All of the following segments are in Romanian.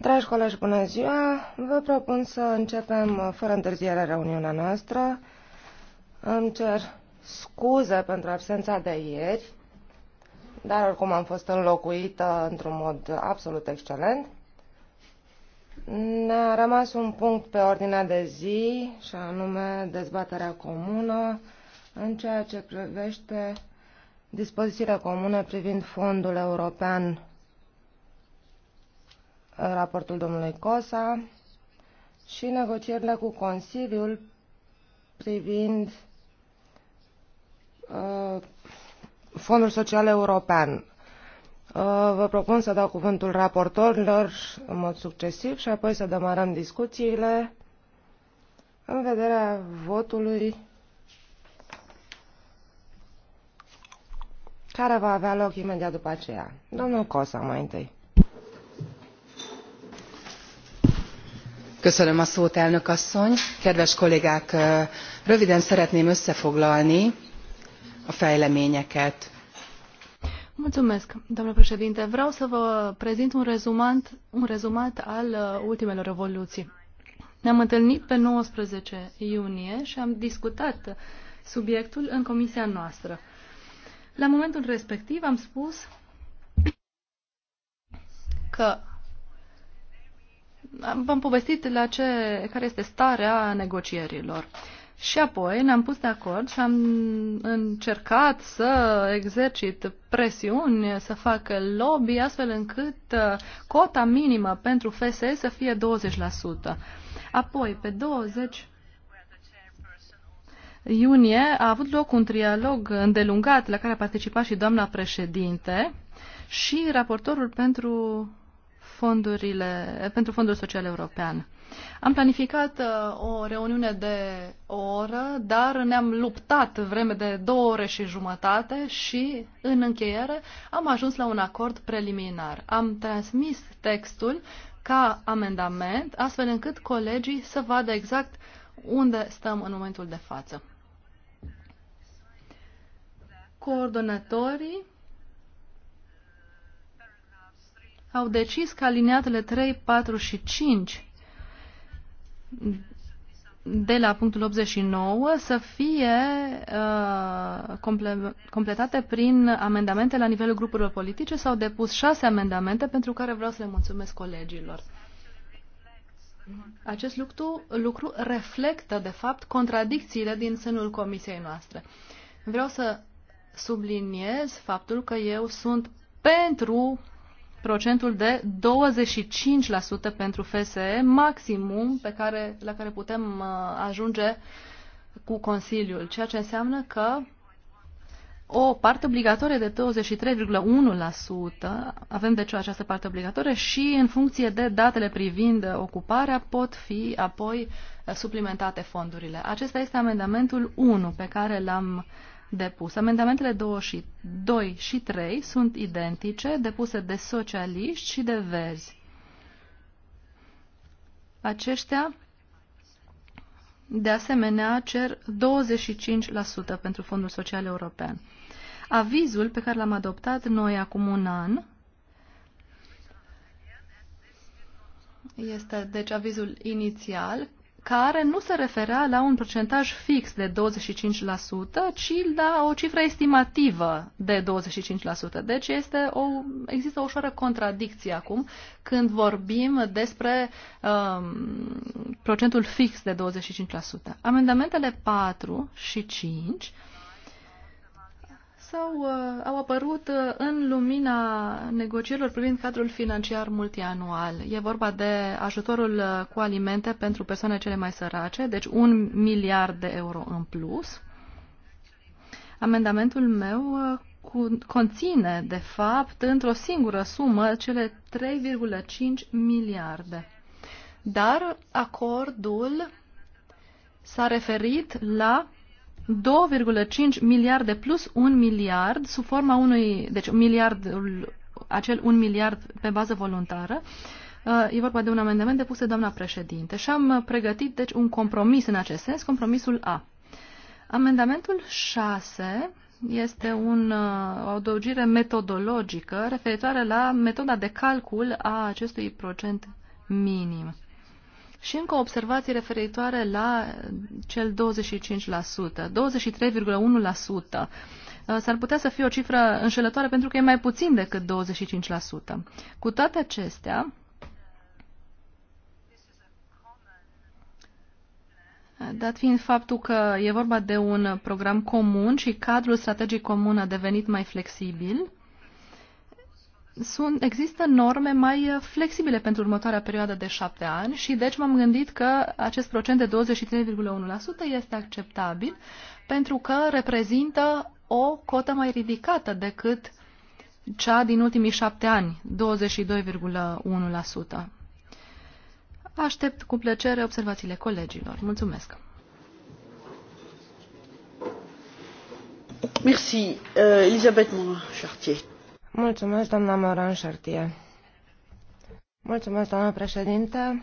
Dragi colegi, bună ziua! Vă propun să începem uh, fără întârziere reuniunea noastră. Îmi cer scuze pentru absența de ieri, dar oricum am fost înlocuită într-un mod absolut excelent. Ne-a rămas un punct pe ordinea de zi, și anume dezbaterea comună în ceea ce privește dispozițiile comune privind Fondul European raportul domnului Cosa și negocierile cu Consiliul privind uh, Fondul Social European. Uh, vă propun să dau cuvântul raportorilor în mod succesiv și apoi să demarăm discuțiile în vederea votului care va avea loc imediat după aceea. Domnul Cosa mai întâi. röviden szeretném összefoglalni a fejleményeket. doamnă președinte vreau să vă prezint un rezumat, un rezumat al uh, ultimelor revoluții. ne am întâlnit pe 19 iunie și am discutat subiectul în comisia noastră. la momentul respectiv am spus că v-am povestit la ce, care este starea negocierilor. Și apoi ne-am pus de acord și am încercat să exercit presiuni, să fac lobby, astfel încât uh, cota minimă pentru FSE să fie 20%. Apoi, pe 20 iunie, a avut loc un trialog îndelungat la care a participat și doamna președinte și raportorul pentru fondurile, pentru Fondul Social European. Am planificat uh, o reuniune de o oră, dar ne-am luptat vreme de două ore și jumătate și, în încheiere, am ajuns la un acord preliminar. Am transmis textul ca amendament, astfel încât colegii să vadă exact unde stăm în momentul de față. Coordonatorii au decis că aliniatele 3, 4 și 5 de la punctul 89 să fie uh, comple completate prin amendamente la nivelul grupurilor politice. S-au depus șase amendamente pentru care vreau să le mulțumesc colegilor. Acest lucru, lucru reflectă, de fapt, contradicțiile din sânul comisiei noastre. Vreau să subliniez faptul că eu sunt pentru procentul de 25% pentru FSE, maximum pe care, la care putem uh, ajunge cu Consiliul, ceea ce înseamnă că o parte obligatorie de 23,1%, avem deci această parte obligatorie și în funcție de datele privind ocuparea pot fi apoi uh, suplimentate fondurile. Acesta este amendamentul 1 pe care l-am uh, depus. Amendamentele 2 și, 2 și 3 sunt identice, depuse de socialiști și de verzi. Aceștia, de asemenea, cer 25% pentru Fondul Social European. Avizul pe care l-am adoptat noi acum un an este, deci, avizul inițial care nu se referea la un procentaj fix de 25%, ci la o cifră estimativă de 25%. Deci este o, există o ușoară contradicție acum când vorbim despre um, procentul fix de 25%. Amendamentele 4 și 5 sau uh, au apărut uh, în lumina negocierilor privind cadrul financiar multianual. E vorba de ajutorul uh, cu alimente pentru persoane cele mai sărace, deci un miliard de euro în plus. Amendamentul meu uh, cu, conține, de fapt, într-o singură sumă, cele 3,5 miliarde. Dar acordul s-a referit la 2,5 miliarde plus 1 miliard sub forma unui, deci un miliard, acel 1 miliard pe bază voluntară. Uh, e vorba de un amendament depus de doamna președinte și am pregătit deci un compromis în acest sens, compromisul A. Amendamentul 6 este un, uh, o adăugire metodologică referitoare la metoda de calcul a acestui procent minim. Și încă o observație referitoare la cel 25%, 23,1%. Uh, s-ar putea să fie o cifră înșelătoare pentru că e mai puțin decât 25%. Cu toate acestea, Dat fiind faptul că e vorba de un program comun și cadrul strategic comun a devenit mai flexibil, sunt, există norme mai uh, flexibile pentru următoarea perioadă de șapte ani și deci m-am gândit că acest procent de 23,1% este acceptabil pentru că reprezintă o cotă mai ridicată decât cea din ultimii șapte ani, 22,1%. Aștept cu plăcere observațiile colegilor. Mulțumesc! Merci, euh, Elisabeth Morin-Chartier. Mulțumesc, doamna Moran Șartie. Mulțumesc, doamna președinte.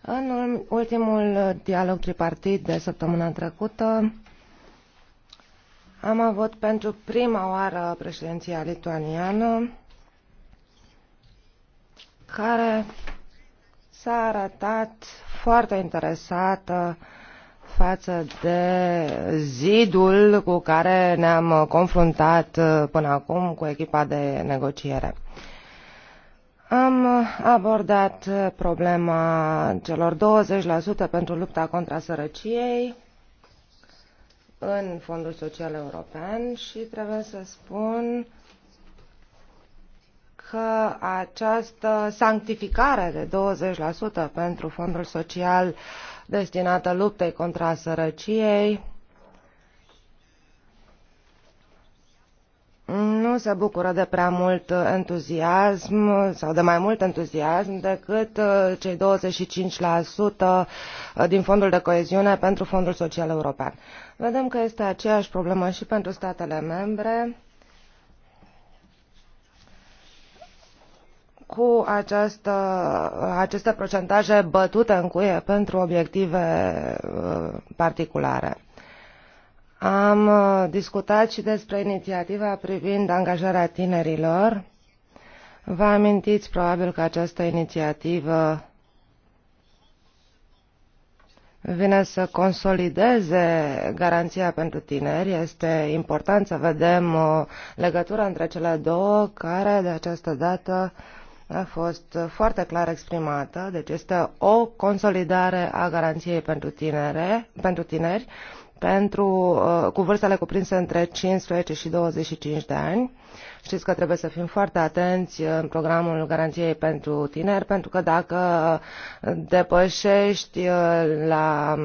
În ultimul dialog tripartit de săptămâna trecută, am avut pentru prima oară președinția lituaniană, care s-a arătat foarte interesată față de zidul cu care ne-am confruntat uh, până acum cu echipa de negociere. Am abordat uh, problema celor 20% pentru lupta contra sărăciei în Fondul Social European și trebuie să spun că această sanctificare de 20% pentru Fondul Social destinată luptei contra sărăciei nu se bucură de prea mult entuziasm sau de mai mult entuziasm decât uh, cei 25% din fondul de coeziune pentru Fondul Social European. Vedem că este aceeași problemă și pentru statele membre cu această, aceste procentaje bătute în cuie pentru obiective uh, particulare. Am uh, discutat și despre inițiativa privind angajarea tinerilor. Vă amintiți probabil că această inițiativă vine să consolideze garanția pentru tineri. Este important să vedem uh, legătura între cele două care de această dată uh, a fost uh, foarte clar exprimată, deci este o consolidare a garanției pentru, tinere, pentru tineri, pentru, uh, cu vârstele cuprinse între 15 și 25 de ani, Știți că trebuie să fim foarte atenți uh, în programul Garanției pentru Tineri, pentru că dacă uh, depășești uh, la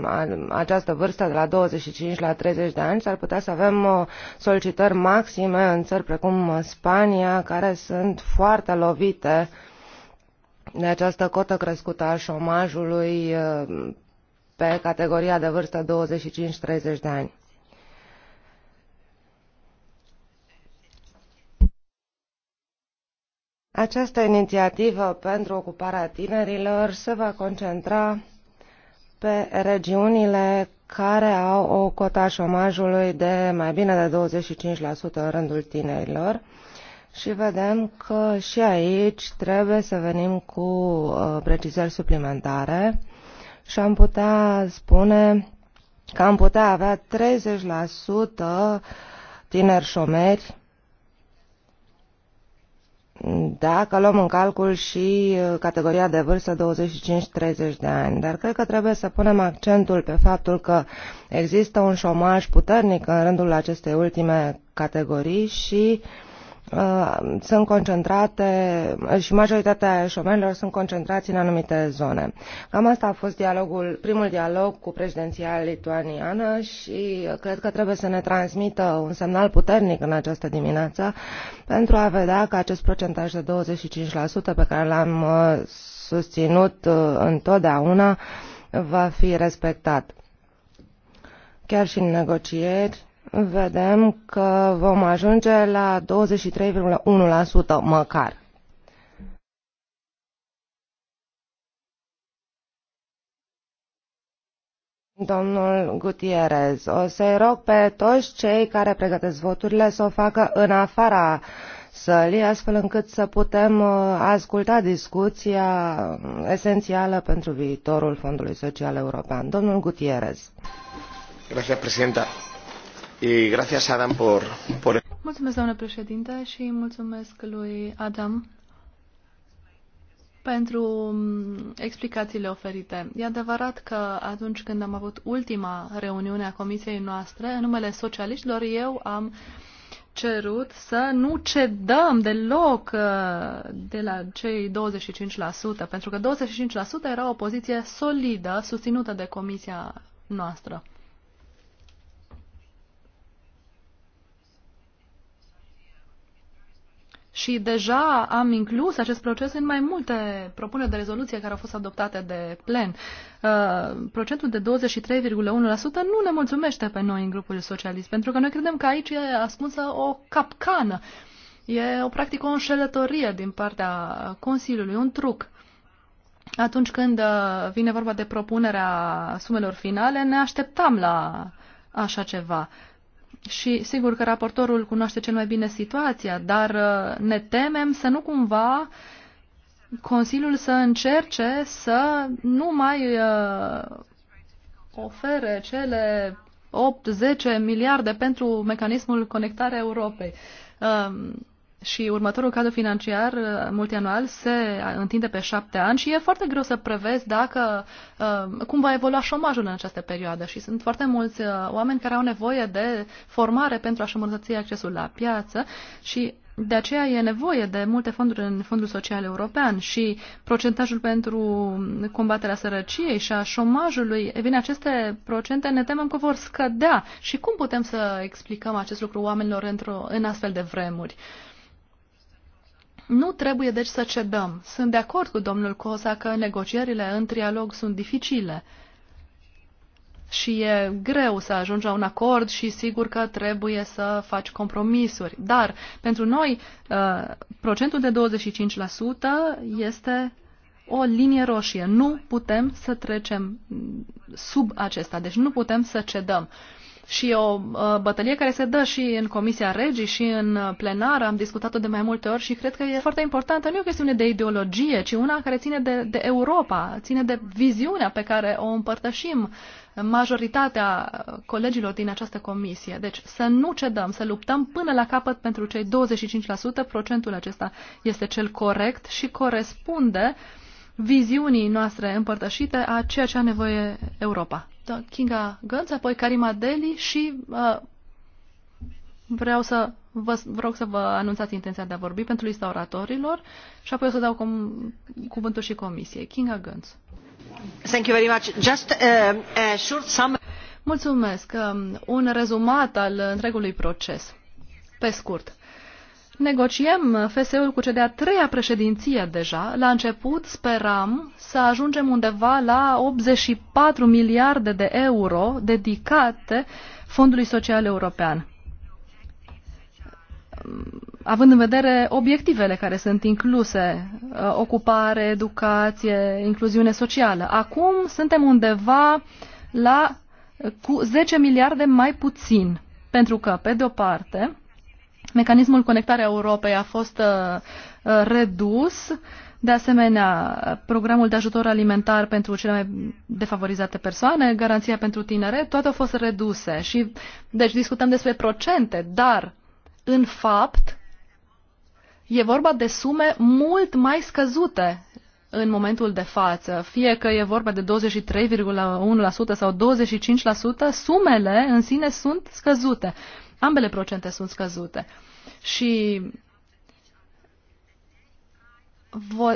această vârstă de la 25 la 30 de ani, s-ar putea să avem solicitări maxime în țări precum Spania, care sunt foarte lovite de această cotă crescută a șomajului pe categoria de vârstă 25-30 de ani. Această inițiativă pentru ocuparea tinerilor se va concentra pe regiunile care au o cota șomajului de mai bine de 25% în rândul tinerilor și vedem că și aici trebuie să venim cu uh, precizări suplimentare și am putea spune că am putea avea 30% tineri șomeri dacă luăm în calcul și uh, categoria de vârstă 25-30 de ani. Dar cred că trebuie să punem accentul pe faptul că există un șomaj puternic în rândul acestei ultime categorii și uh, Uh, sunt concentrate uh, și majoritatea șomerilor sunt concentrați în anumite zone. Cam asta a fost dialogul, primul dialog cu președinția lituaniană și cred că trebuie să ne transmită un semnal puternic în această dimineață pentru a vedea că acest procentaj de 25% pe care l-am uh, susținut întotdeauna va fi respectat. Chiar și în negocieri vedem că vom ajunge la 23,1% măcar. Domnul Gutierrez, o să-i rog pe toți cei care pregătesc voturile să o facă în afara sălii, astfel încât să putem uh, asculta discuția esențială pentru viitorul Fondului Social European. Domnul Gutierrez. Gracias, presidenta. Mulțumesc, domnule președinte, și mulțumesc lui Adam pentru mm, explicațiile oferite. E adevărat că atunci când am avut ultima reuniune a comisiei noastre, în numele socialiștilor, eu am cerut să nu cedăm deloc uh, de la cei 25%, pentru că 25% era o poziție solidă, susținută de comisia noastră. Și deja am inclus acest proces în mai multe propuneri de rezoluție care au fost adoptate de plen. Uh, procentul de 23,1% nu ne mulțumește pe noi în grupul socialist, pentru că noi credem că aici e ascunsă o capcană. E o practică o înșelătorie din partea Consiliului, un truc. Atunci când uh, vine vorba de propunerea sumelor finale, ne așteptam la așa ceva. Uh, și sigur că raportorul cunoaște cel mai bine situația, dar uh, ne temem să nu cumva Consiliul să încerce să nu mai uh, ofere cele 8-10 miliarde pentru mecanismul conectare Europei. Um, și următorul cadru financiar uh, multianual se uh, întinde pe șapte ani și e foarte greu să prevezi dacă, uh, cum va evolua șomajul în această perioadă și sunt foarte mulți oameni care au nevoie de formare pentru a-și îmbunătăți accesul la piață și de aceea e nevoie de multe fonduri în Fondul Social European și procentajul pentru combaterea sărăciei și a șomajului, e bine, aceste procente ne temem că vor scădea. Și cum putem să explicăm acest lucru oamenilor într-o, în astfel de vremuri? Uh, nu trebuie deci să cedăm. Sunt de acord cu domnul Coza că negocierile în trialog sunt dificile și e greu să ajungi la un acord și sigur că trebuie să faci compromisuri. Dar pentru noi uh, procentul de 25% este o linie roșie. Nu putem să trecem sub acesta, deci nu putem să cedăm. Uh, și o uh, bătălie care se dă și în Comisia Regii și în uh, plenar, am discutat-o de mai multe ori și cred că e foarte importantă, nu e o chestiune de ideologie, ci una care ține de, de Europa, ține de viziunea pe care o împărtășim majoritatea colegilor din această comisie. Deci să nu cedăm, să luptăm până la capăt pentru cei 25%, procentul acesta este cel corect și corespunde viziunii noastre împărtășite a ceea ce a nevoie Europa. Da, Kinga Gönz, apoi Karima Deli și uh, vreau să vă, vă rog să vă anunțați intenția de a vorbi pentru lista oratorilor și apoi o să dau cum, cuvântul și comisiei. Kinga Gönz. Thank you very much. Just a, uh, a short summary. Mulțumesc. Um, un rezumat al întregului proces. Pe scurt. Negociem FSE-ul cu cea de-a treia președinție deja. La început speram să ajungem undeva la 84 miliarde de euro dedicate Fondului Social European. Având în vedere obiectivele care sunt incluse, uh, ocupare, educație, incluziune socială. Acum suntem undeva la uh, cu 10 miliarde mai puțin, pentru că, pe de o parte, Mecanismul Conectarea Europei a fost uh, uh, redus. De asemenea, programul de ajutor alimentar pentru cele mai defavorizate persoane, garanția pentru tinere, toate au fost reduse. Și, deci discutăm despre procente, dar, în fapt, e vorba de sume mult mai scăzute în momentul de față, fie că e vorba de 23,1% sau 25%, sumele în sine sunt scăzute ambele procente sunt scăzute. Și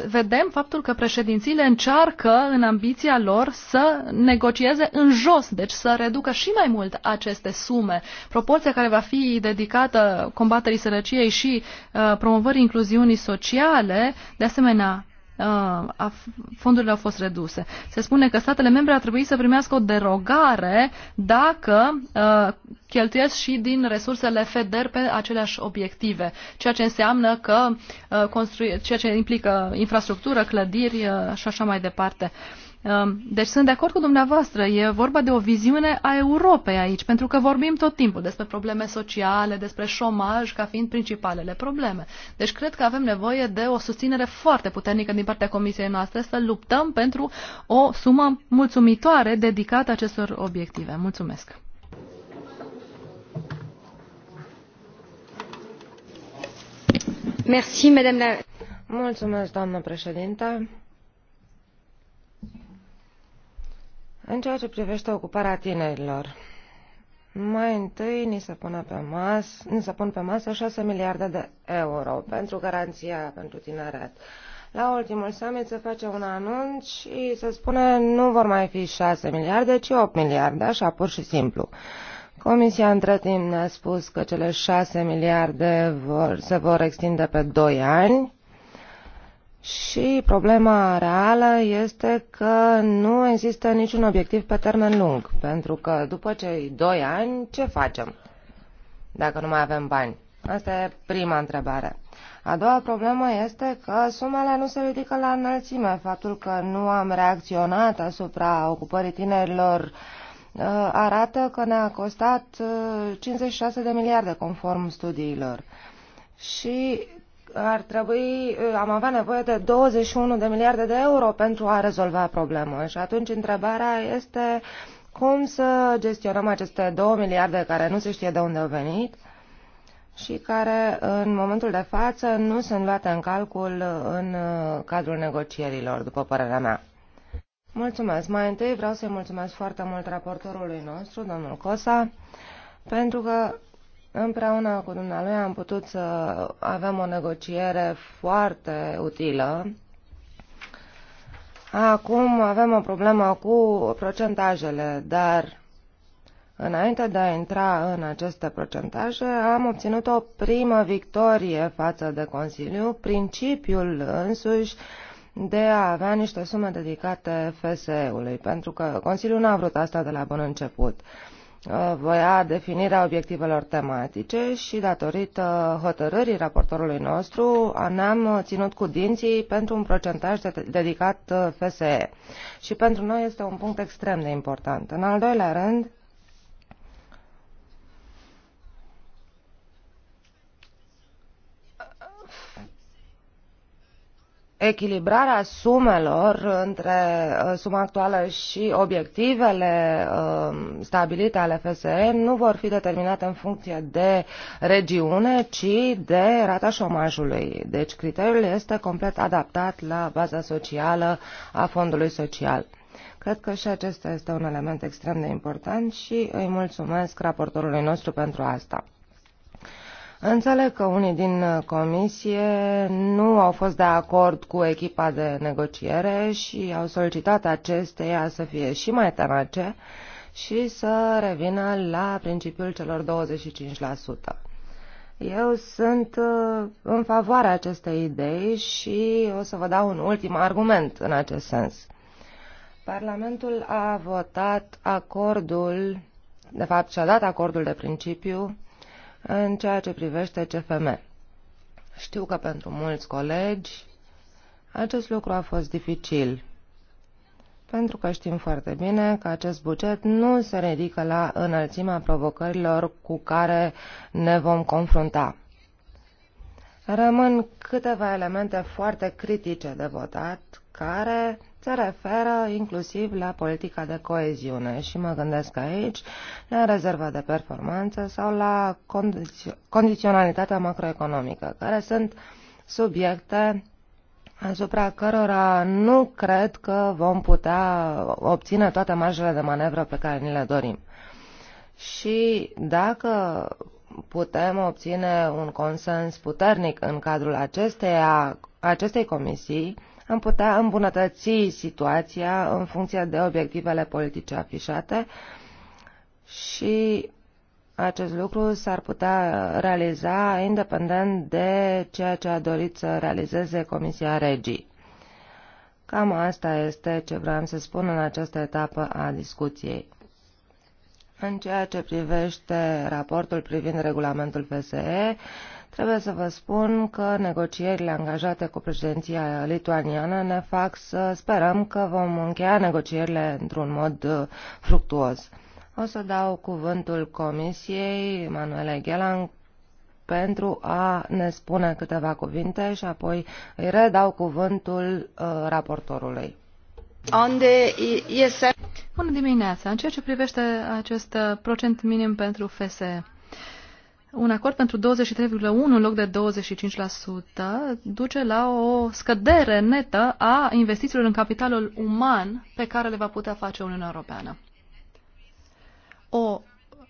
vedem faptul că președințiile încearcă în ambiția lor să negocieze în jos, deci să reducă și mai mult aceste sume. Proporția care va fi dedicată combaterii sărăciei și uh, promovării incluziunii sociale, de asemenea Uh, a, fondurile au fost reduse. Se spune că statele membre ar trebui să primească o derogare dacă uh, cheltuiesc și din resursele FEDER pe aceleași obiective, ceea ce înseamnă că a, uh, ceea ce implică infrastructură, clădiri uh, și așa mai departe. Uh, Ehm, deci sunt de acord cu dumneavoastră, e vorba de o viziune a Europei aici, pentru că vorbim tot timpul despre probleme sociale, despre șomaj ca fiind principalele probleme. Deci cred că avem nevoie de o susținere foarte puternică din partea Comisiei noastre să luptăm pentru o sumă mulțumitoare dedicată acestor obiective. Mulțumesc! Merci, Mulțumesc, doamnă președintă. În ceea ce privește ocuparea tinerilor, mai întâi ni se, pune pe mas, ni se pun pe masă 6 miliarde de euro pentru garanția pentru tineret. La ultimul summit se face un anunț și se spune nu vor mai fi 6 miliarde, ci 8 miliarde, așa pur și simplu. Comisia între timp ne-a spus că cele 6 miliarde vor, se vor extinde pe 2 ani, și problema reală este că nu există niciun obiectiv pe termen lung, pentru că după cei doi ani, ce facem dacă nu mai avem bani? Asta e prima întrebare. A doua problemă este că sumele nu se ridică la înălțime. Faptul că nu am reacționat asupra ocupării tinerilor uh, arată că ne-a costat 56 uh, de miliarde conform studiilor. Și ar trebui, uh, am avea nevoie de 21 de miliarde de euro pentru a rezolva problemă. Și atunci întrebarea este cum să gestionăm aceste 2 miliarde care nu se știe de unde au venit și care în momentul de față nu sunt luate în calcul în uh, cadrul negocierilor, după părerea mea. Mulțumesc. Mai întâi vreau să-i mulțumesc foarte mult raportorului nostru, domnul Cosa, pentru că Împreună cu dumnealui am putut să avem o negociere foarte utilă. Acum avem o problemă cu procentajele, dar înainte de a intra în aceste procentaje am obținut o primă victorie față de Consiliu, principiul însuși de a avea niște sume dedicate FSE-ului, pentru că Consiliul nu a vrut asta de la bun început. Uh, voia definirea obiectivelor tematice și datorită hotărârii raportorului nostru ne-am ținut cu dinții pentru un procentaj dedicat FSE. Și pentru noi este un punct extrem de important. În al doilea rând, echilibrarea sumelor între uh, suma actuală și obiectivele uh, stabilite ale FSE nu vor fi determinate în funcție de regiune, ci de rata șomajului. Deci criteriul este complet adaptat la baza socială a fondului social. Cred că și acesta este un element extrem de important și îi mulțumesc raportorului nostru pentru asta. Înțeleg că unii din comisie nu au fost de acord cu echipa de negociere și au solicitat acesteia să fie și mai tenace și să revină la principiul celor 25%. Eu sunt uh, în favoarea acestei idei și o să vă dau un ultim argument în acest sens. Parlamentul a votat acordul, de fapt și-a dat acordul de principiu în ceea ce privește CFM. Știu că pentru mulți colegi acest lucru a fost dificil, pentru că știm foarte bine că acest buget nu se ridică la înălțimea provocărilor cu care ne vom confrunta. Rămân câteva elemente foarte critice de votat, care se referă inclusiv la politica de coeziune și mă gândesc aici la rezerva de performanță sau la condiț condiționalitatea macroeconomică, care sunt subiecte asupra cărora nu cred că vom putea obține toate marjele de manevră pe care ni le dorim. Și dacă putem obține un consens puternic în cadrul acesteia, acestei comisii, am putea îmbunătăți situația în funcție de obiectivele politice afișate și acest lucru s-ar putea realiza independent de ceea ce a dorit să realizeze Comisia Regii. Cam asta este ce vreau să spun în această etapă a discuției. În ceea ce privește raportul privind regulamentul FSE, Trebuie să vă spun că negocierile angajate cu președinția lituaniană ne fac să sperăm că vom încheia negocierile într-un mod uh, fructuos. O să dau cuvântul Comisiei Manuele Ghelan pentru a ne spune câteva cuvinte și apoi îi redau cuvântul uh, raportorului. Unde este... Bună dimineața! În ceea ce privește acest uh, procent minim pentru FSE, un acord pentru 23,1 în loc de 25% duce la o scădere netă a investițiilor în capitalul uman pe care le va putea face Uniunea Europeană. O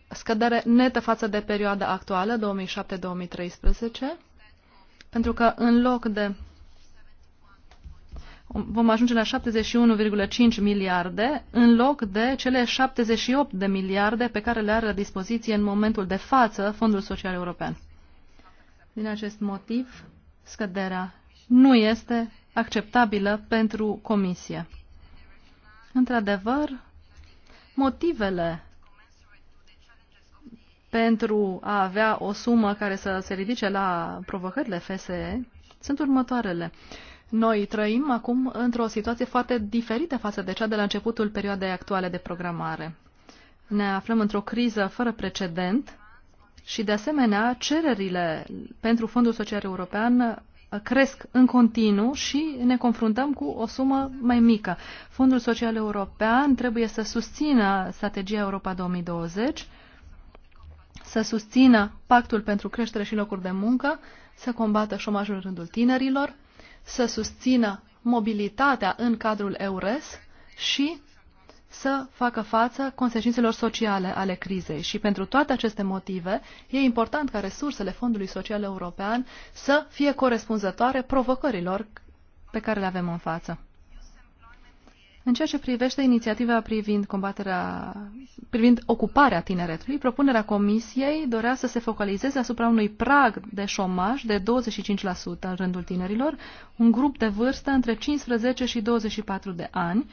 scădere netă față de perioada actuală, 2007-2013, pentru că în loc de vom ajunge la 71,5 miliarde în loc de cele 78 de miliarde pe care le are la dispoziție în momentul de față Fondul Social European. Din acest motiv, scăderea nu este acceptabilă pentru Comisie. Într-adevăr, motivele pentru a avea o sumă care să se ridice la provocările FSE sunt următoarele. Noi trăim acum într-o situație foarte diferită față de cea de la începutul perioadei actuale de programare. Ne aflăm într-o criză fără precedent și, de asemenea, cererile pentru Fondul Social European cresc în continuu și ne confruntăm cu o sumă mai mică. Fondul Social European trebuie să susțină strategia Europa 2020, să susțină pactul pentru creștere și locuri de muncă, să combată șomajul în rândul tinerilor, să susțină mobilitatea în cadrul EURES și să facă față consecințelor sociale ale crizei. Și pentru toate aceste motive, e important ca resursele Fondului Social European să fie corespunzătoare provocărilor pe care le avem în față. În ceea ce privește inițiativa privind combaterea, privind ocuparea tineretului, propunerea Comisiei dorea să se focalizeze asupra unui prag de șomaj de 25% în rândul tinerilor, un grup de vârstă între 15 și 24 de ani,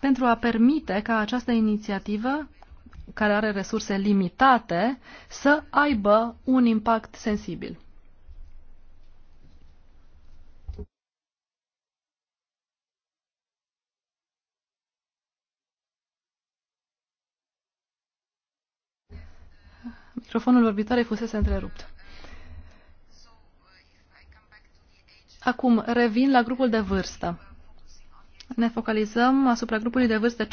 pentru a permite ca această inițiativă, care are resurse limitate, să aibă un impact sensibil. Microfonul vorbitoarei fusese întrerupt. Acum, revin la grupul de vârstă. Ne focalizăm asupra grupului de vârstă 15-24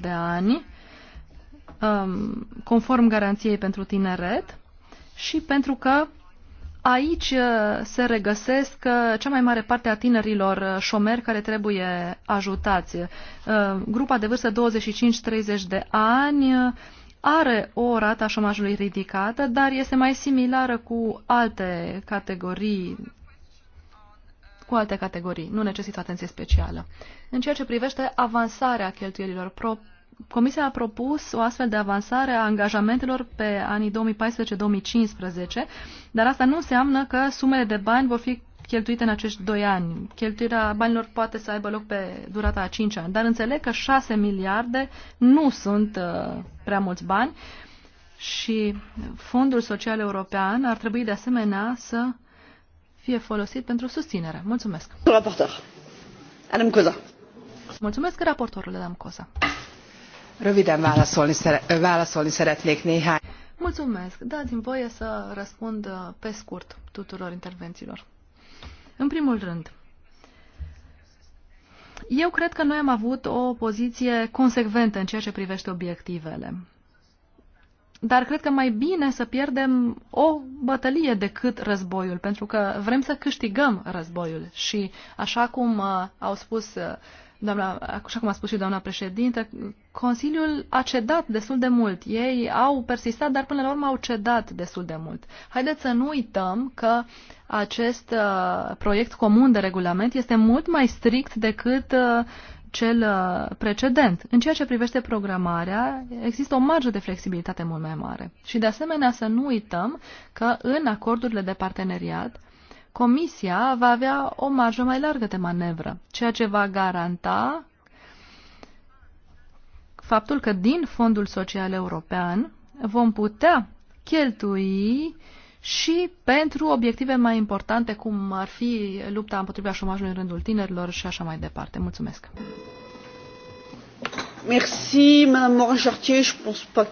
de ani, um, conform garanției pentru tineret, și pentru că aici uh, se regăsesc uh, cea mai mare parte a tinerilor uh, șomeri care trebuie ajutați. Grupa de vârstă 25-30 de ani are o rată a șomajului ridicată, dar este mai similară cu alte categorii cu alte categorii, nu necesită atenție specială. În ceea ce privește avansarea cheltuielilor, pro, Comisia a propus o astfel de avansare a angajamentelor pe anii 2014-2015, dar asta nu înseamnă că sumele de bani vor fi cheltuite în acești doi ani. Cheltuirea banilor poate să aibă loc pe durata a 5 ani, dar înțeleg că 6 miliarde nu sunt uh, prea mulți bani și Fondul Social European ar trebui de asemenea să fie folosit pentru susținere. Mulțumesc. Raportor. Adam Coza. Mulțumesc, raportorul Adam Coza. Röviden válaszolni, válaszolni szeretnék néhány. Mulțumesc. Dați-mi voie să răspund uh, pe scurt tuturor intervențiilor. În primul rând, eu cred că noi am avut o poziție consecventă în ceea ce privește obiectivele. Dar cred că mai bine să pierdem o bătălie decât războiul, pentru că vrem să câștigăm războiul. Și așa cum uh, au spus uh, doamna, așa cum a spus și doamna președinte, Consiliul a cedat destul de mult. Ei au persistat, dar până la urmă au cedat destul de mult. Haideți să nu uităm că acest uh, proiect comun de regulament este mult mai strict decât uh, cel uh, precedent. În ceea ce privește programarea, există o marjă de flexibilitate mult mai mare. Și de asemenea să nu uităm că în acordurile de parteneriat Comisia va avea o marjă mai largă de manevră, ceea ce va garanta faptul că din Fondul Social European vom putea cheltui și pentru obiective mai importante, cum ar fi lupta împotriva șomajului în rândul tinerilor și așa mai departe. Mulțumesc! Merci, Madame Morin-Chartier. Je pense pas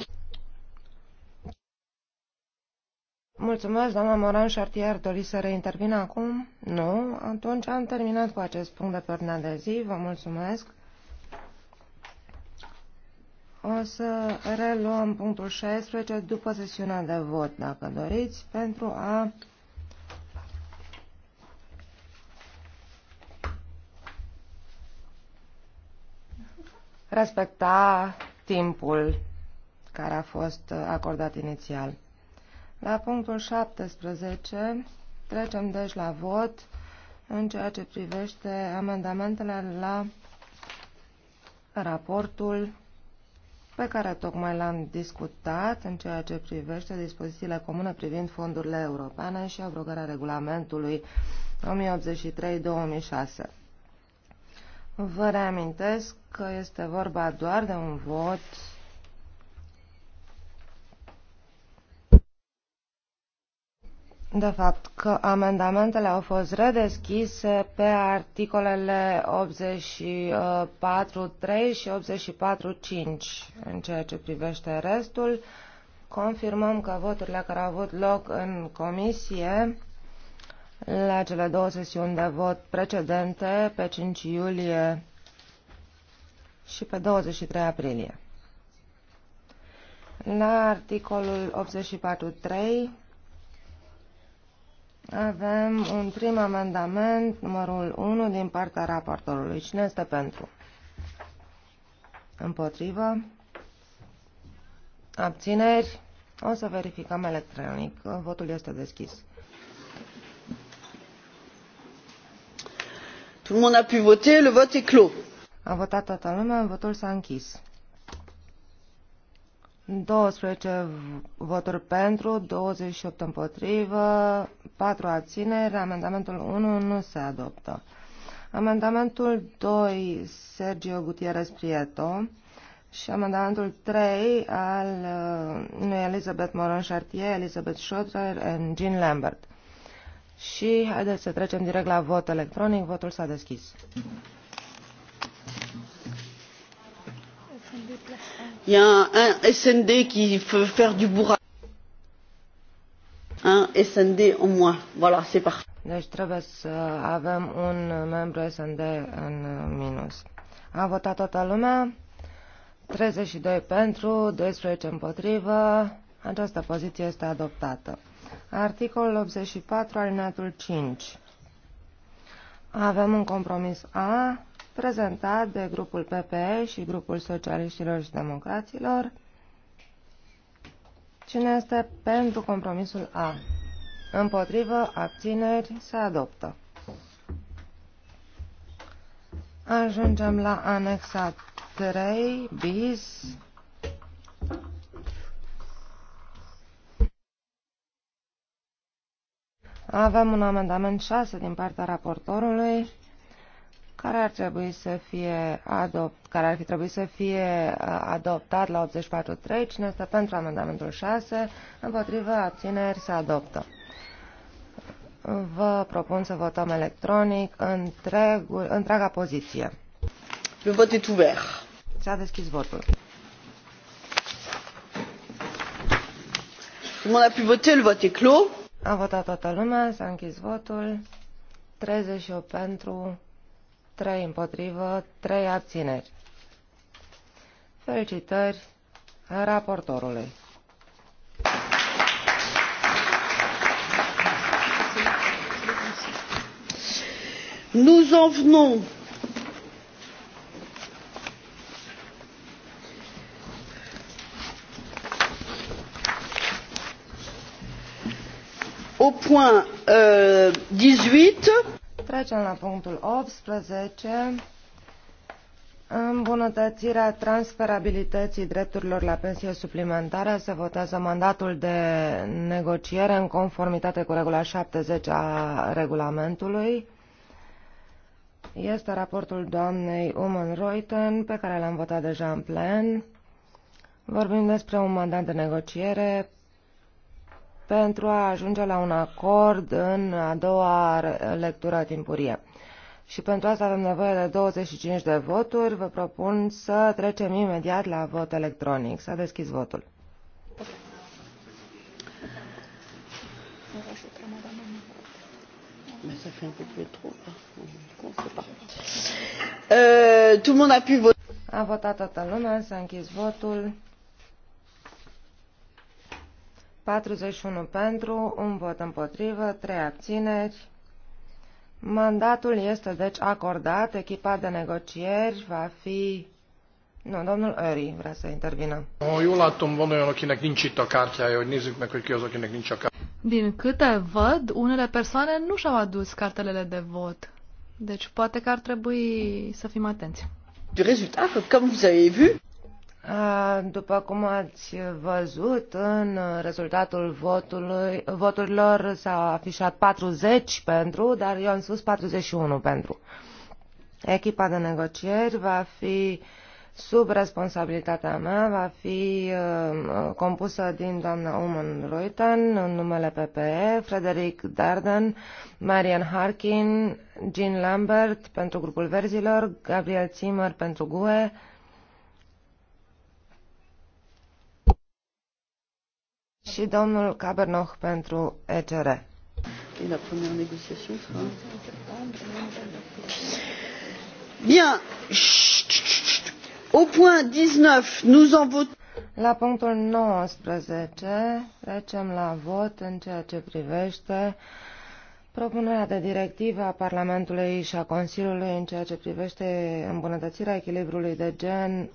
Mulțumesc, doamna Moran Chartier. Doriți să reintervină acum? Nu? Atunci am terminat cu acest punct de pe de zi. Vă mulțumesc. O să reluăm punctul 16 după sesiunea de vot, dacă doriți, pentru a respecta timpul care a fost acordat inițial. La punctul 17 trecem deci la vot în ceea ce privește amendamentele la raportul pe care tocmai l-am discutat în ceea ce privește dispozițiile comune privind fondurile europene și abrogarea regulamentului 1083-2006. Vă reamintesc că este vorba doar de un vot de fapt că amendamentele au fost redeschise pe articolele 84.3 și 84.5 în ceea ce privește restul. Confirmăm că voturile care au avut loc în comisie la cele două sesiuni de vot precedente pe 5 iulie și pe 23 aprilie. La articolul 84.3 avem un prim amendament, numărul 1, din partea raportorului. Cine este pentru? Împotrivă? Abțineri? O să verificăm electronic. Votul este deschis. Tout le monde a pu voter, le vote est clos. A votat toată lumea, votul s-a închis. 12 voturi pentru, 28 împotrivă, 4 abțineri, amendamentul 1 nu se adoptă. Amendamentul 2, Sergio Gutierrez Prieto, și amendamentul 3 al lui uh, Elizabeth Moron Chartier, Elizabeth Schotter și Jean Lambert. Și haideți să trecem direct la vot electronic. Votul s-a deschis. il y a un, SND qui veut faire du bourrage. Un SND en moins. Voilà, c'est parfait. Deci trebuie să avem un membru SND în minus. A votat toată lumea. 32 pentru, 12 împotrivă. Această poziție este adoptată. Articolul 84, alineatul 5. Avem un compromis A prezentat de grupul PPE și grupul Socialiștilor și Democraților. Cine este pentru compromisul A? Împotrivă, abțineri, se adoptă. Ajungem la anexa 3, bis. Avem un amendament 6 din partea raportorului care ar trebui să fie adopt, care ar fi trebuit să fie uh, adoptat la 84.3. Cine este pentru amendamentul 6? Împotrivă, abțineri, se adoptă. Vă propun să votăm electronic întregul, întreaga poziție. Le vot est ouvert. S-a deschis votul. Tout le monde a pu voter, le vote est clos. A votat toată lumea, s-a închis votul. 38 pentru, 3 împotrivă, 3 abțineri. Felicitări raportorului. Nous en venons au point euh, 18. Trecem la punctul 18. Îmbunătățirea transferabilității drepturilor la pensie suplimentară se votează mandatul de negociere în conformitate cu regula 70 a regulamentului. Este raportul doamnei Uman Reuten, pe care l-am votat deja în plen. Vorbim despre un mandat de negociere pentru a ajunge la un acord în a doua lectură timpurie. Și pentru asta avem nevoie de 25 de voturi. Vă propun să trecem imediat la vot electronic. S-a deschis votul. Euh, a votat toată lumea, s-a închis votul. 41 pentru, un vot împotrivă, 3 abțineri. Mandatul este deci acordat, echipa de negocieri va fi... Nu, domnul Öri vrea să intervină. Oh, eu l-am văzut akinek nincs itt a kártyája, hogy nézzük meg, hogy ki az, akinek nincs Din câte văd, unele persoane nu și-au adus cartelele de vot. Deci poate că ar trebui să fim atenți. Du rezultat, comme vous avez vu, Uh, după cum ați văzut, în rezultatul votului, voturilor s-a afișat 40 pentru, dar eu am spus 41 pentru. Echipa de negocieri va fi sub responsabilitatea mea, va fi uh, compusă din doamna Uman Reuten, în numele PPE, Frederic Darden, Marian Harkin, Jean Lambert pentru grupul verzilor, Gabriel Zimmer pentru GUE, Și domnul Cabernoch pentru ECR. Bien. Au point 19, nous en votons. La punctul 19 trecem la vot în ceea ce privește propunerea de directivă a Parlamentului și a Consiliului în ceea ce privește îmbunătățirea echilibrului de gen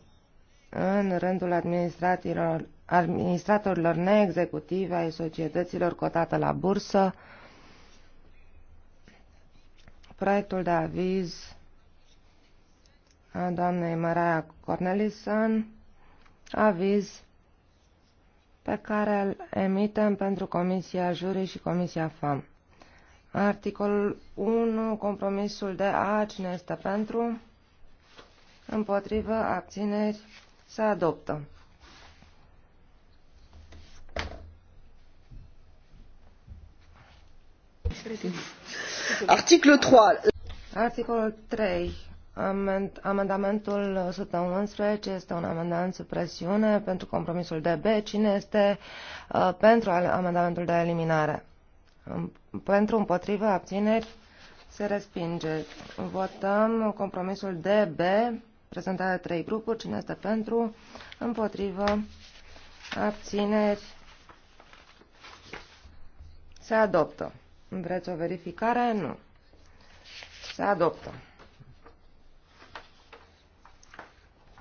în rândul administrațiilor, administratorilor neexecutive ai societăților cotate la bursă. Proiectul de aviz a doamnei Maria Cornelison, aviz pe care îl emitem pentru Comisia Juri și Comisia FAM. Articolul 1, compromisul de A, cine este pentru? Împotrivă, abțineri, se adoptă. Articolul 3. Articolul 3. Amend amendamentul 111 este un amendament sub presiune pentru compromisul de B. Cine este uh, pentru amendamentul de eliminare? Pentru, împotrivă, abțineri, se respinge. Votăm compromisul DB, prezentat de trei grupuri. Cine este pentru? Împotrivă, abțineri, se adoptă. Vreți o verificare? Nu. Se adoptă.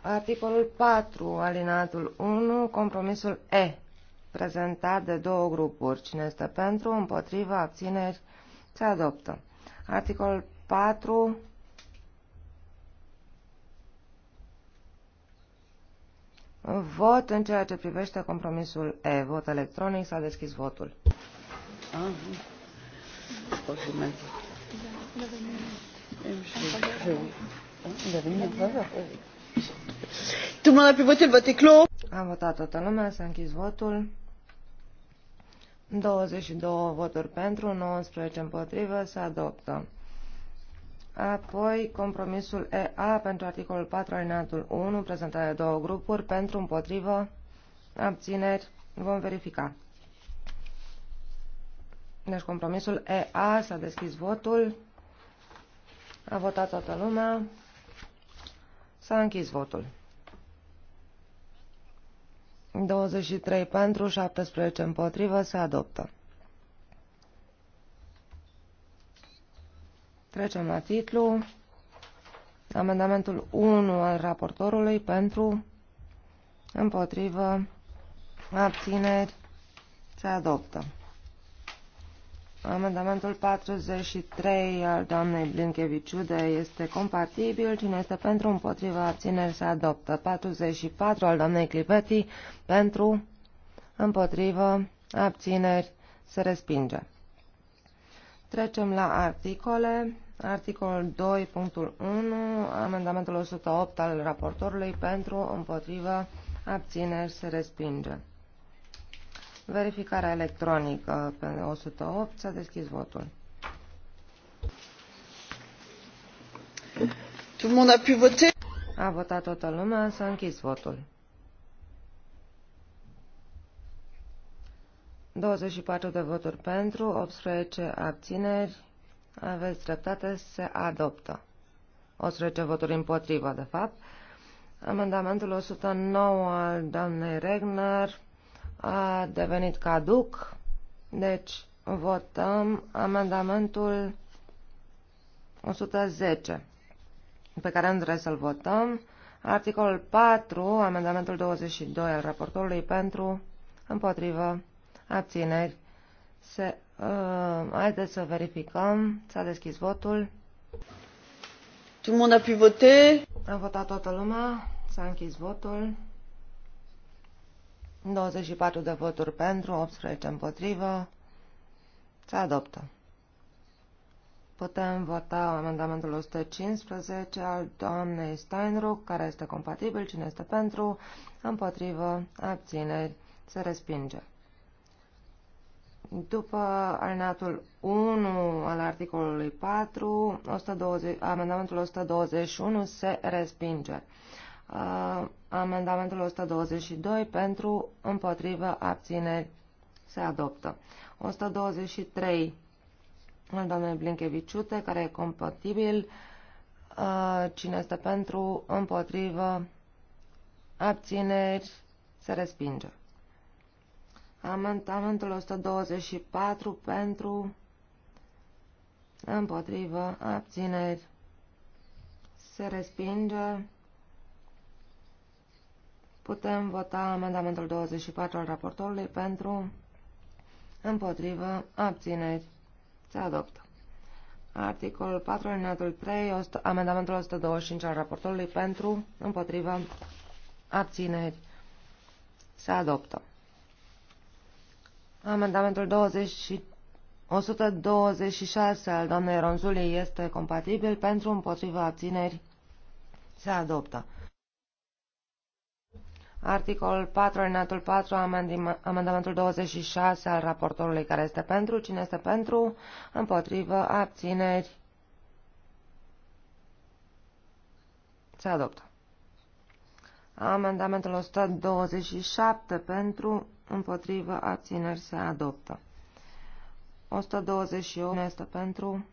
Articolul 4, alinatul 1, compromisul E, prezentat de două grupuri. Cine este pentru, împotriva, abțineri, se adoptă. Articolul 4, vot în ceea ce privește compromisul E. Vot electronic, s-a deschis votul. -huh. Ah, prochainement. Tout le monde a pu voter, le vote est clos. Am votat toată lumea, s-a închis votul. 22 voturi pentru, 19 împotrivă, se adoptă. Apoi, compromisul EA pentru articolul 4, alineatul 1, prezentarea de două grupuri, pentru, împotrivă, abțineri, vom verifica. Deci compromisul EA s-a deschis votul. A votat toată lumea. S-a închis votul. 23 pentru, 17 împotrivă, se adoptă. Trecem la titlu. Amendamentul 1 al raportorului pentru, împotrivă, abțineri, se adoptă. Amendamentul 43 al doamnei Blinkeviciude este compatibil. Cine este pentru, împotriva, abțineri, se adoptă. 44 al doamnei Clipeti, pentru, împotrivă, abțineri, se respinge. Trecem la articole. Articolul 2.1, amendamentul 108 al raportorului, pentru, împotrivă, abțineri, se respinge. Verificarea electronică pe 108 s-a deschis votul. Tout le monde a pu voter? A votat toată lumea, s-a închis votul. 24 de voturi pentru, 18 abțineri. Aveți dreptate, se adoptă. 18 voturi împotrivă, de fapt. Amendamentul 109 al doamnei Regner a devenit caduc, deci votăm amendamentul 110 pe care nu trebuie să-l votăm. Articolul 4, amendamentul 22 al raportului pentru, împotrivă, abțineri. Se, uh, haideți să verificăm. S-a deschis votul. Tout le monde a pu voter. A votat toată lumea. S-a închis votul. 24 de voturi pentru, 18 împotrivă. Se adoptă. Putem vota amendamentul 115 al doamnei Steinruck, care este compatibil, cine este pentru, împotrivă, abțineri, se respinge. După alineatul 1 al articolului 4, 120, amendamentul 121 se respinge. Uh, amendamentul 122 pentru, împotrivă, abțineri se adoptă. 123 al doamnei Blinkeviciute, care e compatibil. Uh, cine este pentru, împotrivă, abțineri, se respinge. Amendamentul 124 pentru, împotrivă, abțineri, se respinge. Putem vota amendamentul 24 al raportorului pentru, împotrivă, abțineri. Se adoptă. Articolul 4, alineatul 3, amendamentul 125 al raportorului pentru, împotrivă, abțineri. Se adoptă. Amendamentul 20, 126 al doamnei Ronzulii este compatibil pentru, împotrivă, abțineri. Se adoptă. Articol 4, alineatul 4, amendamentul 26 al raportorului care este pentru, cine este pentru, împotrivă, abțineri, se adoptă. Amendamentul 127 pentru, împotrivă, abțineri, se adoptă. 128 este pentru,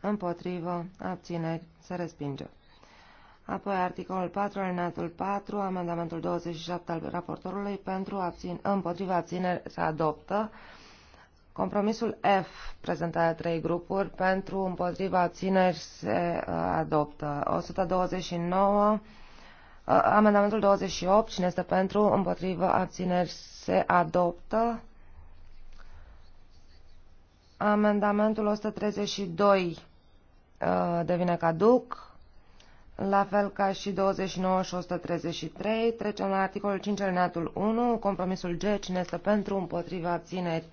împotrivă, abțineri, se respinge. Apoi articolul 4, alineatul 4, amendamentul 27 al raportorului pentru abțin, împotriva abțineri se adoptă. Compromisul F, prezentat de trei grupuri, pentru împotriva abțineri se uh, adoptă. 129, uh, amendamentul 28, cine este pentru, împotriva abțineri se adoptă. Amendamentul 132 uh, devine caduc. La fel ca și 29 și 133, trecem la articolul 5 alineatul 1, compromisul G, cine este pentru, împotriva, abțineri,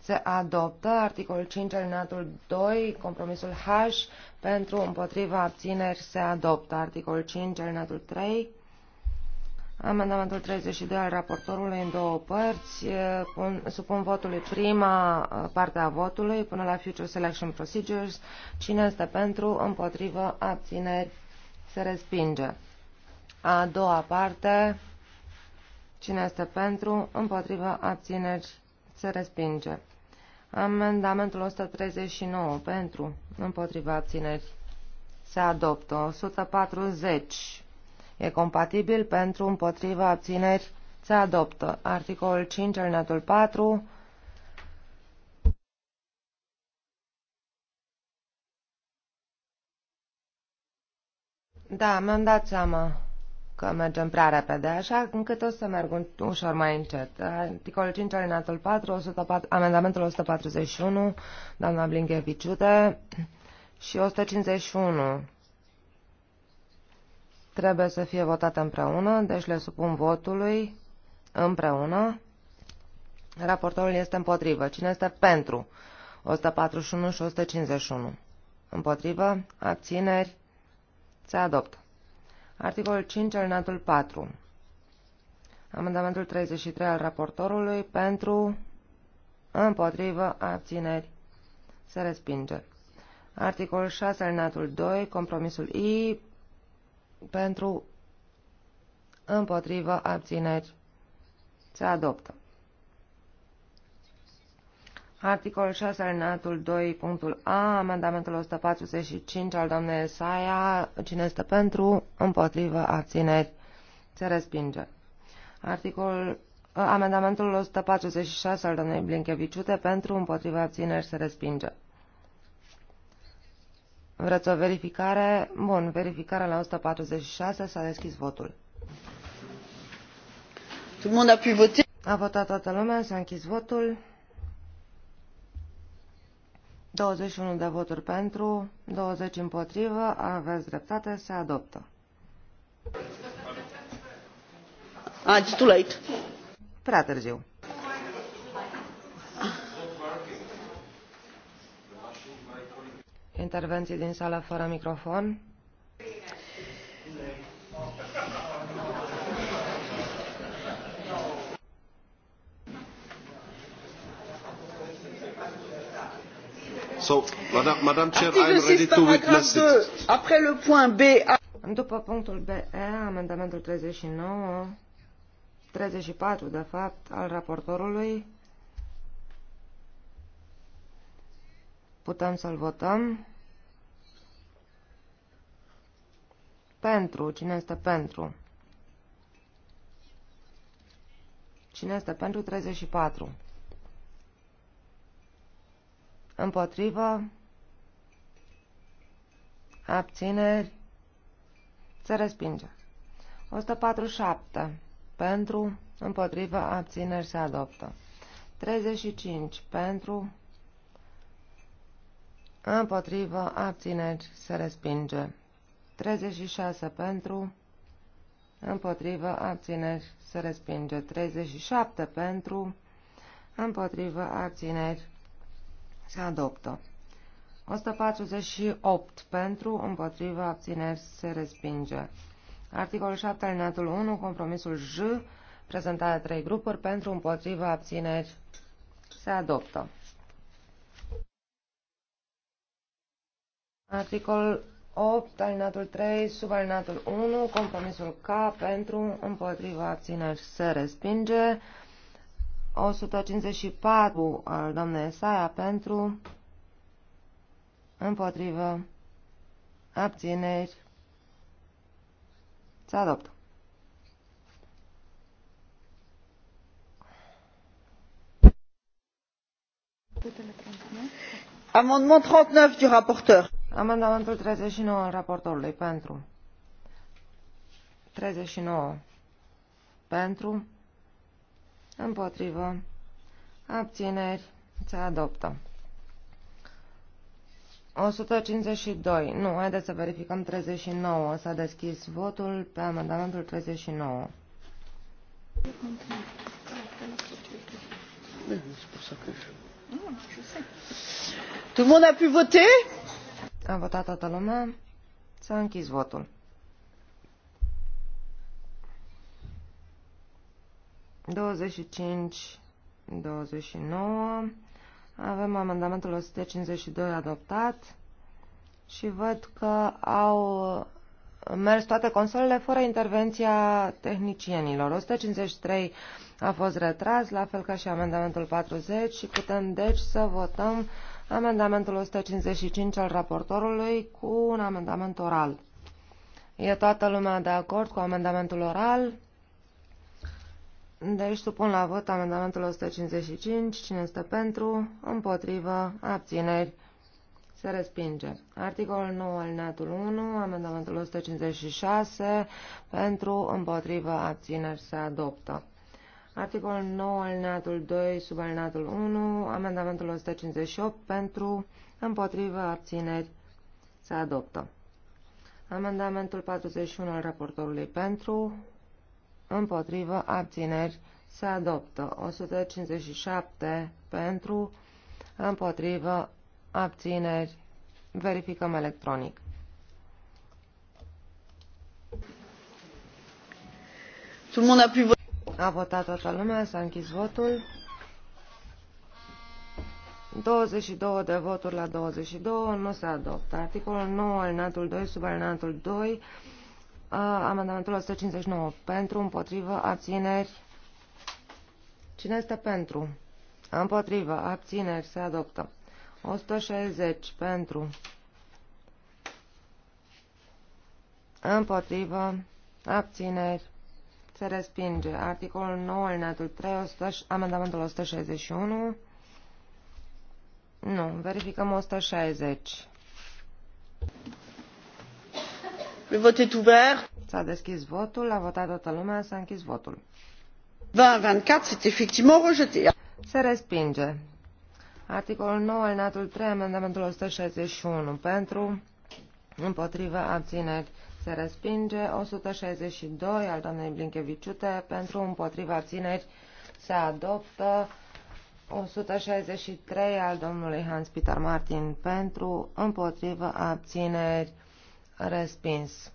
se adoptă. Articolul 5 alineatul 2, compromisul H, pentru, împotriva, abțineri, se adoptă. Articolul 5 alineatul 3, amendamentul 32 al raportorului în două părți, pun, supun votului prima parte a votului până la Future Selection Procedures, cine este pentru, împotriva abțineri, se respinge. A doua parte. Cine este pentru? împotriva, Abțineri. Se respinge. Amendamentul 139. Pentru. împotriva, Abțineri. Se adoptă. 140. E compatibil pentru împotriva abțineri. Se adoptă. Articolul 5, alineatul 4. Da, mi-am dat seama că mergem prea repede, așa încât o să merg ușor mai încet. Articolul 5, alinatul 4, 104, amendamentul 141, doamna Blincheviciute, și 151 trebuie să fie votate împreună, deci le supun votului împreună. Raportorul este împotrivă. Cine este pentru? 141 și 151. Împotrivă? Abțineri? Se adoptă. Articolul 5, alinatul 4. Amendamentul 33 al raportorului pentru, împotrivă, abțineri. Se respinge. Articolul 6, alinatul 2, compromisul I pentru, împotrivă, abțineri. Se adoptă. Articolul 6, alineatul 2, punctul A, amendamentul 145 al doamnei Saia, cine este pentru, împotrivă, abțineri, se respinge. Articolul ă, Amendamentul 146 al doamnei Blinkeviciute pentru împotrivă, abțineri se respinge. Vreți o verificare? Bun, verificarea la 146 s-a deschis votul. Tout le monde a pu voter. A votat toată lumea, s-a închis votul. 21 de voturi pentru, 20 împotrivă, aveți dreptate, se adoptă. Ah, it's too late. Prea târziu. Intervenții din sală fără microfon. So, Madame, Madame Chair, I'm ready to witness it. Après le point B. După punctul BE, amendamentul 39, 34 de fapt, al raportorului, putem să-l votăm. Pentru, cine este pentru? Cine este pentru 34? Împotrivă. Abțineri. Se respinge. 147. Pentru. Împotrivă. Abțineri. Se adoptă. 35. Pentru. Împotrivă. Abțineri. Se respinge. 36. Pentru. Împotrivă. Abțineri. Se respinge. 37. Pentru. Împotrivă. Abțineri se adoptă. 148 pentru, împotrivă, abțineri, se respinge. Articolul 7, alineatul 1, compromisul J, prezentarea trei grupuri, pentru, împotrivă, abțineri, se adoptă. Articolul 8, alinatul 3, sub subalinatul 1, compromisul K pentru împotriva abțineri se respinge. 154 al domnului Saia pentru, împotrivă, abțineri, să adoptă. Amendement 39 du rapporteur. Amendamentul 39 al raportorului pentru. 39 pentru. Împotrivă. Abțineri. Se adoptă. 152. Nu, haideți să verificăm 39. S-a deschis votul pe amendamentul 39. Tout le monde a pu voter? A votat toată lumea. S-a închis votul. 25, 29. Avem amendamentul 152 adoptat și văd că au mers toate consolele fără intervenția tehnicienilor. 153 a fost retras, la fel ca și amendamentul 40 și putem deci să votăm amendamentul 155 al raportorului cu un amendament oral. E toată lumea de acord cu amendamentul oral? Deci supun la vot amendamentul 155. Cine este pentru? Împotrivă? Abțineri? Se respinge. Articolul 9 alineatul 1, amendamentul 156, pentru, împotrivă, abțineri se adoptă. Articolul 9 alineatul 2, sub alineatul 1, amendamentul 158, pentru, împotrivă, abțineri se adoptă. Amendamentul 41 al raportorului pentru, împotrivă, abțineri, se adoptă. 157 pentru, împotrivă, abțineri, verificăm electronic. a a votat toată lumea, s-a închis votul. 22 de voturi la 22, nu se adoptă. Articolul 9, alinatul 2, subalinatul 2, Amendamentul 159 pentru, împotrivă, abțineri. Cine este pentru? Împotrivă, abțineri, se adoptă. 160 pentru, împotrivă, abțineri, se respinge. Articolul 9, alineatul 3, 100, amendamentul 161. Nu, verificăm 160. Le vot est ouvert. S'a deschis votul, a votat toată lumea, s-a închis votul. 20-24, c'est effectivement rejeté. Se respinge. Articolul 9, alinatul 3, amendamentul 161. Pentru, împotrivă, abțineri. Se respinge. 162 al doamnei Blinkeviciute. Pentru, împotrivă, abțineri. Se adoptă. 163 al domnului Hans Peter Martin pentru, împotrivă, abțineri, Respins.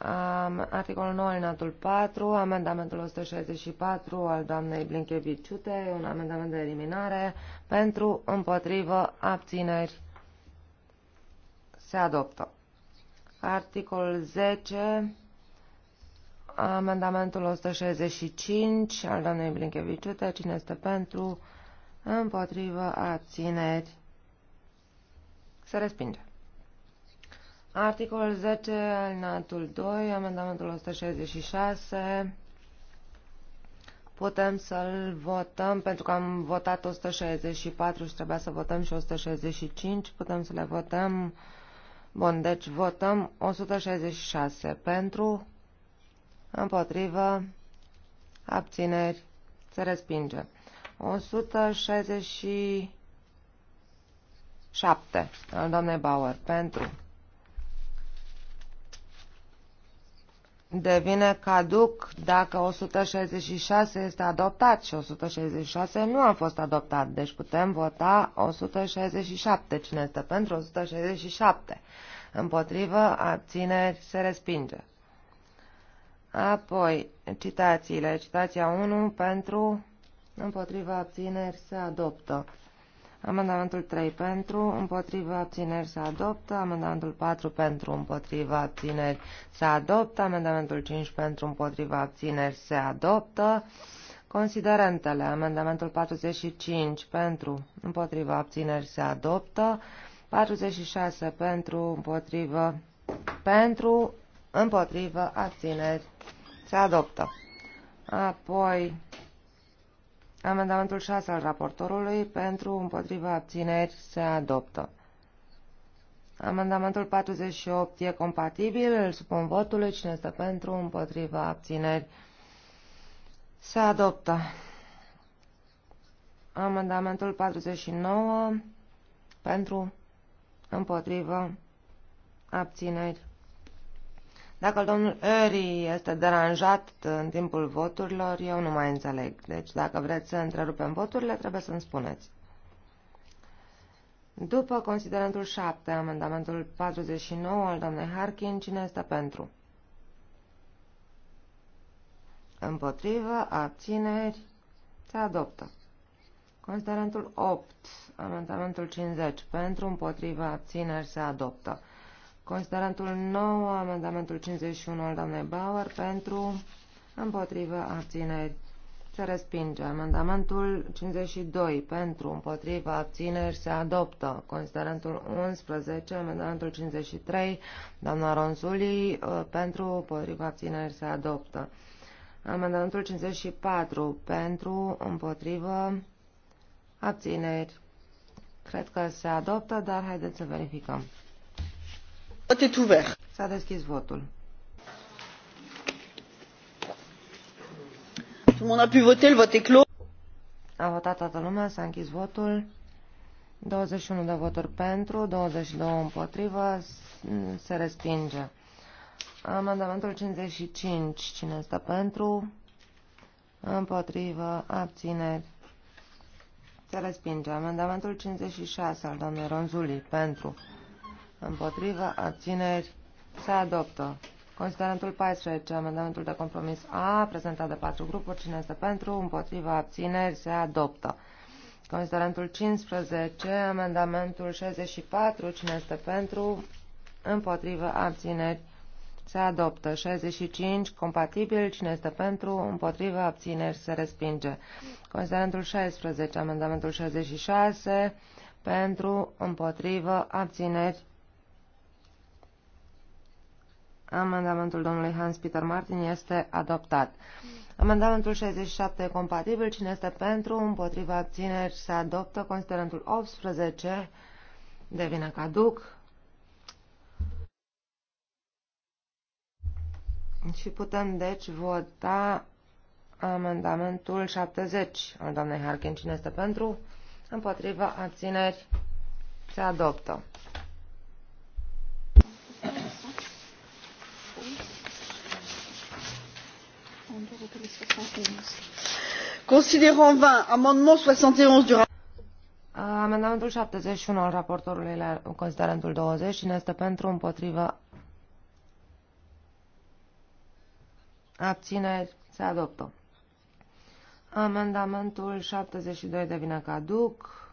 Um, articolul 9, alinatul 4, amendamentul 164 al doamnei Blinchevici-Ciute, un amendament de eliminare pentru, împotrivă, abțineri. Se adoptă. Articolul 10, amendamentul 165 al doamnei Blinchevici-Ciute, cine este pentru, împotrivă, abțineri. Se respinge. Articolul 10, alineatul 2, amendamentul 166. Putem să-l votăm pentru că am votat 164 și trebuia să votăm și 165. Putem să le votăm. Bun, deci votăm 166 pentru, împotrivă, abțineri, se respinge. 167 al doamnei Bauer pentru devine caduc dacă 166 este adoptat și 166 nu a fost adoptat. Deci putem vota 167. Cine este pentru 167? Împotrivă, abțineri, se respinge. Apoi, citațiile. Citația 1 pentru, împotrivă, abțineri, se adoptă. Amendamentul 3 pentru, împotriva abțineri se adoptă. Amendamentul 4 pentru, împotriva abțineri se adoptă. Amendamentul 5 pentru, împotriva abțineri se adoptă. Considerentele. Amendamentul 45 pentru, împotriva abțineri se adoptă. 46 pentru, împotriva, pentru, împotriva abțineri se adoptă. Apoi Amendamentul 6 al raportorului pentru împotriva abțineri se adoptă. Amendamentul 48 e compatibil, îl supun votului, cine este pentru, împotriva, abțineri, se adoptă. Amendamentul 49 pentru, împotriva abțineri, dacă domnul Eri este deranjat în timpul voturilor, eu nu mai înțeleg. Deci dacă vreți să întrerupem voturile, trebuie să-mi spuneți. După considerentul 7, amendamentul 49 al domnului Harkin, cine este pentru? Împotrivă, abțineri, se adoptă. Considerentul 8, amendamentul 50, pentru, împotrivă, abțineri, se adoptă. Considerantul 9, amendamentul 51 al doamnei Bauer pentru, împotrivă, abțineri. Se respinge. Amendamentul 52 pentru, împotrivă, abțineri se adoptă. Considerantul 11, amendamentul 53, doamna Ronzuli, ă, pentru, împotrivă, abțineri se adoptă. Amendamentul 54 pentru, împotrivă, abțineri. Cred că se adoptă, dar haideți să verificăm est ouvert. S-a deschis votul. Tout le monde a pu voter, le vote est clos. A votat toată lumea, s-a închis votul. 21 de voturi pentru, 22 împotrivă, se respinge. Amendamentul 55, cine este pentru? Împotrivă, abțineri. Se respinge. Amendamentul 56 al doamnei Ronzuli, pentru. Împotrivă. Abțineri. Se adoptă. Considerentul 14, amendamentul de compromis A, prezentat de patru grupuri, cine este pentru, împotriva, abțineri, se adoptă. Considerentul 15, amendamentul 64, cine este pentru, împotriva, abțineri, se adoptă. 65, compatibil, cine este pentru, împotriva, abțineri, se respinge. Considerentul 16, amendamentul 66, pentru, împotriva, abțineri, Amendamentul domnului Hans-Peter Martin este adoptat. Amendamentul 67 e compatibil. Cine este pentru? Împotriva abțineri se adoptă. Considerentul 18 devine caduc. Și putem, deci, vota amendamentul 70 al doamnei Harkin. Cine este pentru? Împotriva abțineri se adoptă. Considérant 20, amendement 71 du Amendamentul 71 al raportorului la considerentul 20. Cine este pentru, împotrivă, abțineri, se adoptă. Amendamentul 72 devine caduc.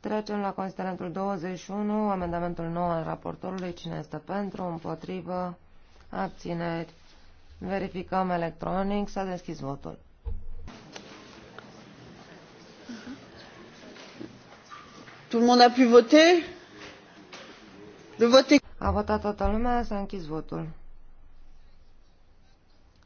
Trecem la considerentul 21, amendamentul 9 al raportorului. Cine este pentru, împotrivă, abțineri, Verificăm electronic, s-a deschis votul. Tout le monde a pu voter Le vote A votat toată lumea, s-a închis votul.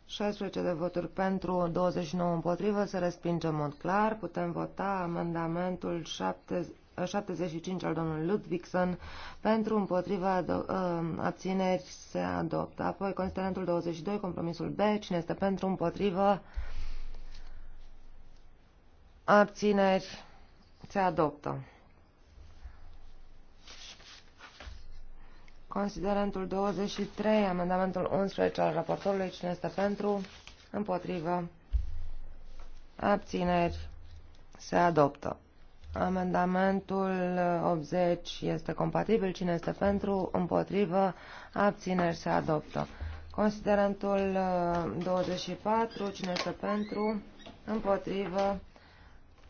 16 de voturi pentru, 29 împotrivă, se respinge în mod clar. Putem vota amendamentul 7 75 al domnului Ludvigson pentru împotriva ă, abțineri se adoptă. Apoi considerentul 22, compromisul B, cine este pentru împotriva abțineri se adoptă. Considerentul 23, amendamentul 11 al raportorului, cine este pentru, împotrivă, abțineri, se adoptă. Amendamentul 80 este compatibil. Cine este pentru? Împotrivă? Abțineri? Se adoptă. Considerentul 24. Uh, Cine este pentru? Împotrivă?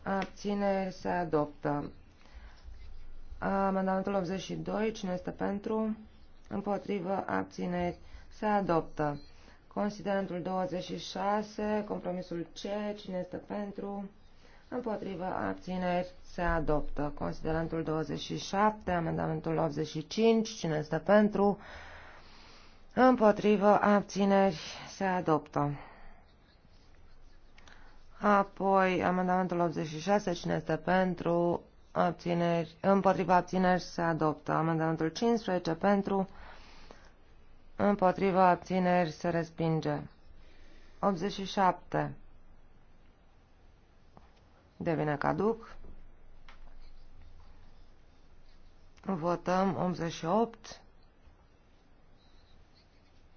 Abțineri? Se adoptă. Amendamentul 82. Cine este pentru? Împotrivă? Abțineri? Se adoptă. Considerentul 26. Compromisul C. Cine este pentru? Împotrivă abțineri se adoptă. Considerentul 27, amendamentul 85, cine este pentru? Împotrivă abțineri se adoptă. Apoi amendamentul 86, cine este pentru? Abțineri, împotriva abțineri se adoptă. Amendamentul 15 pentru, împotriva abțineri se respinge. 87 devine caduc. Votăm 88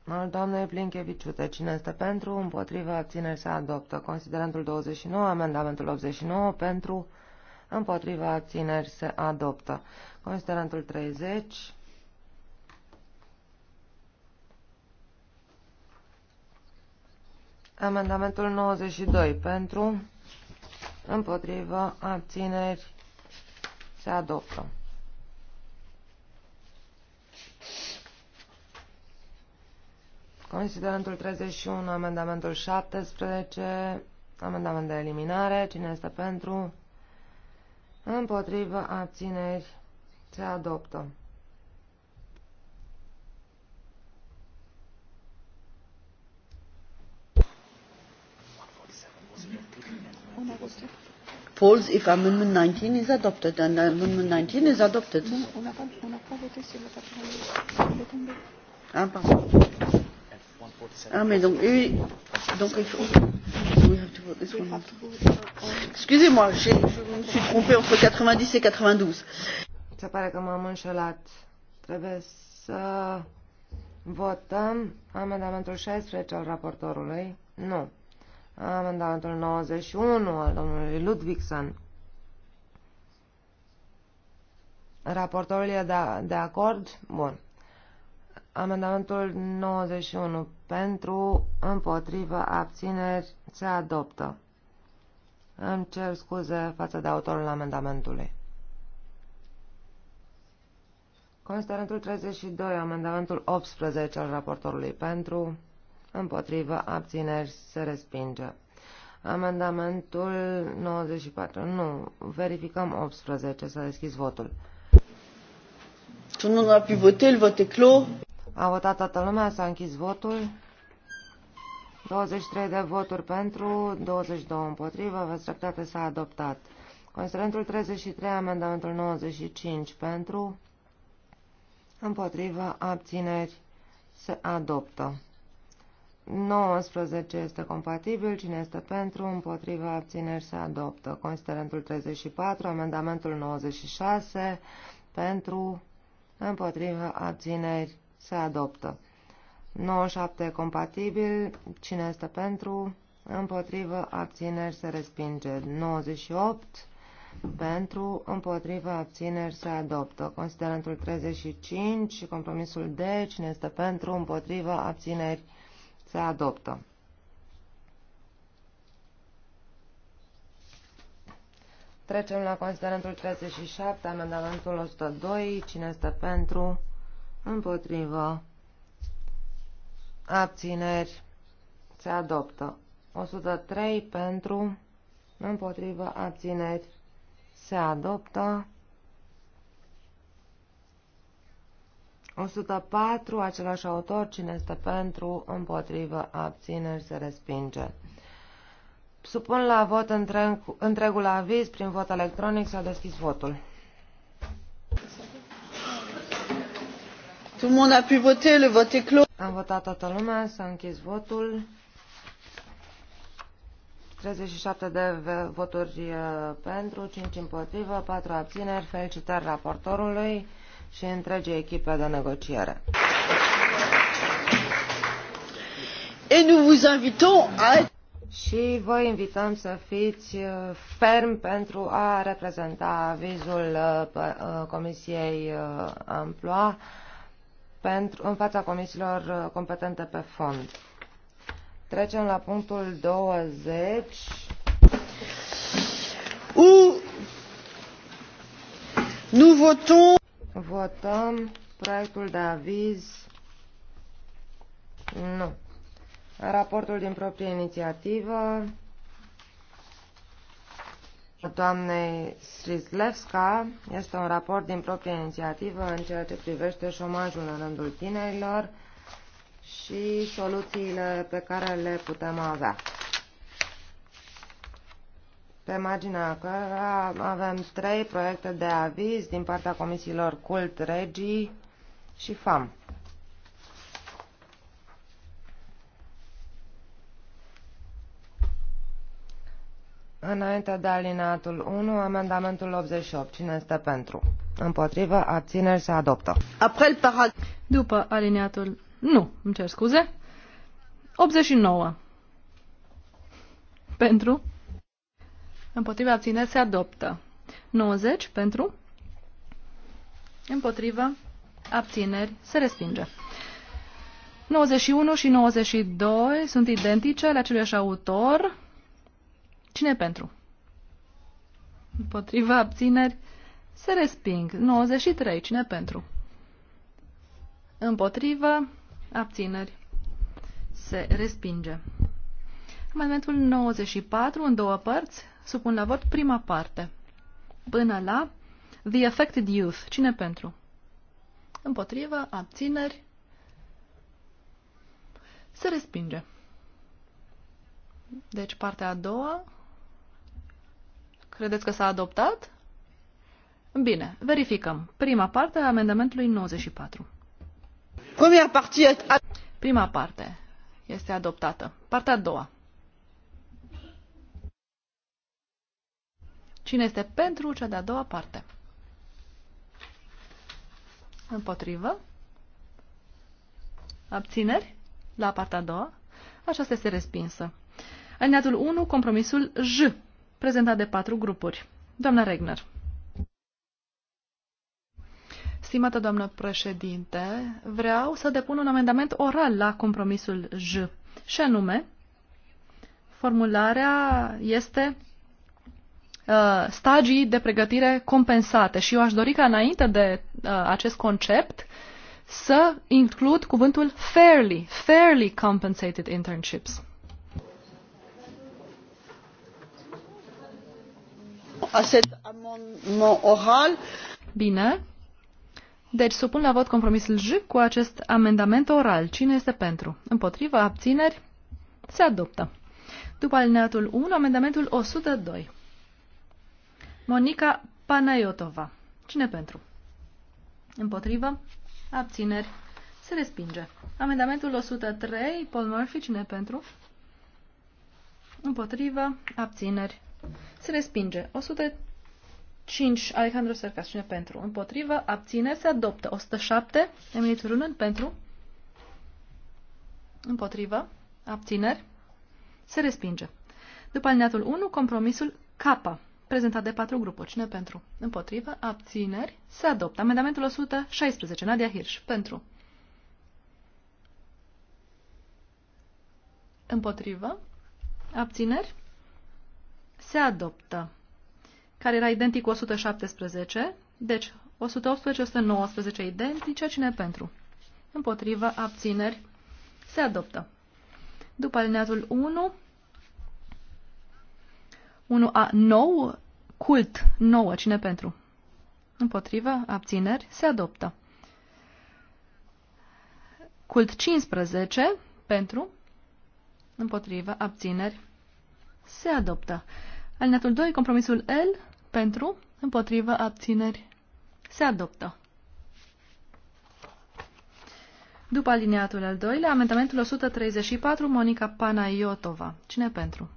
al doamnei Plinkeviciute. Cine este pentru? Împotriva abțineri se adoptă. Considerentul 29, amendamentul 89 pentru împotriva abțineri se adoptă. Considerantul 30 Amendamentul 92 pentru împotrivă, abțineri, se adoptă. Considerentul 31, amendamentul 17, amendament de eliminare, cine este pentru, împotrivă, abțineri, se adoptă. falls if amendment 19 is adopted and amendment 19 is adopted. Ah pardon. Ah mais donc oui, donc il faut. Excusez-moi, je me suis trompée entre 90 et 92. Se pare că m-am înșelat. Trebuie să votăm amendamentul 16 al raportorului. Nu. Amendamentul 91 al domnului Ludvigson. Raportorul e de, de acord? Bun. Amendamentul 91 pentru, împotrivă, abțineri, se adoptă. Îmi cer scuze față de autorul amendamentului. Considerentul 32, amendamentul 18 al raportorului pentru, împotrivă, abțineri, se respinge. Amendamentul 94. Nu. Verificăm 18. S-a deschis votul. Tout le monde a pu voter, le vote est clos. A votat toată lumea, s-a închis votul. 23 de voturi pentru, 22 împotrivă, veți dreptate s-a adoptat. Considerentul 33, amendamentul 95 pentru, împotrivă, abțineri, se adoptă. 19 este compatibil, cine este pentru, împotriva, abțineri, se adoptă. Considerentul 34, amendamentul 96, pentru, împotriva, abțineri, se adoptă. 97 compatibil, cine este pentru, împotriva abțineri, se respinge. 98 pentru, împotriva abțineri, se adoptă. Considerentul 35, compromisul D, cine este pentru, împotriva abțineri, se se adoptă. Trecem la considerentul 37, amendamentul 102. Cine este pentru? Împotrivă. Abțineri. Se adoptă. 103 pentru. Împotrivă. Abțineri. Se adoptă. 104, același autor, cine este pentru, împotrivă, abțineri, se respinge. Supun la vot întreg, întregul aviz prin vot electronic. S-a deschis votul. Tout le monde a pu voter, le vote est clos. Am votat toată lumea, s-a închis votul. 37 de voturi uh, pentru, 5 împotrivă, 4 abțineri. Felicitări raportorului și întregii echipe de negociere. Et nous vous invitons à... Și vă invităm să fiți uh, ferm pentru a reprezenta avizul uh, uh, Comisiei Amploa pentru, în fața comisiilor competente pe fond. Trecem la punctul 20. U. nous votons Votăm proiectul de aviz. Nu. Raportul din proprie inițiativă doamnei Srizlevska este un raport din proprie inițiativă în ceea ce privește șomajul în rândul tinerilor și soluțiile pe care le putem avea pe marginea cărora avem trei proiecte de aviz din partea comisiilor CULT, REGII și FAM. Înainte de alineatul 1, amendamentul 88. Cine este pentru? Împotrivă, abțineri, se adoptă. După alineatul... Nu, îmi cer scuze. 89. Pentru? Împotriva ține se adoptă. 90 pentru. Împotriva abțineri se respinge. 91 și 92 sunt identice la aceluiași autor. Cine pentru? Împotriva abțineri se resping. 93. Cine pentru? Împotriva Abțineri. Se respinge. Amendamentul 94 în două părți. Supun la vot prima parte. Până la The Affected Youth. Cine pentru? Împotrivă, abțineri. Se respinge. Deci partea a doua. Credeți că s-a adoptat? Bine, verificăm. Prima parte a amendamentului 94. Prima parte este adoptată. Partea a doua. Cine este pentru cea de-a doua parte? Împotrivă. Abțineri? La partea a doua. Aceasta este respinsă. Aliniatul 1, compromisul J, prezentat de patru grupuri. Doamna Regner. Stimată doamnă președinte, vreau să depun un amendament oral la compromisul J. Și anume, formularea este Uh, stagii de pregătire compensate. Și eu aș dori ca înainte de uh, acest concept să includ cuvântul fairly, fairly compensated internships. oral. Bine. Deci supun la vot compromisul J cu acest amendament oral. Cine este pentru? Împotriva abțineri? Se adoptă. După alineatul 1, amendamentul 102. Monica Panayotova. Cine pentru? Împotrivă? Abțineri. Se respinge. Amendamentul 103, Paul Murphy, cine pentru? Împotrivă, abțineri. Se respinge. 105, Alejandro Sercas, cine pentru? Împotrivă, abțineri, se adoptă. 107, Emilie Turunen, pentru? Împotrivă, abțineri, se respinge. După alineatul 1, compromisul capa prezentat de patru grupuri. Cine pentru? Împotrivă. Abțineri. Se adoptă. Amendamentul 116. Nadia Hirsch. Pentru. Împotrivă. Abțineri. Se adoptă. Care era identic cu 117. Deci 118-119 identice. Cine pentru? Împotrivă. Abțineri. Se adoptă. După alineatul 1, 1A nou, cult nouă, cine pentru? Împotrivă, abțineri, se adoptă. Cult 15, pentru, împotrivă, abțineri, se adoptă. Alineatul 2, compromisul L, pentru, împotrivă, abțineri, se adoptă. După alineatul al doilea, amendamentul 134, Monica Panaiotova. Cine pentru?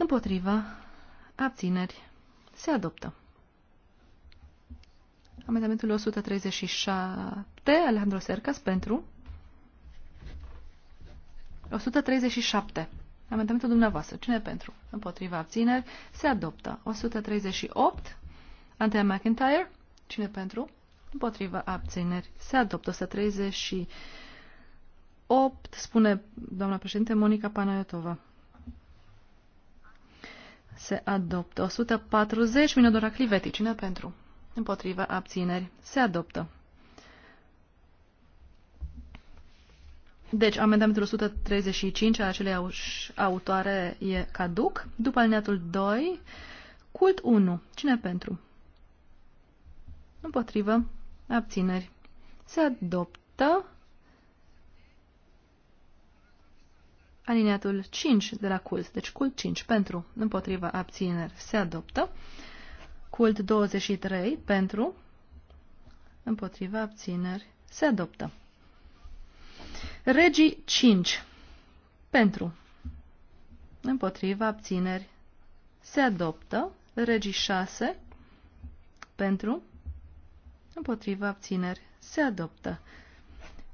Împotriva, Abțineri. Se adoptă. Amendamentul 137, Alejandro Sercas, pentru. 137. Amendamentul dumneavoastră. Cine pentru? Împotriva abțineri. Se adoptă. 138. Antea McIntyre. Cine pentru? Împotriva abțineri. Se adoptă. 138. Spune doamna președinte Monica Panayotova se adoptă. 140 minodora cliveti. Cine pentru? Împotriva abțineri. Se adoptă. Deci, amendamentul 135 al acelei autoare e caduc. După alineatul 2, cult 1. Cine pentru? Împotrivă. Abțineri. Se adoptă. Deci, alineatul 5 de la cult. Deci cult 5 pentru, împotriva abțineri se adoptă. Cult 23 pentru, împotriva abțineri se adoptă. Regii 5 pentru, împotriva abțineri se adoptă. Regii 6 pentru, împotriva abțineri se adoptă.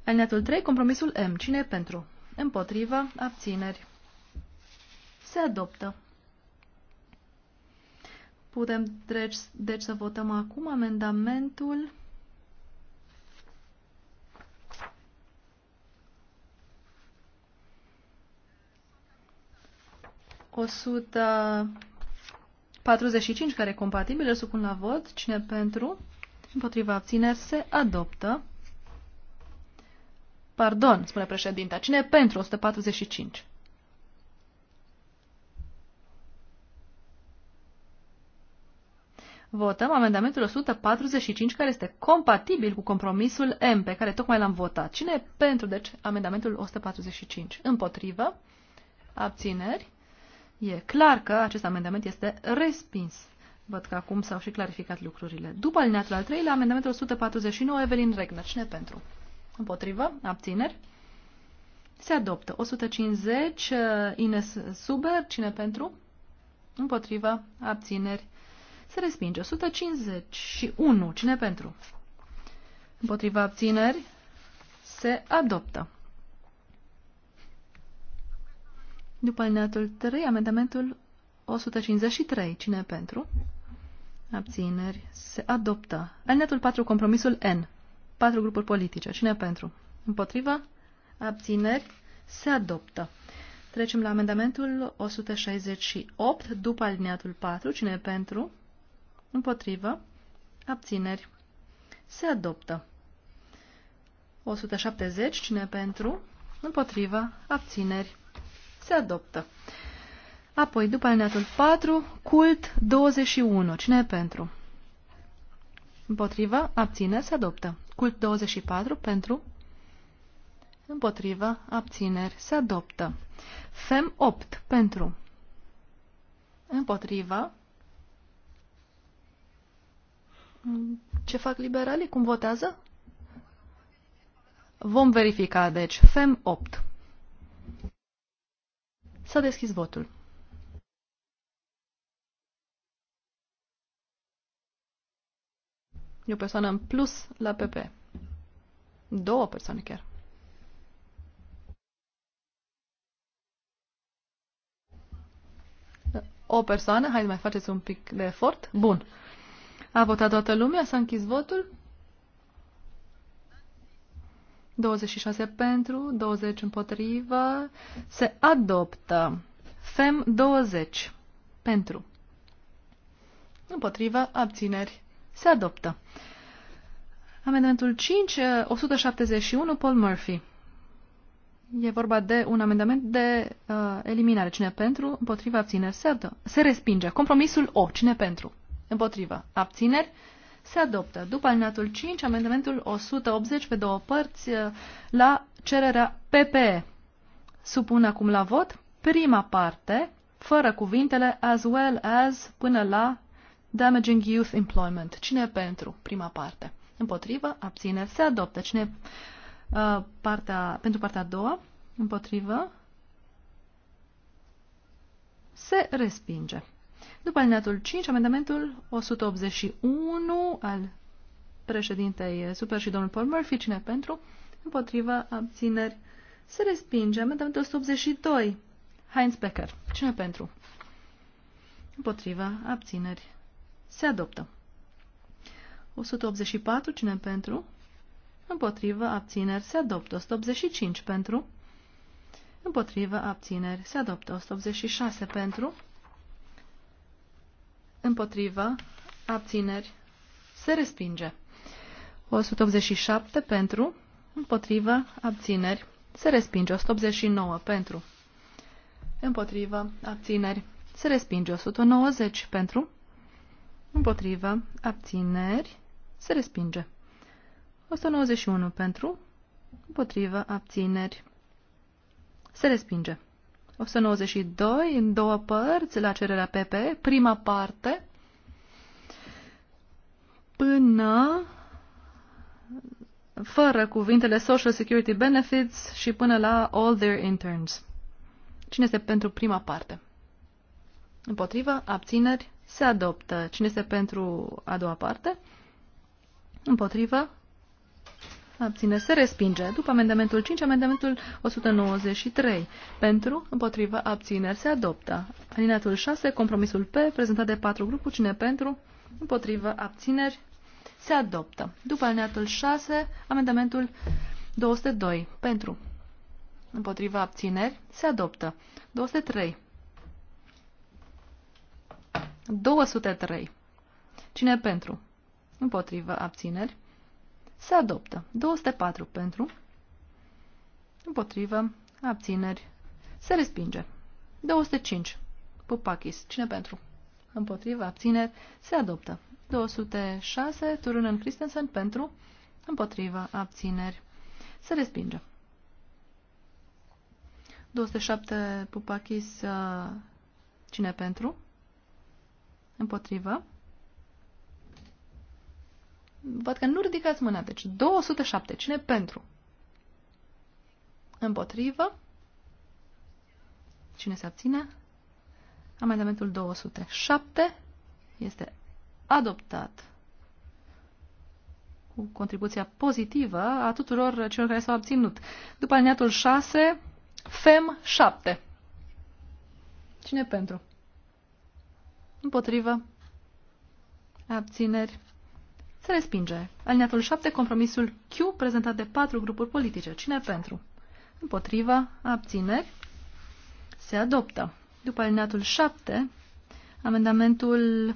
Alineatul 3, compromisul M. Cine e pentru? Împotrivă. Abțineri. Se adoptă. Putem, deci, deci să votăm acum amendamentul. O sută 45, care e compatibilă, supun la vot. Cine pentru? Împotriva abțineri se adoptă. Pardon, spune președinta. Cine e pentru 145? Votăm amendamentul 145 care este compatibil cu compromisul M pe care tocmai l-am votat. Cine e pentru, deci, amendamentul 145? Împotrivă? Abțineri? E clar că acest amendament este respins. Văd că acum s-au și clarificat lucrurile. După alineatul al treilea, amendamentul 149, Evelyn Regner. Cine e pentru? Împotrivă. Abțineri. Se adoptă. 150. Uh, Ines Suber. Cine pentru? Împotrivă. Abțineri. Se respinge. 151. Cine pentru? Împotrivă, abțineri. Se adoptă. După alineatul 3, amendamentul 153. Cine pentru? Abțineri. Se adoptă. Alineatul 4, compromisul N patru grupuri politice. Cine pentru? Împotrivă? Abțineri? Se adoptă. Trecem la amendamentul 168, după alineatul 4. Cine pentru? Împotrivă? Abțineri? Se adoptă. 170. Cine pentru? Împotrivă? Abțineri? Se adoptă. Apoi, după alineatul 4, cult 21. Cine e pentru? Împotrivă, abține, se adoptă. Cult 24 pentru. Împotrivă, abțineri, se adoptă. Fem 8 pentru. Împotrivă. Ce fac liberalii? Cum votează? Vom verifica, deci. Fem 8. S-a deschis votul. E o persoană în plus la PP. Două persoane chiar. O persoană, hai mai faceți un pic de efort. Bun. A votat toată lumea, s-a închis votul. 26 pentru, 20 împotrivă. Se adoptă. FEM 20 pentru. Împotrivă, abțineri se adoptă. Amendamentul 5, 171, eh, Paul Murphy. E vorba de un amendament de uh, eliminare. Cine pentru, împotriva, abțineri, se, adă- se respinge. Compromisul O. Cine pentru, împotriva, abțineri, se adoptă. După alineatul 5, amendamentul 180 pe două părți uh, la cererea PPE. Supun acum la vot prima parte, fără cuvintele as well as până la Damaging Youth Employment. Cine e pentru? Prima parte. Împotrivă, abțineri, se adoptă. Cine e uh, partea, pentru partea a doua? Împotrivă, se respinge. După alineatul 5, amendamentul 181 al președintei Super și domnul Paul Murphy, cine pentru? Împotrivă, abțineri, se respinge. Amendamentul 182, Heinz Becker, cine pentru? Împotrivă, abțineri, se adoptă. 184. Cine pentru? Împotrivă, abțineri, se adoptă. 185 pentru. Împotrivă, abțineri, se adoptă. 186 pentru. Împotrivă, abțineri, se respinge. 187 pentru. Împotrivă, abțineri, se respinge. 189 pentru. Împotrivă, abțineri, se respinge. 190 pentru. Împotrivă. Abțineri. Se respinge. 191 pentru. Împotrivă. Abțineri. Se respinge. 192 în două părți la cererea PP. Prima parte până fără cuvintele Social Security Benefits și până la All Their Interns. Cine este pentru prima parte? Împotrivă, abțineri, se adoptă. Cine este pentru a doua parte? Împotrivă? Abține. Se respinge. După amendamentul 5, amendamentul 193. Pentru, împotrivă, abțineri. Se adoptă. Alineatul 6, compromisul P, prezentat de patru grupuri. Cine pentru? Împotrivă, abțineri. Se adoptă. După alineatul 6, amendamentul 202. Pentru. Împotrivă? abțineri. Se adoptă. 203. 203. Cine pentru? Împotrivă abțineri. Se adoptă. 204 pentru. Împotrivă abțineri. Se respinge. 205. Pupakis. Cine pentru? Împotrivă abțineri. Se adoptă. 206. Turunen Christensen pentru. Împotrivă abțineri. Se respinge. 207. Pupakis. Uh, cine pentru? Împotrivă. Văd că nu ridicați mâna. Deci 207. Cine pentru? Împotrivă. Cine se abține? Amendamentul 207 este adoptat cu contribuția pozitivă a tuturor celor care s-au abținut. După alineatul 6, FEM 7. Cine pentru? Împotrivă. Abțineri. Se respinge. Alineatul 7, compromisul Q, prezentat de patru grupuri politice. Cine pentru? Împotrivă. Abțineri. Se adoptă. După alineatul 7, amendamentul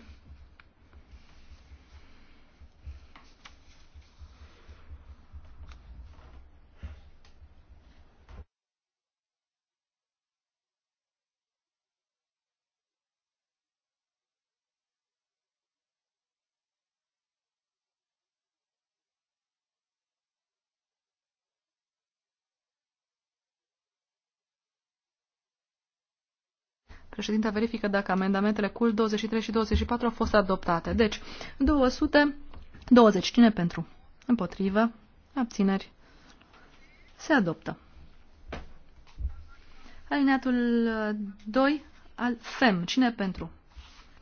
Președinta verifică dacă amendamentele CUL 23 și 24 au fost adoptate. Deci, 220. Cine pentru? Împotrivă. Abțineri. Se adoptă. Alineatul 2 uh, al FEM. Cine pentru?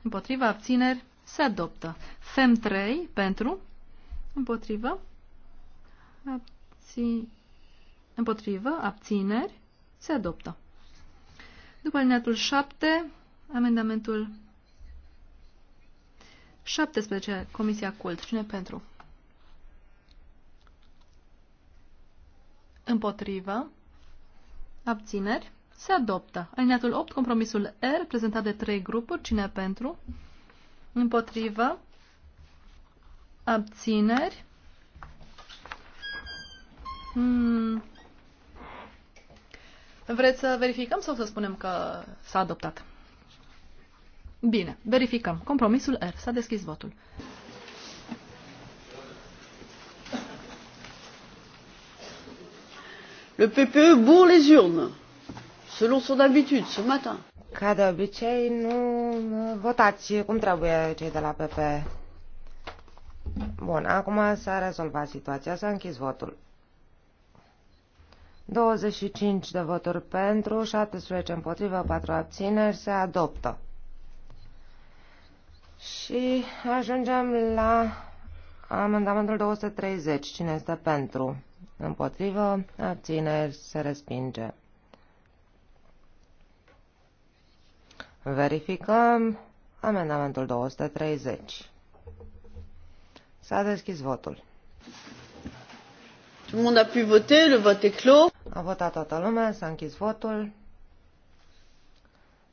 Împotrivă. Abțineri. Se adoptă. FEM 3 pentru? Împotrivă. Abțineri. Împotrivă, abțineri, se adoptă. După alineatul 7, amendamentul 17, Comisia Cult. Cine pentru? Împotrivă. Abțineri. Se adoptă. Alineatul 8, compromisul R, prezentat de trei grupuri. Cine pentru? Împotrivă. Abțineri. Hmm. Vreți să verificăm sau să spunem că s-a adoptat? Bine, verificăm. Compromisul R. S-a deschis votul. Le PPE bourre les urnes, selon son habitude, ce matin. Ca de obicei, nu votați cum trebuie cei de la PP. Bun, acum s-a rezolvat situația, s-a închis votul. 25 de voturi pentru, 17 împotrivă, 4 abțineri, se adoptă. Și ajungem la amendamentul 230. Cine este pentru? Împotrivă, abțineri, se respinge. Verificăm amendamentul 230. S-a deschis votul. Tout le monde a pu voter, le vote est clos. A votat toată lumea, s-a închis votul.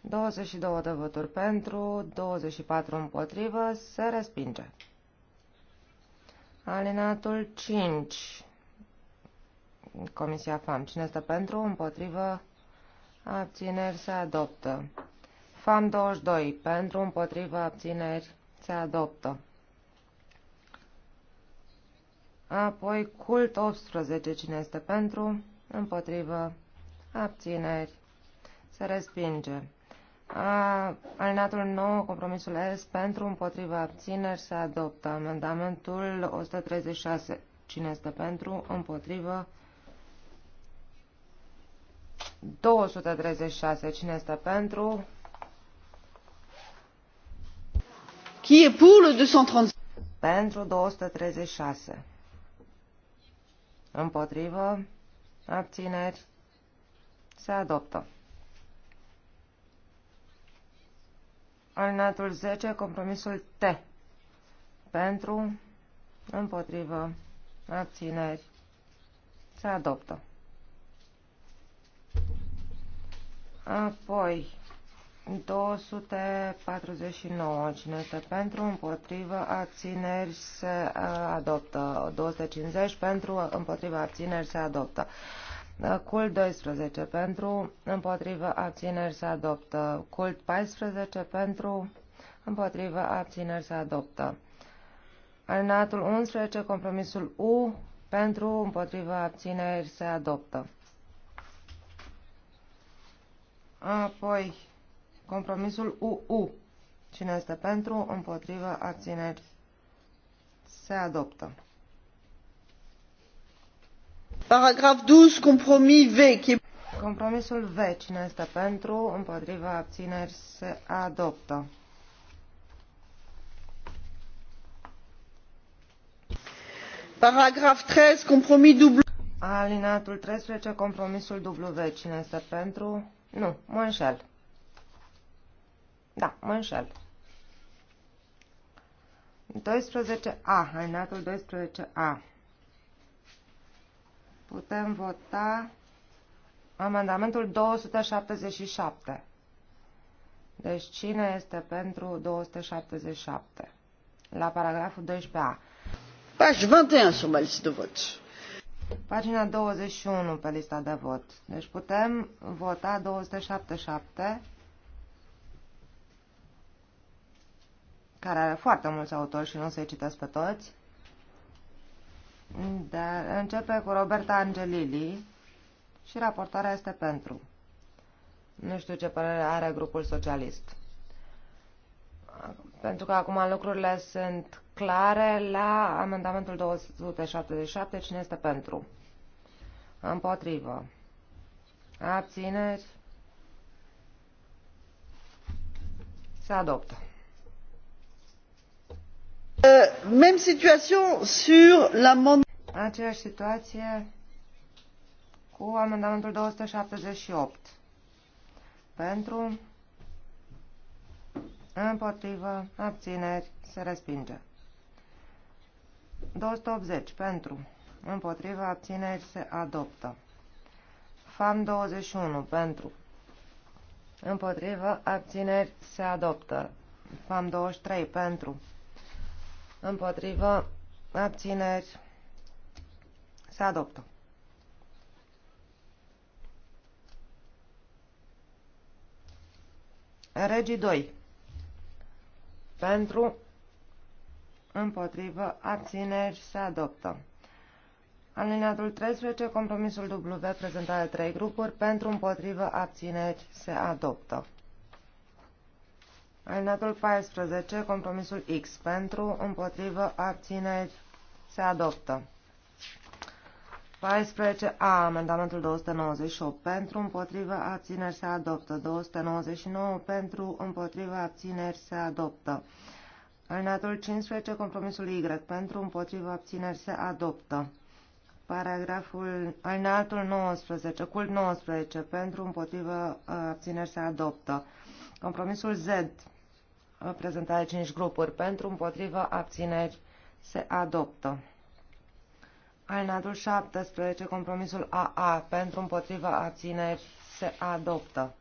22 de voturi pentru, 24 împotrivă, se respinge. Alinatul 5. Comisia FAM. Cine este pentru? Împotrivă? Abțineri se adoptă. FAM 22. Pentru? Împotrivă? Abțineri se adoptă. Apoi cult 18, cine este pentru, împotrivă, abțineri, se respinge. A, alinatul 9, compromisul S, pentru, împotrivă, abțineri, se adoptă. Amendamentul 136, cine este pentru, împotrivă, 236, cine este pentru, Qui est pour le 236 Pentru 236. Împotrivă. Abțineri. Se adoptă. Alinatul 10, compromisul T. Pentru, împotrivă, abțineri, se adoptă. Apoi, 249. Cine este pentru, împotrivă, abțineri, se uh, adoptă. 250 pentru, împotrivă, abțineri, se adoptă. Cult 12 pentru, împotrivă, abțineri, se adoptă. Cult 14 pentru, împotrivă, abțineri, se adoptă. Alinatul 11, compromisul U, pentru, împotrivă, abțineri, se adoptă. Apoi, Compromisul UU. Cine este pentru, împotrivă, abțineri, se adoptă. Paragraf 12, compromis V. Compromisul V. Cine este pentru, împotrivă, abțineri, se adoptă. Paragraf 13, compromis W. Alinatul 13, compromisul W. Cine este pentru? Nu, mă înșel. Da, mă înșel. 12A, hainatul 12A. Putem vota amendamentul 277. Deci cine este pentru 277? La paragraful 12A. Pași 21 sub ma de vot. Pagina 21 pe lista de vot. Deci putem vota 277 care are foarte mulți autori și nu o să-i citesc pe toți. Dar începe cu Roberta Angelili și raportarea este pentru. Nu știu ce părere are grupul socialist. Pentru că acum lucrurile sunt clare la amendamentul 277. Cine este pentru? Împotrivă. Abțineri. Se adoptă. Euh, même situation sur l'amendement. Aceeași situație cu amendamentul 278. Pentru, împotrivă, abțineri, se respinge. 280. Pentru, împotrivă, abțineri, se adoptă. FAM 21. Pentru, împotrivă, abțineri, se adoptă. FAM 23. Pentru, împotrivă, abțineri, se adoptă. Regii 2. Pentru, împotrivă, abțineri, se adoptă. Alineatul 13, compromisul W, prezentare 3 grupuri, pentru, împotrivă, abțineri, se adoptă. Alinatul 14, compromisul X pentru, împotrivă, abțineri, se adoptă. 14A, amendamentul 298 pentru, împotrivă, abțineri, se adoptă. 299 pentru, împotrivă, abțineri, se adoptă. Alinatul 15, compromisul Y pentru, împotrivă, abțineri, se adoptă. Paragraful alinatul 19, cult 19 pentru, împotrivă, abțineri, se adoptă. Compromisul Z prezentare 5 grupuri pentru, împotrivă, abțineri, se adoptă. Alinatul 17, compromisul AA, pentru, împotrivă, abțineri, se adoptă.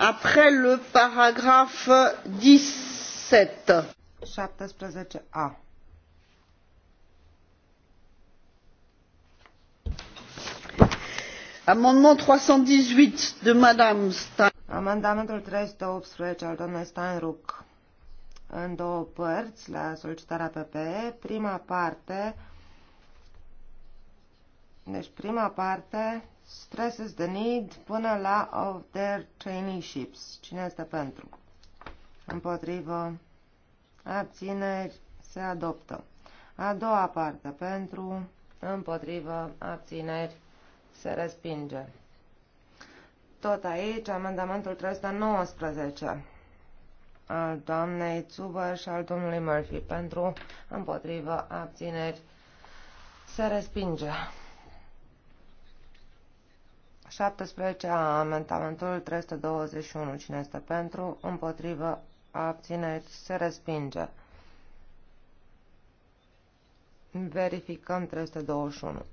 Après le paragraphe 17. 17A. amendement trois de madame Stein. Amendamentul 318 al domnului Steinruck în două părți la solicitarea PPE. Prima parte, deci prima parte, stresses the need până la of their traineeships. Cine este pentru? Împotrivă. Abțineri. Se adoptă. A doua parte, pentru, împotrivă, abțineri se respinge. Tot aici, amendamentul 319 al doamnei Țubă și al domnului Murphy pentru împotrivă abțineri se respinge. 17 amendamentul 321 cine este pentru împotrivă abțineri se respinge. Verificăm 321.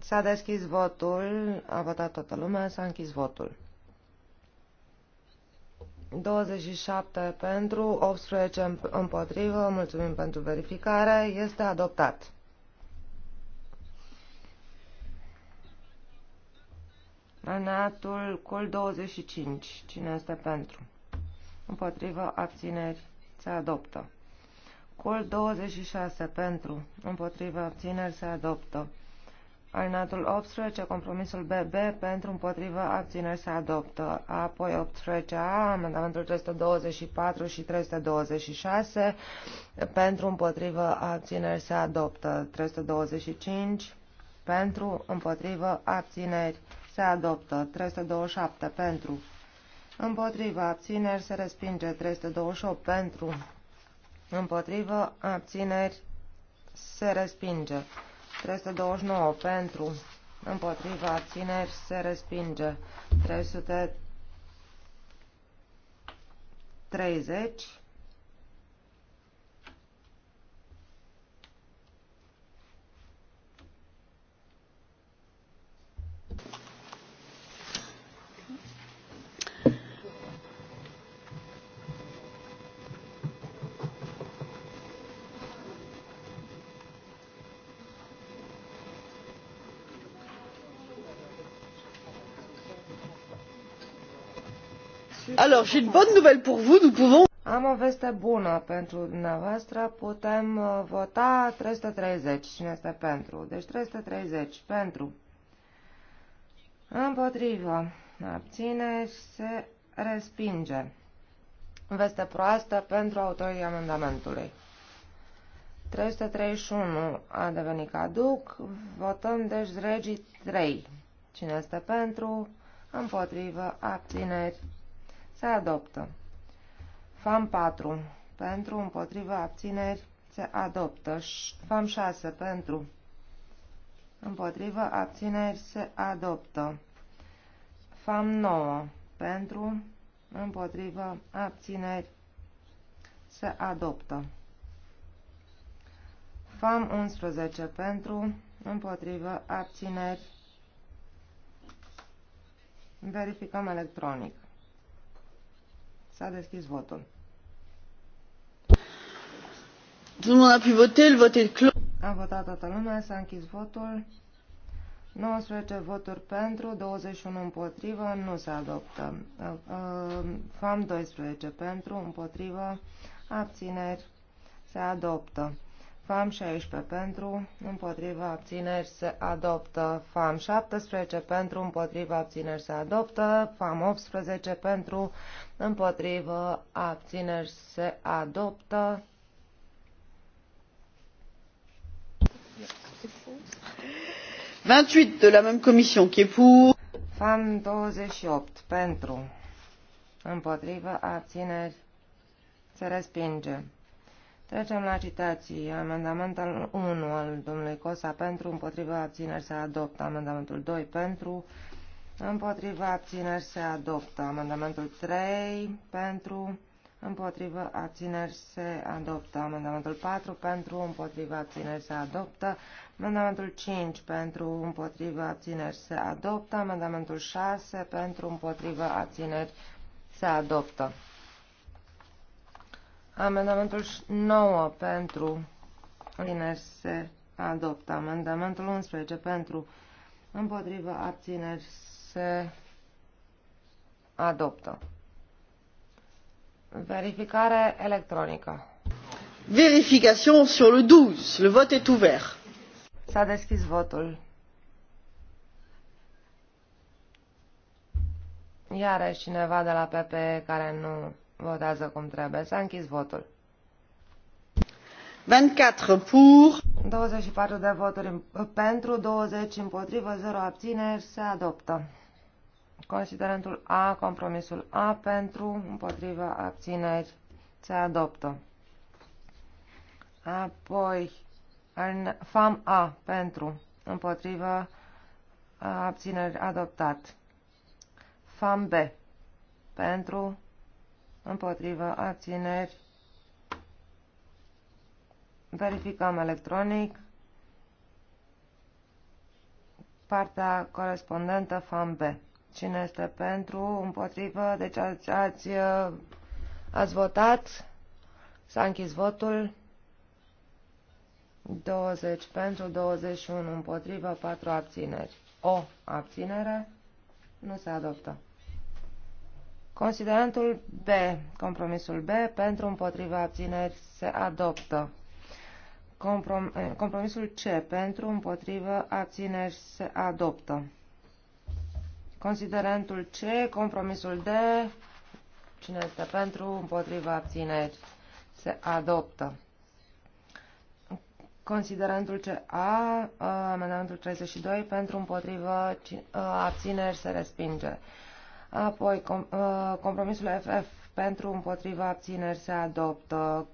S-a deschis votul, a votat toată lumea, s-a închis votul. 27 pentru, 18 împotrivă, mulțumim pentru verificare, este adoptat. Rănatul col 25. Cine este pentru? Împotrivă abțineri. Se adoptă. Col 26 pentru, împotriva abțineri se adoptă. Alinatul 18, compromisul BB pentru împotriva abțineri se adoptă. Apoi 18A, amendamentul 324 și 326 pentru împotriva abțineri se adoptă. 325 pentru împotriva abțineri se adoptă. 327 pentru împotriva abțineri se respinge. 328 pentru împotrivă, abțineri, se respinge. 329 pentru, împotrivă, abțineri, se respinge. 330 Alors, j'ai une bonne nouvelle pour vous, nous pouvons... Am o veste bună pentru dumneavoastră, putem uh, vota 330, cine este pentru. Deci 330, pentru. Împotrivă, abține și se respinge. Veste proastă pentru autorii amendamentului. 331 a devenit caduc, votăm deci regii 3. Cine este pentru, împotrivă, abțineri, se adoptă. FAM 4. Pentru, împotriva, abțineri. Se adoptă. FAM 6. Pentru, împotriva, abțineri. Se adoptă. FAM 9. Pentru, împotriva, abțineri. Se adoptă. FAM 11. Pentru, împotriva, abțineri. Verificăm electronic. S-a deschis votul. Domnul a pu votul le clos. A votat toată lumea, s-a închis votul. 19 voturi pentru, 21 împotrivă, nu se adoptă. Ă, ă, FAM 12 pentru, împotrivă, abțineri, se adoptă. FAM 16 pentru, împotriva abțineri se adoptă. FAM 17 pentru, împotriva abțineri se adoptă. FAM 18 pentru, împotriva abțineri se adoptă. vingt huit de la même commission qui est pour. FAM 28 pentru, împotriva abțineri se respinge. Trecem la citații. Amendamentul 1 al domnului Cosa pentru, împotriva abțineri se adoptă. Amendamentul 2 pentru, împotriva abțineri se adoptă. Amendamentul 3 pentru, împotriva abțineri se adoptă. Amendamentul 4 pentru, împotriva abțineri se adoptă. Amendamentul 5 pentru, împotriva abțineri se adoptă. Amendamentul 6 pentru, împotriva abțineri se adoptă. Amendamentul 9 pentru abțineri se adoptă. Amendamentul 11 pentru împotrivă abțineri se adoptă. Verificare electronică. Verification sur le 12. Le vote est ouvert. S-a deschis votul. Iarăși cineva de la PP care nu Votează cum trebuie. S-a închis votul. 24 pour. 24 de voturi pentru, 20 împotrivă, 0 abțineri, se adoptă. Considerentul A, compromisul A pentru, împotrivă, abțineri, se adoptă. Apoi, în FAM A pentru, împotrivă, abțineri, adoptat. FAM B pentru, împotriva abțineri. Verificăm electronic. Partea corespondentă fan B. Cine este pentru, împotrivă, deci ați, ați, uh, ați votat, s-a închis votul. 20 pentru, 21 împotrivă, 4 abțineri. O abținere nu se adoptă. Considerentul B, compromisul B, pentru împotriva abțineri se adoptă. Comprom eh, compromisul C, pentru împotriva abțineri se adoptă. Considerentul C, compromisul D, cine este pentru împotriva abțineri se adoptă. Considerentul CA, eh, amendamentul 32, pentru împotriva eh, abțineri se respinge. Apoi, com, uh, compromisul FF pentru împotriva abțineri se adoptă.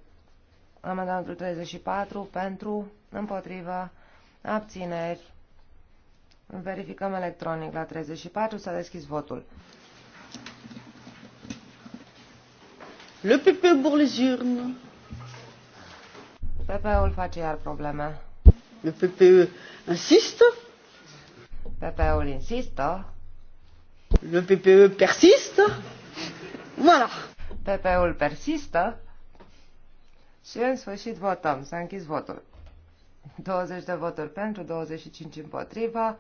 Amendamentul 34 pentru împotriva abțineri. Verificăm electronic la 34. S-a deschis votul. Le PP pour les urnes. PP-ul face iar probleme. Le PP insistă? PP-ul insistă. Le PPE persiste. Voilà. ppe ul persistă. Și în sfârșit votăm. S-a închis votul. 20 de voturi pentru, 25 împotriva.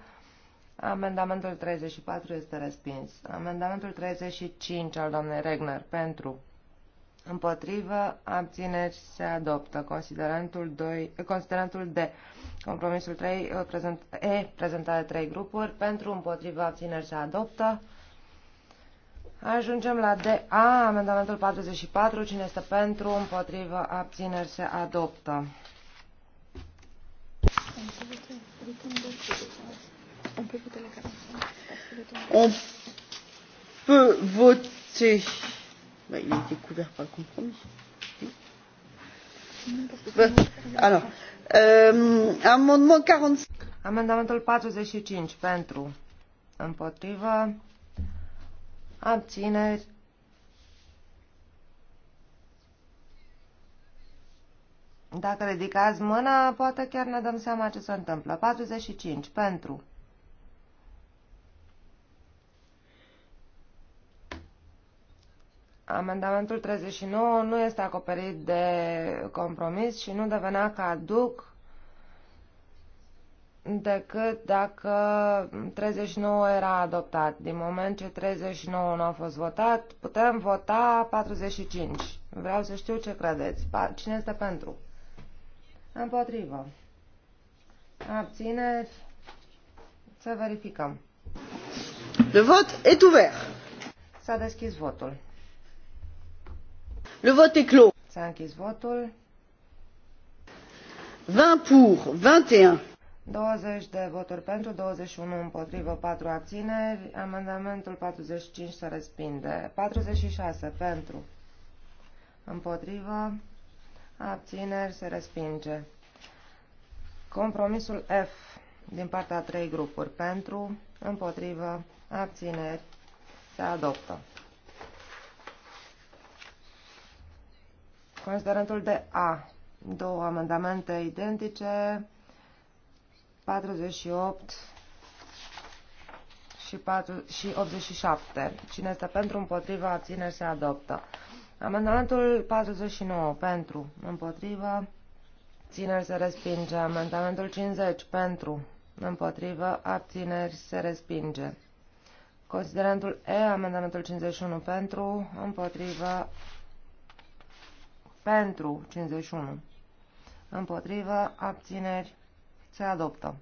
Amendamentul 34 este respins. Amendamentul 35 al doamnei Regner pentru Împotrivă, abțineri, se adoptă. Considerantul, 2, considerantul D, compromisul 3, uh, prezent, E, prezentat de 3 grupuri, pentru, împotrivă, abțineri, se adoptă. Ajungem la DA, amendamentul 44, cine este pentru, împotrivă, abțineri, se adoptă. On peut voter bah, il a été couvert par le compromis. Alors, euh, amendement 45. Amendamentul 45 pentru, împotrivă, abțineri. Dacă ridicați mâna, poate chiar ne dăm seama ce se întâmplă. 45 pentru, Amendamentul 39 nu este acoperit de compromis și nu devenea caduc decât dacă 39 era adoptat. Din moment ce 39 nu a fost votat, putem vota 45. Vreau să știu ce credeți. Cine este pentru? Împotrivă. Abțineri. Să verificăm. Le vot est ouvert. S-a deschis votul. Le vote est clos. S-a închis votul. 20 pour, 21. 20 de voturi pentru, 21 împotrivă, 4 abțineri. Amendamentul 45 se respinde. 46 pentru, împotrivă, abțineri, se respinge. Compromisul F din partea 3 trei grupuri pentru, împotrivă, abțineri, se adoptă. Considerentul de A. Două amendamente identice. 48 și, 4, și 87. Cine este pentru, împotriva, abțineri, se adoptă. Amendamentul 49. Pentru, împotriva, abțineri, se respinge. Amendamentul 50. Pentru, împotriva, abțineri, se respinge. Considerentul E, amendamentul 51 pentru, împotriva, pentru 51. Împotrivă. Abțineri. Se adoptă.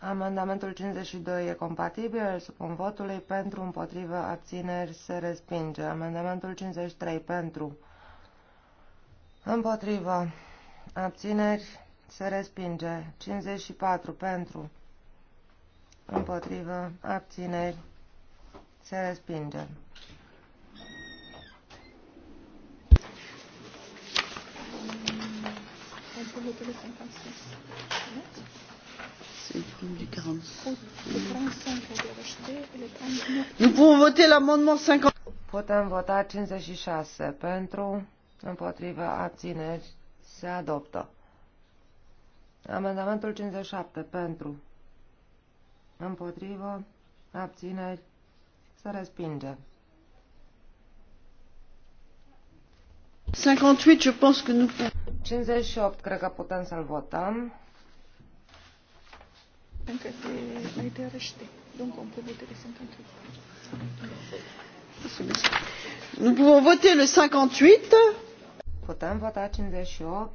Amendamentul 52 e compatibil, îl supun votului, pentru, împotrivă, abțineri, se respinge. Amendamentul 53 pentru, împotrivă, abțineri, se respinge. 54 pentru, împotrivă, abțineri, se respinge. Nu pot vota la Nous 50. Putem vota 56 pentru, împotriva abțineri, se adoptă. Amendamentul 57 pentru, împotriva, abțineri, se respinge. 58, je pense que nous... 58, cred că putem să-l votăm. Încă te, mai te arăște. Domn compromitere sunt într Nous pouvons voter le 58. Putem vota 58.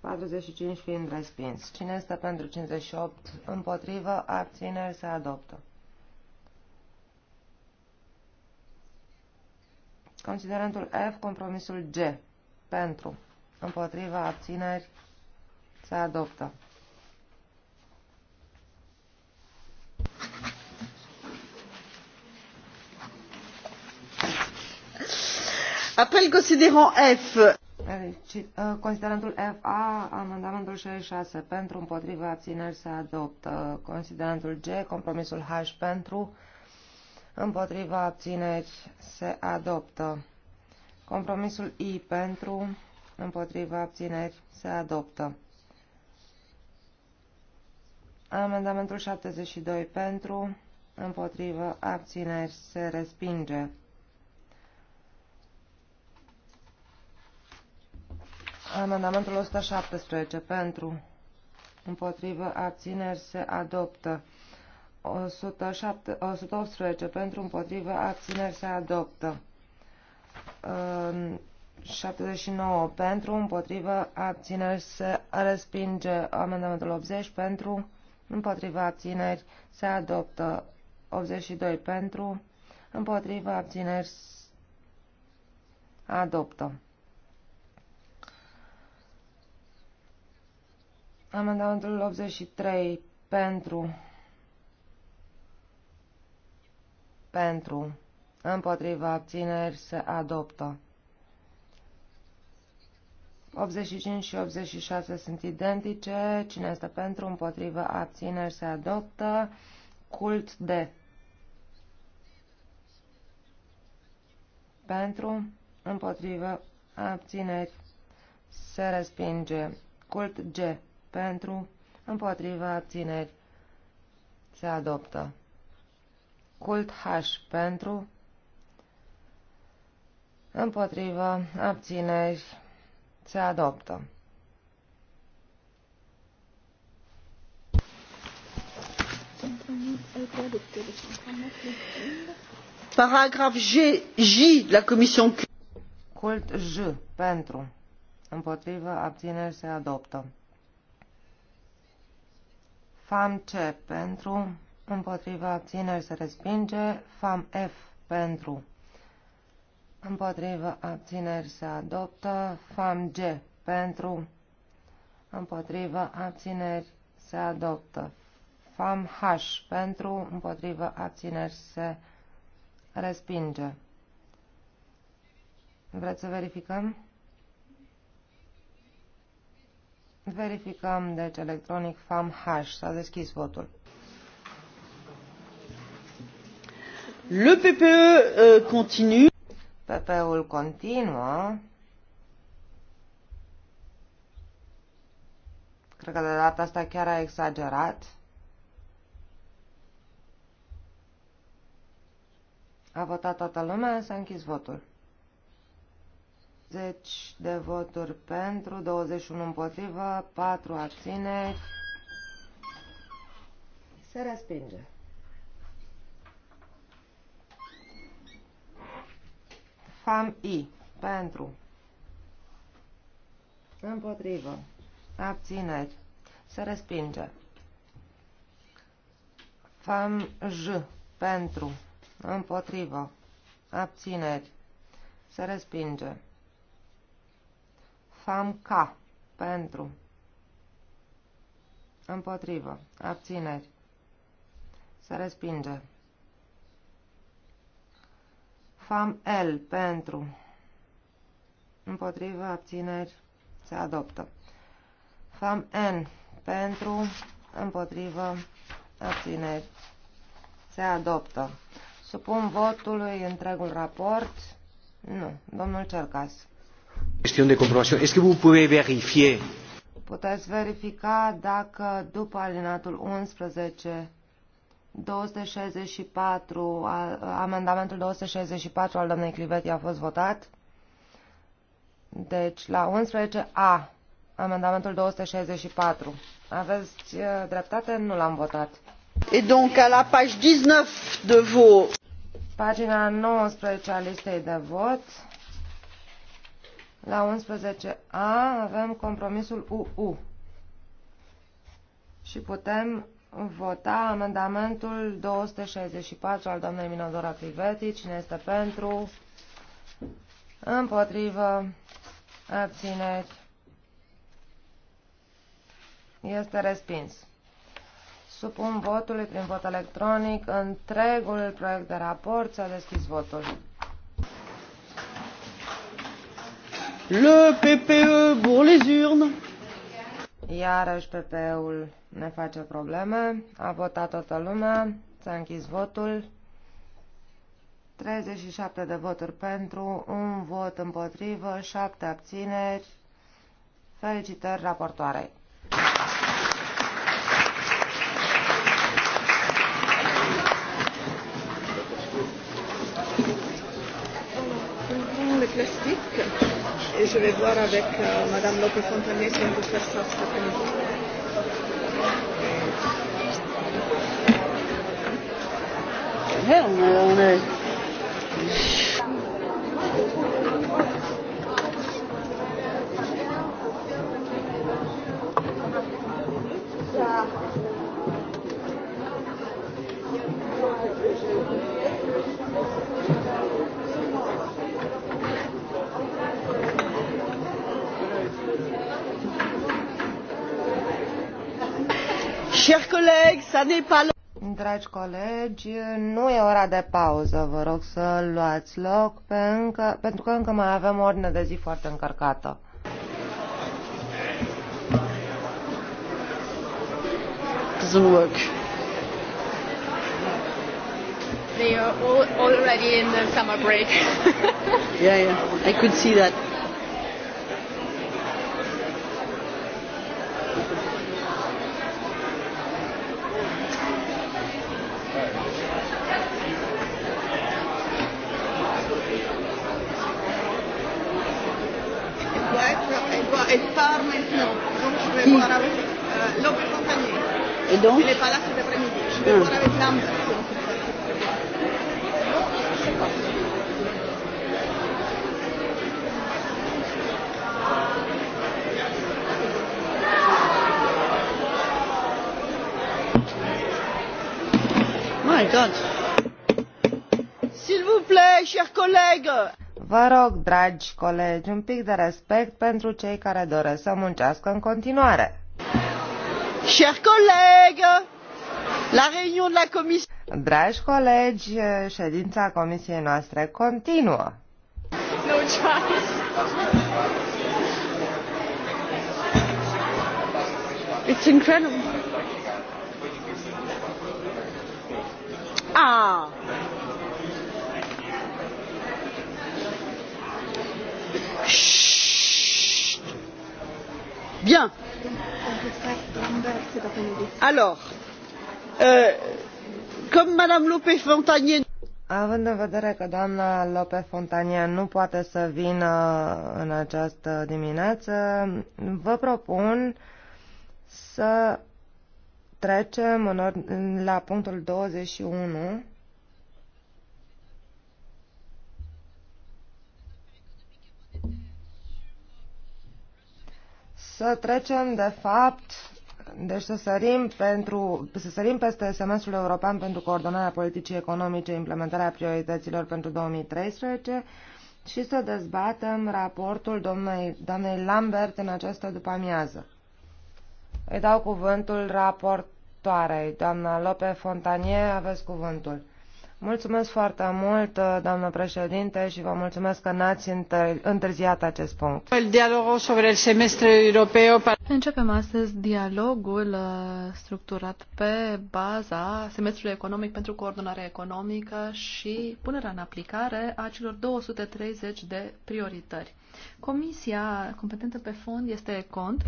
45 fiind respins. Cine este pentru 58? Împotrivă, abțineri se adoptă. Considerentul F, compromisul G. Pentru. Împotriva abțineri se adoptă. Apel considerant F. Uh, considerentul FA, amendamentul 66 pentru împotriva abțineri se adoptă. Considerantul G, compromisul H pentru împotriva abțineri se adoptă. Compromisul I pentru, împotriva abțineri se adoptă. Amendamentul 72 pentru, Împotriva abțineri, se respinge. Amendamentul 117 pentru, Împotriva abțineri, se adoptă. 107, 118 pentru împotrivă abțineri se adoptă. 79 pentru împotrivă abțineri se respinge. Amendamentul 80 pentru împotrivă abțineri se adoptă. 82 pentru împotrivă abțineri se adoptă. Amendamentul 83 pentru pentru, împotriva abțineri se adoptă. 85 și 86 sunt identice, cine este pentru, împotriva abțineri se adoptă, cult de. Pentru, împotriva abțineri se respinge, cult G pentru, împotriva abțineri se adoptă. Cult H pentru, împotrivă, abțineri, se adoptă. Paragraf G, J, la Q. Cult J, pentru. Împotrivă, abțineri, se adoptă. FAMC, pentru împotriva abțineri se respinge, fam F pentru, împotriva abțineri se adoptă, fam G pentru, împotriva abțineri se adoptă, fam H pentru, împotriva abțineri se respinge. Vreți să verificăm? Verificăm, deci, electronic FAMH. S-a deschis votul. Le PPE euh, continue. PPE ul continuă. Cred că de data asta chiar a exagerat. A votat toată lumea, s-a închis votul. 10 de voturi pentru, 21 împotrivă, 4 abțineri. Se respinge. FAM I. Pentru. Împotrivă. Abțineri. Se respinge. FAM J. Pentru. Împotrivă. Abțineri. Se respinge. FAM K. Pentru. Împotrivă. Abțineri. Se respinge. Fam L pentru. împotriva abțineri se adoptă. Fam N pentru. împotriva abțineri se adoptă. Supun votului întregul raport. Nu. Domnul Cercas. Chestiune de comprobare. Este că vă puteți verifica? Puteți verifica dacă după alinatul 11 264, amendamentul 264 al doamnei Cliveti a fost votat. Deci, la 11A, amendamentul 264. Aveți uh, dreptate? Nu l-am votat. Et donc, à la page 19 de vos... Pagina 19 a listei de vot. La 11A avem compromisul UU. Și putem vota amendamentul 264 al doamnei Minodora Priveti. Cine este pentru? Împotrivă? Abțineri? Este respins. Supun votului prin vot electronic întregul proiect de raport. S-a deschis votul. Le PPE pour les urnes. Iarăși PPE-ul ne face probleme. A votat toată lumea, s-a închis votul. 37 de voturi pentru, un vot împotrivă, 7 abțineri. Felicitări raportoarei! et je vais voir avec euh, Madame Lopez-Fontanier si on peut faire ça cet après-midi. här. On est... Chers collègues, ça n'est pas le... Dragi colegi, nu e ora de pauză, vă rog să luați loc, pe încă, pentru că încă mai avem o ordine de zi foarte încărcată. Doesn't work. They are all already in the summer break. yeah, yeah, I could see that. Pardon Elle n'est pas là cet après-midi. Je vais ah. S'il vous plaît, chers collègues. Vă rog, dragi colegi, un pic de respect pentru cei care doresc să muncească în continuare. Chers collègues, la réunion de la commission. Dragi colegi, ședința comisiei noastre continuă. No choice. It's incredible. Ah. Shh. Bien. Alors, euh, comme Madame López Fontanier. Având în vedere că doamna Lope Fontanie nu poate să vină în această dimineață, vă propun să trecem în la punctul 21 să trecem, de fapt, deci să sărim, pentru, să sărim peste semestrul european pentru coordonarea politicii economice, implementarea priorităților pentru 2013 și să dezbatem raportul doamnei, doamnei Lambert în această după-amiază. Îi dau cuvântul raportoarei. Doamna Lope Fontanie, aveți cuvântul. Mulțumesc foarte mult, uh, doamnă președinte, și vă mulțumesc că n-ați întârziat acest punct. Începem astăzi dialogul uh, structurat pe baza semestrului economic pentru coordonare economică și punerea în aplicare a celor 230 de priorități. Comisia competentă pe fond este cont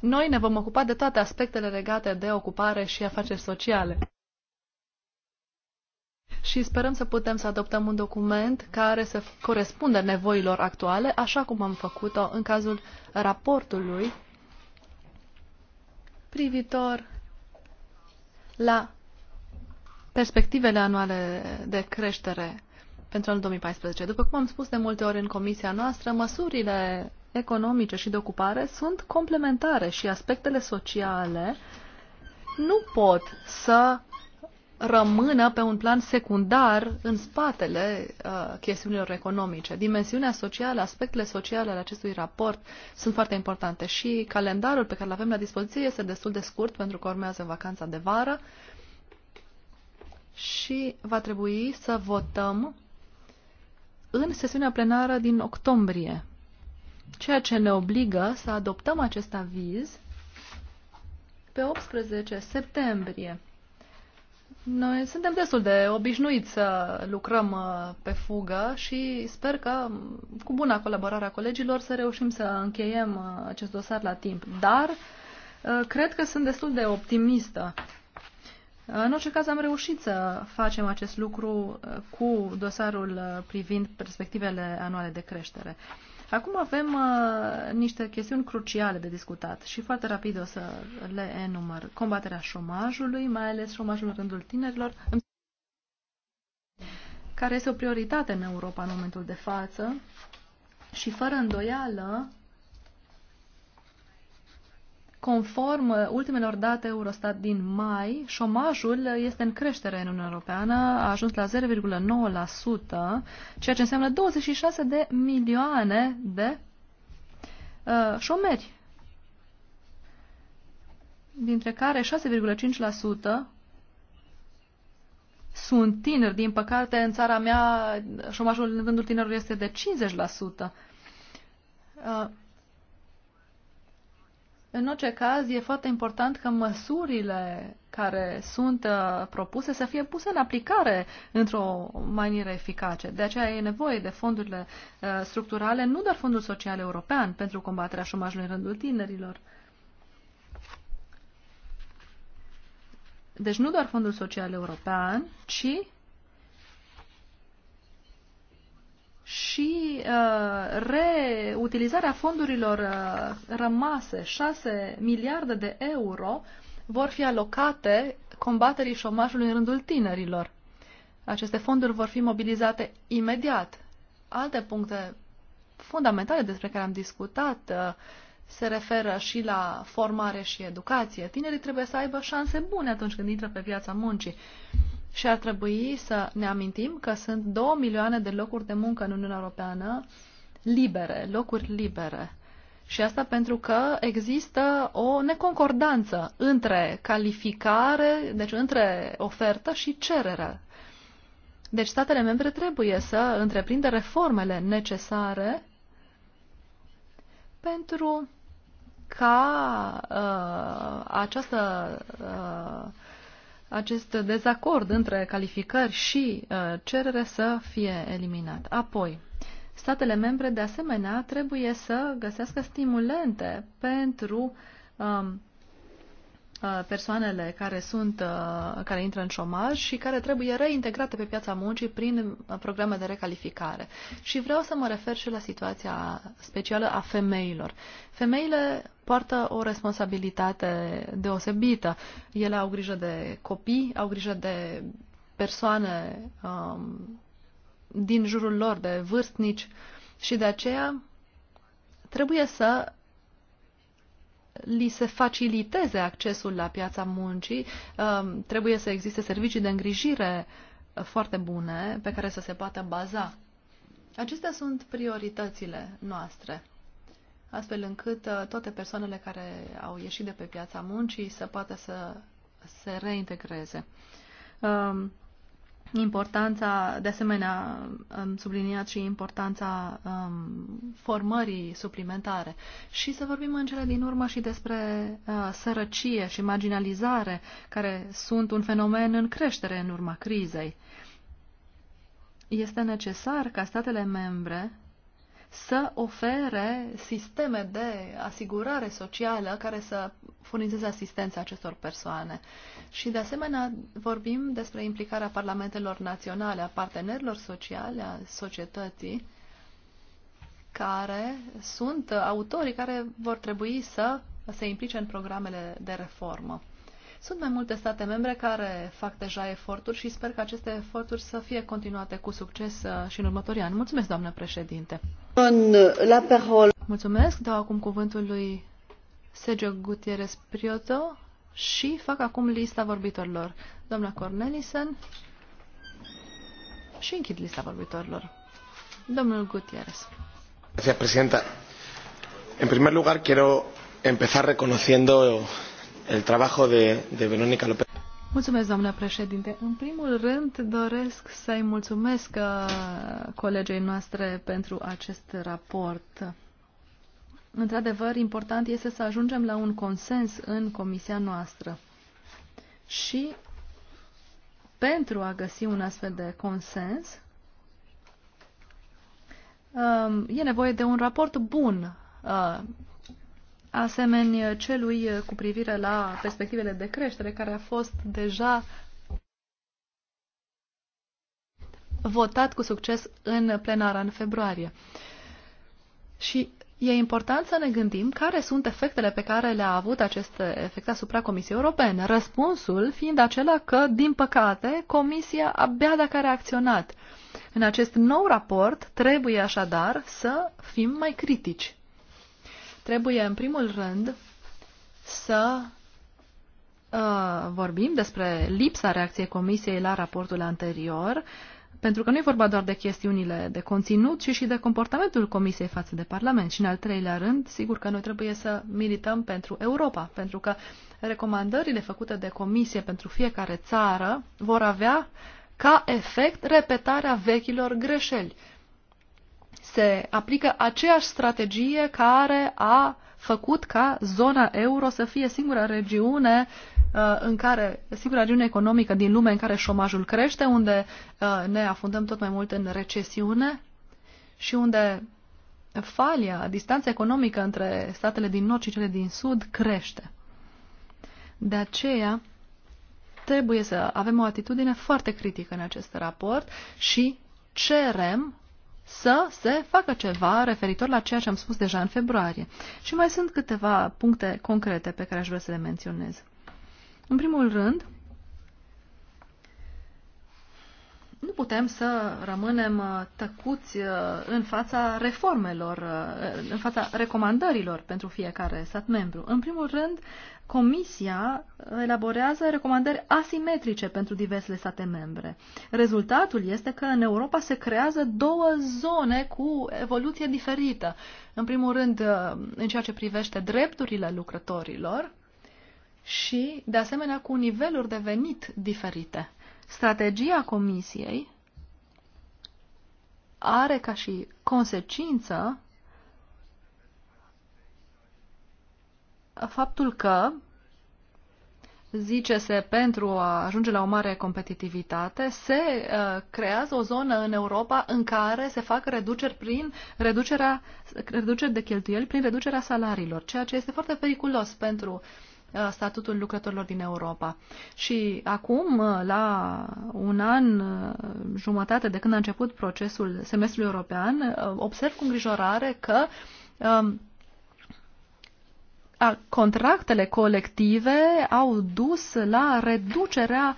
Noi ne vom ocupa de toate aspectele legate de ocupare și afaceri sociale. Și sperăm să putem să adoptăm un document care să corespundă nevoilor actuale, așa cum am făcut-o în cazul raportului privitor la perspectivele anuale de creștere pentru anul 2014. După cum am spus de multe ori în comisia noastră, măsurile economice și de ocupare sunt complementare și aspectele sociale nu pot să rămână pe un plan secundar în spatele uh, chestiunilor economice. Dimensiunea socială, aspectele sociale ale acestui raport sunt foarte importante și calendarul pe care îl avem la dispoziție este destul de scurt pentru că urmează vacanța de vară și va trebui să votăm în sesiunea plenară din octombrie ceea ce ne obligă să adoptăm acest aviz pe 18 septembrie. Noi suntem destul de obișnuiți să lucrăm uh, pe fugă și sper că um, cu buna colaborare a colegilor să reușim să încheiem uh, acest dosar la timp. Dar uh, cred că sunt destul de optimistă. În orice caz am reușit să facem acest lucru cu dosarul privind perspectivele anuale de creștere. Acum avem uh, niște chestiuni cruciale de discutat și foarte rapid o să le enumăr. Combaterea șomajului, mai ales șomajul în rândul tinerilor, care este o prioritate în Europa în momentul de față și fără îndoială Conform uh, ultimelor date Eurostat din mai, șomajul este în creștere în Uniunea Europeană, a ajuns la 0,9%, ceea ce înseamnă 26 de milioane de uh, șomeri, dintre care 6,5% sunt tineri. Din păcate, în țara mea, șomajul în rândul tinerilor este de 50%. Uh, în orice caz, e foarte important că măsurile care sunt uh, propuse să fie puse în aplicare într-o manieră eficace. De aceea e nevoie de fondurile uh, structurale, nu doar Fondul Social European pentru combaterea șomajului în rândul tinerilor. Deci nu doar Fondul Social European, ci și uh, reutilizarea fondurilor uh, rămase, 6 miliarde de euro, vor fi alocate combaterii șomajului în rândul tinerilor. Aceste fonduri vor fi mobilizate imediat. Alte puncte fundamentale despre care am discutat uh, se referă și la formare și educație. Tinerii trebuie să aibă șanse bune atunci când intră pe piața muncii. Uh, și ar trebui să ne amintim că sunt 2 milioane de locuri de muncă în Uniunea Europeană libere, locuri libere. Și asta pentru că există o neconcordanță între calificare, deci între ofertă și cerere. Deci statele membre trebuie să întreprindă reformele necesare pentru ca uh, această uh, acest dezacord între calificări și uh, cerere să fie eliminat. Apoi, statele membre, de asemenea, trebuie să găsească stimulente pentru um, uh, persoanele care sunt, uh, care intră în șomaj și care trebuie reintegrate pe piața muncii prin uh, programe de recalificare. Și vreau să mă refer și la situația specială a femeilor. Femeile poartă o responsabilitate deosebită. Ele au grijă de copii, au grijă de persoane um, din jurul lor, de vârstnici și de aceea trebuie să li se faciliteze accesul la piața muncii, um, trebuie să existe servicii de îngrijire foarte bune pe care să se poată baza. Acestea sunt prioritățile noastre astfel încât uh, toate persoanele care au ieșit de pe piața muncii să poată să se reintegreze. Um, importanța, de asemenea, am subliniat și importanța um, formării suplimentare și să vorbim în cele din urmă și despre uh, sărăcie și marginalizare, care sunt un fenomen în creștere în urma crizei. Este necesar ca statele membre să ofere sisteme de asigurare socială care să furnizeze asistența acestor persoane. Și de asemenea vorbim despre implicarea parlamentelor naționale, a partenerilor sociale, a societății, care sunt autorii care vor trebui să se implice în programele de reformă. Sunt mai multe state membre care fac deja eforturi și sper că aceste eforturi să fie continuate cu succes uh, și în următorii ani. Mulțumesc, doamnă președinte. Uh, la Mulțumesc, dau acum cuvântul lui Sergio Gutierrez Prioto și fac acum lista vorbitorilor. Doamna Cornelisen și închid lista vorbitorilor. Domnul Gutierrez. Gracias, presidenta. En primer lugar, quiero empezar reconociendo el trabajo de, de Verónica López. Mulțumesc, doamna președinte. În primul rând, doresc să-i mulțumesc uh, colegei noastre pentru acest raport. Într-adevăr, important este să ajungem la un consens în comisia noastră. Și pentru a găsi un astfel de consens, um, e nevoie de un raport bun uh, asemeni celui cu privire la perspectivele de creștere care a fost deja votat cu succes în plenara în februarie. Și e important să ne gândim care sunt efectele pe care le-a avut acest efect asupra Comisiei Europene. Răspunsul fiind acela că, din păcate, Comisia abia dacă a reacționat. În acest nou raport trebuie așadar să fim mai critici. Trebuie, în primul rând, să uh, vorbim despre lipsa reacției Comisiei la raportul anterior, pentru că nu e vorba doar de chestiunile de conținut, ci și de comportamentul Comisiei față de Parlament. Și, în al treilea rând, sigur că noi trebuie să milităm pentru Europa, pentru că recomandările făcute de Comisie pentru fiecare țară vor avea ca efect repetarea vechilor greșeli se aplică aceeași strategie care a făcut ca zona euro să fie singura regiune uh, în care, singura regiune economică din lume în care șomajul crește, unde uh, ne afundăm tot mai mult în recesiune și unde falia, distanța economică între statele din nord și cele din sud crește. De aceea, trebuie să avem o atitudine foarte critică în acest raport și cerem să se facă ceva referitor la ceea ce am spus deja în februarie. Și mai sunt câteva puncte concrete pe care aș vrea să le menționez. În primul rând, nu putem să rămânem uh, tăcuți uh, în fața reformelor, uh, în fața recomandărilor pentru fiecare stat membru. În primul rând, Comisia elaborează recomandări asimetrice pentru diversele state membre. Rezultatul este că în Europa se creează două zone cu evoluție diferită. În primul rând, în ceea ce privește drepturile lucrătorilor și, de asemenea, cu niveluri de venit diferite strategia Comisiei are ca și consecință faptul că, zice-se, pentru a ajunge la o mare competitivitate, se uh, creează o zonă în Europa în care se fac reduceri, prin reducerea, reduceri de cheltuieli prin reducerea salariilor, ceea ce este foarte periculos pentru uh, Uh, statutul lucrătorilor din Europa. Și acum, uh, la un an uh, jumătate de când a început procesul semestrului european, observ cu îngrijorare că um, contractele colective au dus la reducerea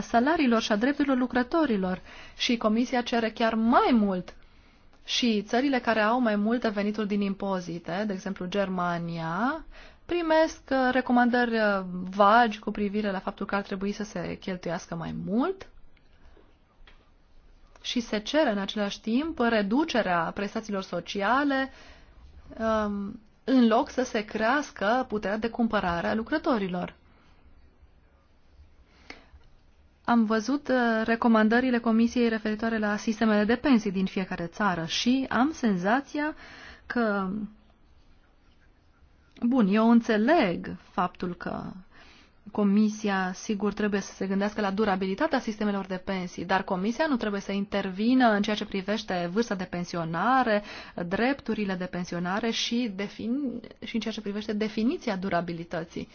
salariilor și a drepturilor lucrătorilor și Comisia cere chiar mai mult și țările care au mai multe venituri din impozite, de exemplu Germania, primesc uh, recomandări uh, vagi cu privire la faptul că ar trebui să se cheltuiască mai mult și se cere în același timp reducerea prestațiilor sociale um, în loc să se crească puterea de cumpărare a lucrătorilor. Am văzut uh, recomandările Comisiei referitoare la sistemele de pensii din fiecare țară și am senzația că Bun, eu înțeleg faptul că Comisia, sigur, trebuie să se gândească la durabilitatea sistemelor de pensii, dar Comisia nu trebuie să intervină în ceea ce privește vârsta de pensionare, drepturile de pensionare și, și în ceea ce privește definiția durabilității.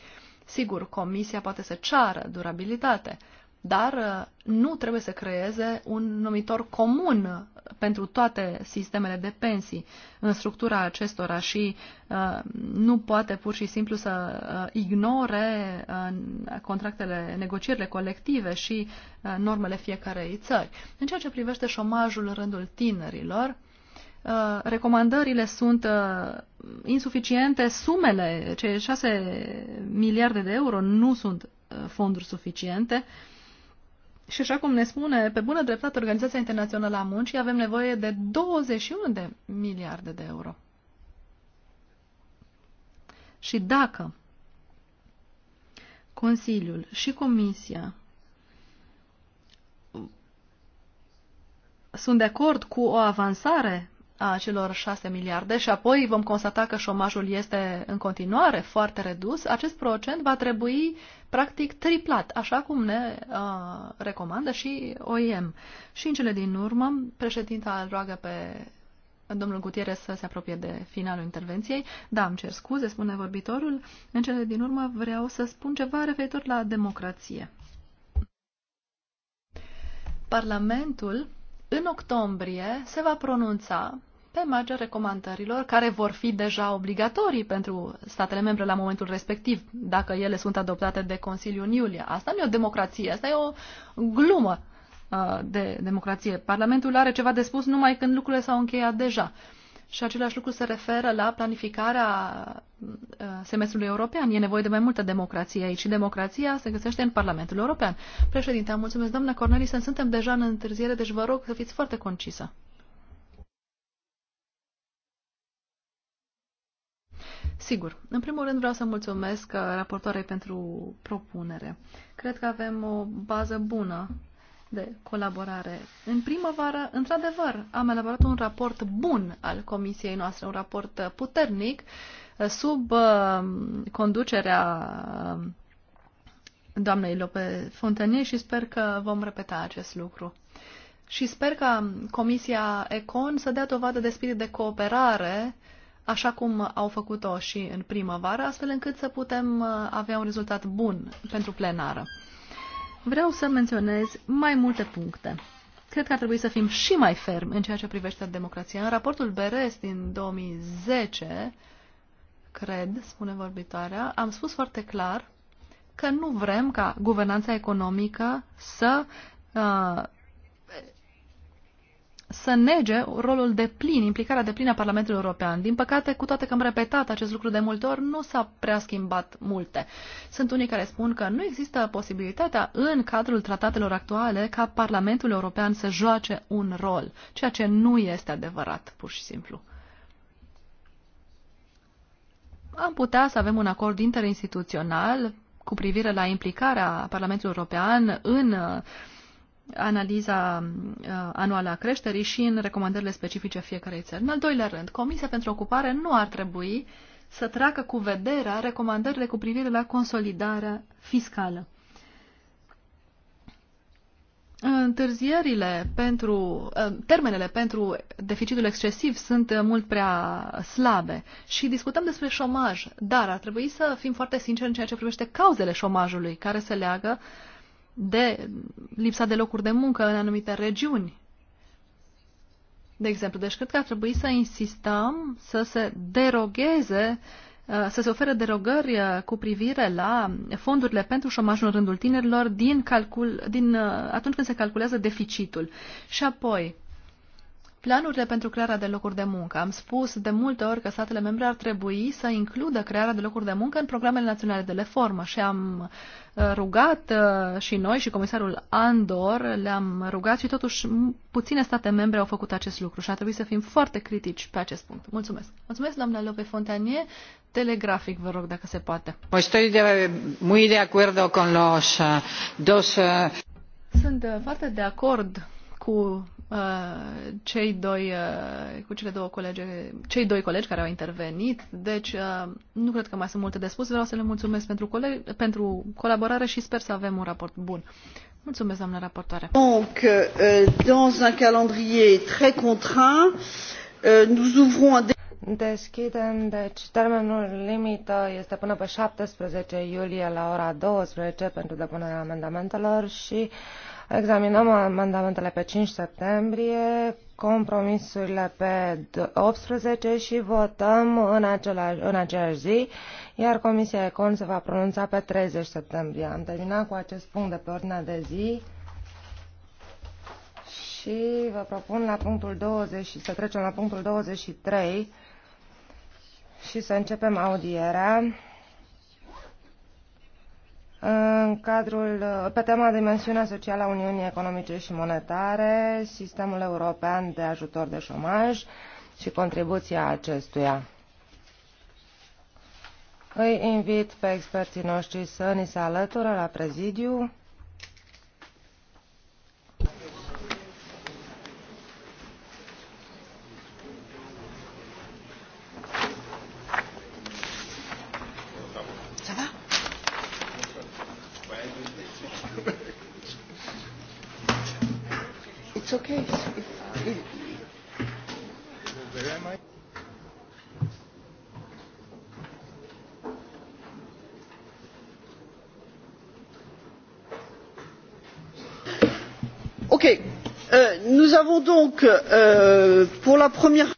Sigur, Comisia poate să ceară durabilitate, dar uh, nu trebuie să creeze un numitor comun uh, pentru toate sistemele de pensii în structura acestora și uh, nu poate pur și simplu să ignore contractele, negocierile colective și normele fiecarei țări. În ceea ce privește șomajul în rândul tinerilor, recomandările sunt insuficiente, sumele, cei 6 miliarde de euro nu sunt fonduri suficiente. Uh, și așa cum ne spune pe bună dreptate Organizația Internațională a Muncii, avem nevoie de 21 de miliarde de euro. Și dacă Consiliul și Comisia sunt de acord cu o avansare a celor 6 miliarde și apoi vom constata că șomajul este în continuare foarte redus, acest procent va trebui uh, practic triplat, așa cum ne uh, recomandă și OIM. Și în cele din urmă, președinta îl roagă pe domnul Gutierrez să se apropie de finalul intervenției. Da, îmi cer scuze, spune vorbitorul. În cele din urmă vreau să spun ceva referitor la democrație. Parlamentul în octombrie se va pronunța pe marginea recomandărilor care vor fi deja obligatorii pentru statele membre la momentul respectiv, dacă ele sunt adoptate de Consiliu în iulie. Asta nu e o democrație, asta e o glumă uh, de democrație. Parlamentul are ceva de spus numai când lucrurile s-au încheiat deja. Și același lucru se referă la planificarea uh, semestrului european. E nevoie de mai multă democrație aici și democrația se găsește în Parlamentul European. Președinte, am mulțumesc, doamna Cornelisen, suntem deja în întârziere, deci vă rog să fiți foarte concisă. Sigur, în primul rând vreau să mulțumesc uh, raportoarei pentru propunere. Cred că avem o bază bună de colaborare. În primăvară, într-adevăr, am elaborat un raport bun al comisiei noastre, un raport uh, puternic uh, sub conducerea doamnei Lope Fontanie și sper că vom repeta acest lucru. Și sper că Comisia Econ să dea dovadă de spirit de cooperare uh, așa cum au făcut-o și în primăvară, astfel încât să putem uh, avea un rezultat bun pentru plenară. Vreau să menționez mai multe puncte. Cred că ar trebui să fim și mai fermi în ceea ce privește democrația. În raportul Beres din 2010, cred, spune vorbitoarea, am spus foarte clar că nu vrem ca guvernanța economică să uh, să nege rolul de plin, implicarea de plin a Parlamentului European. Din păcate, cu toate că am repetat acest lucru de multe ori, nu s-a prea schimbat multe. Sunt unii care spun că nu există posibilitatea în cadrul tratatelor actuale ca Parlamentul European să joace un rol, ceea ce nu este adevărat, pur și simplu. Am putea să avem un acord interinstituțional cu privire la implicarea Parlamentului European în uh, analiza uh, anuală a creșterii și în recomandările specifice fiecarei țări. În al doilea rând, Comisia pentru Ocupare nu ar trebui să treacă cu vederea recomandările cu privire la consolidarea fiscală. Întârzierile pentru, uh, termenele pentru deficitul excesiv sunt uh, mult prea slabe și discutăm despre șomaj, dar ar trebui să fim foarte sinceri în ceea ce privește cauzele șomajului, care se leagă uh, de lipsa de locuri de muncă în anumite regiuni. De exemplu, deci cred că ar trebui să insistăm să se derogheze, uh, să se ofere derogări uh, cu privire la fondurile pentru șomajul în rândul tinerilor din calcul, din, uh, atunci când se calculează deficitul. Și apoi, Planurile pentru crearea de locuri de muncă. Am spus de multe ori că statele membre ar trebui să includă crearea de locuri de muncă în programele naționale de reformă și am uh, rugat uh, și noi și comisarul Andor le-am rugat și totuși puține state membre au făcut acest lucru și ar trebui să fim foarte critici pe acest punct. Mulțumesc. Mulțumesc, doamna Lope Fontanie. Telegrafic, vă rog, dacă se poate. Păi de uh, Sunt foarte de acord cu Uh, cei doi, uh, cu cele două colegi, cei doi colegi care au intervenit. Deci, uh, nu cred că mai sunt multe de spus. Vreau să le mulțumesc pentru, coleg, pentru colaborare și sper să avem un raport bun. Mulțumesc, doamnă raportoare. Donc, euh, dans un calendrier très contraint, euh, nous ouvrons un Deschidem, deci termenul limită este până pe 17 iulie la ora 12 pentru depunerea amendamentelor și uh, Examinăm amendamentele pe 5 septembrie, compromisurile pe 18 și votăm în, același, în aceeași zi, iar Comisia Econ se va pronunța pe 30 septembrie. Am terminat cu acest punct de pe ordinea de zi și vă propun la punctul 20, să trecem la punctul 23 și să începem audierea în cadrul, pe tema dimensiunea socială a Uniunii Economice și Monetare, sistemul european de ajutor de șomaj și contribuția acestuia. Îi invit pe experții noștri să ni se alătură la prezidiu. donc euh, pour la première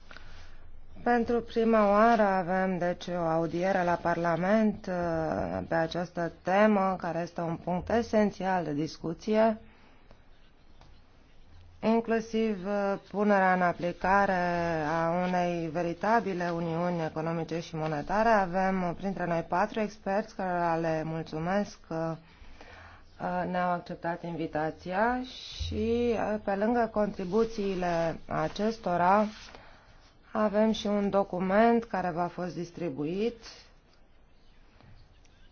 pentru prima oară avem deci o audiere la Parlament uh, pe această temă, care este un punct esențial de discuție, inclusiv uh, punerea în aplicare a unei veritabile uniuni economice și monetare. Avem uh, printre noi patru experți care le mulțumesc ne-au acceptat invitația și pe lângă contribuțiile acestora avem și un document care va a fost distribuit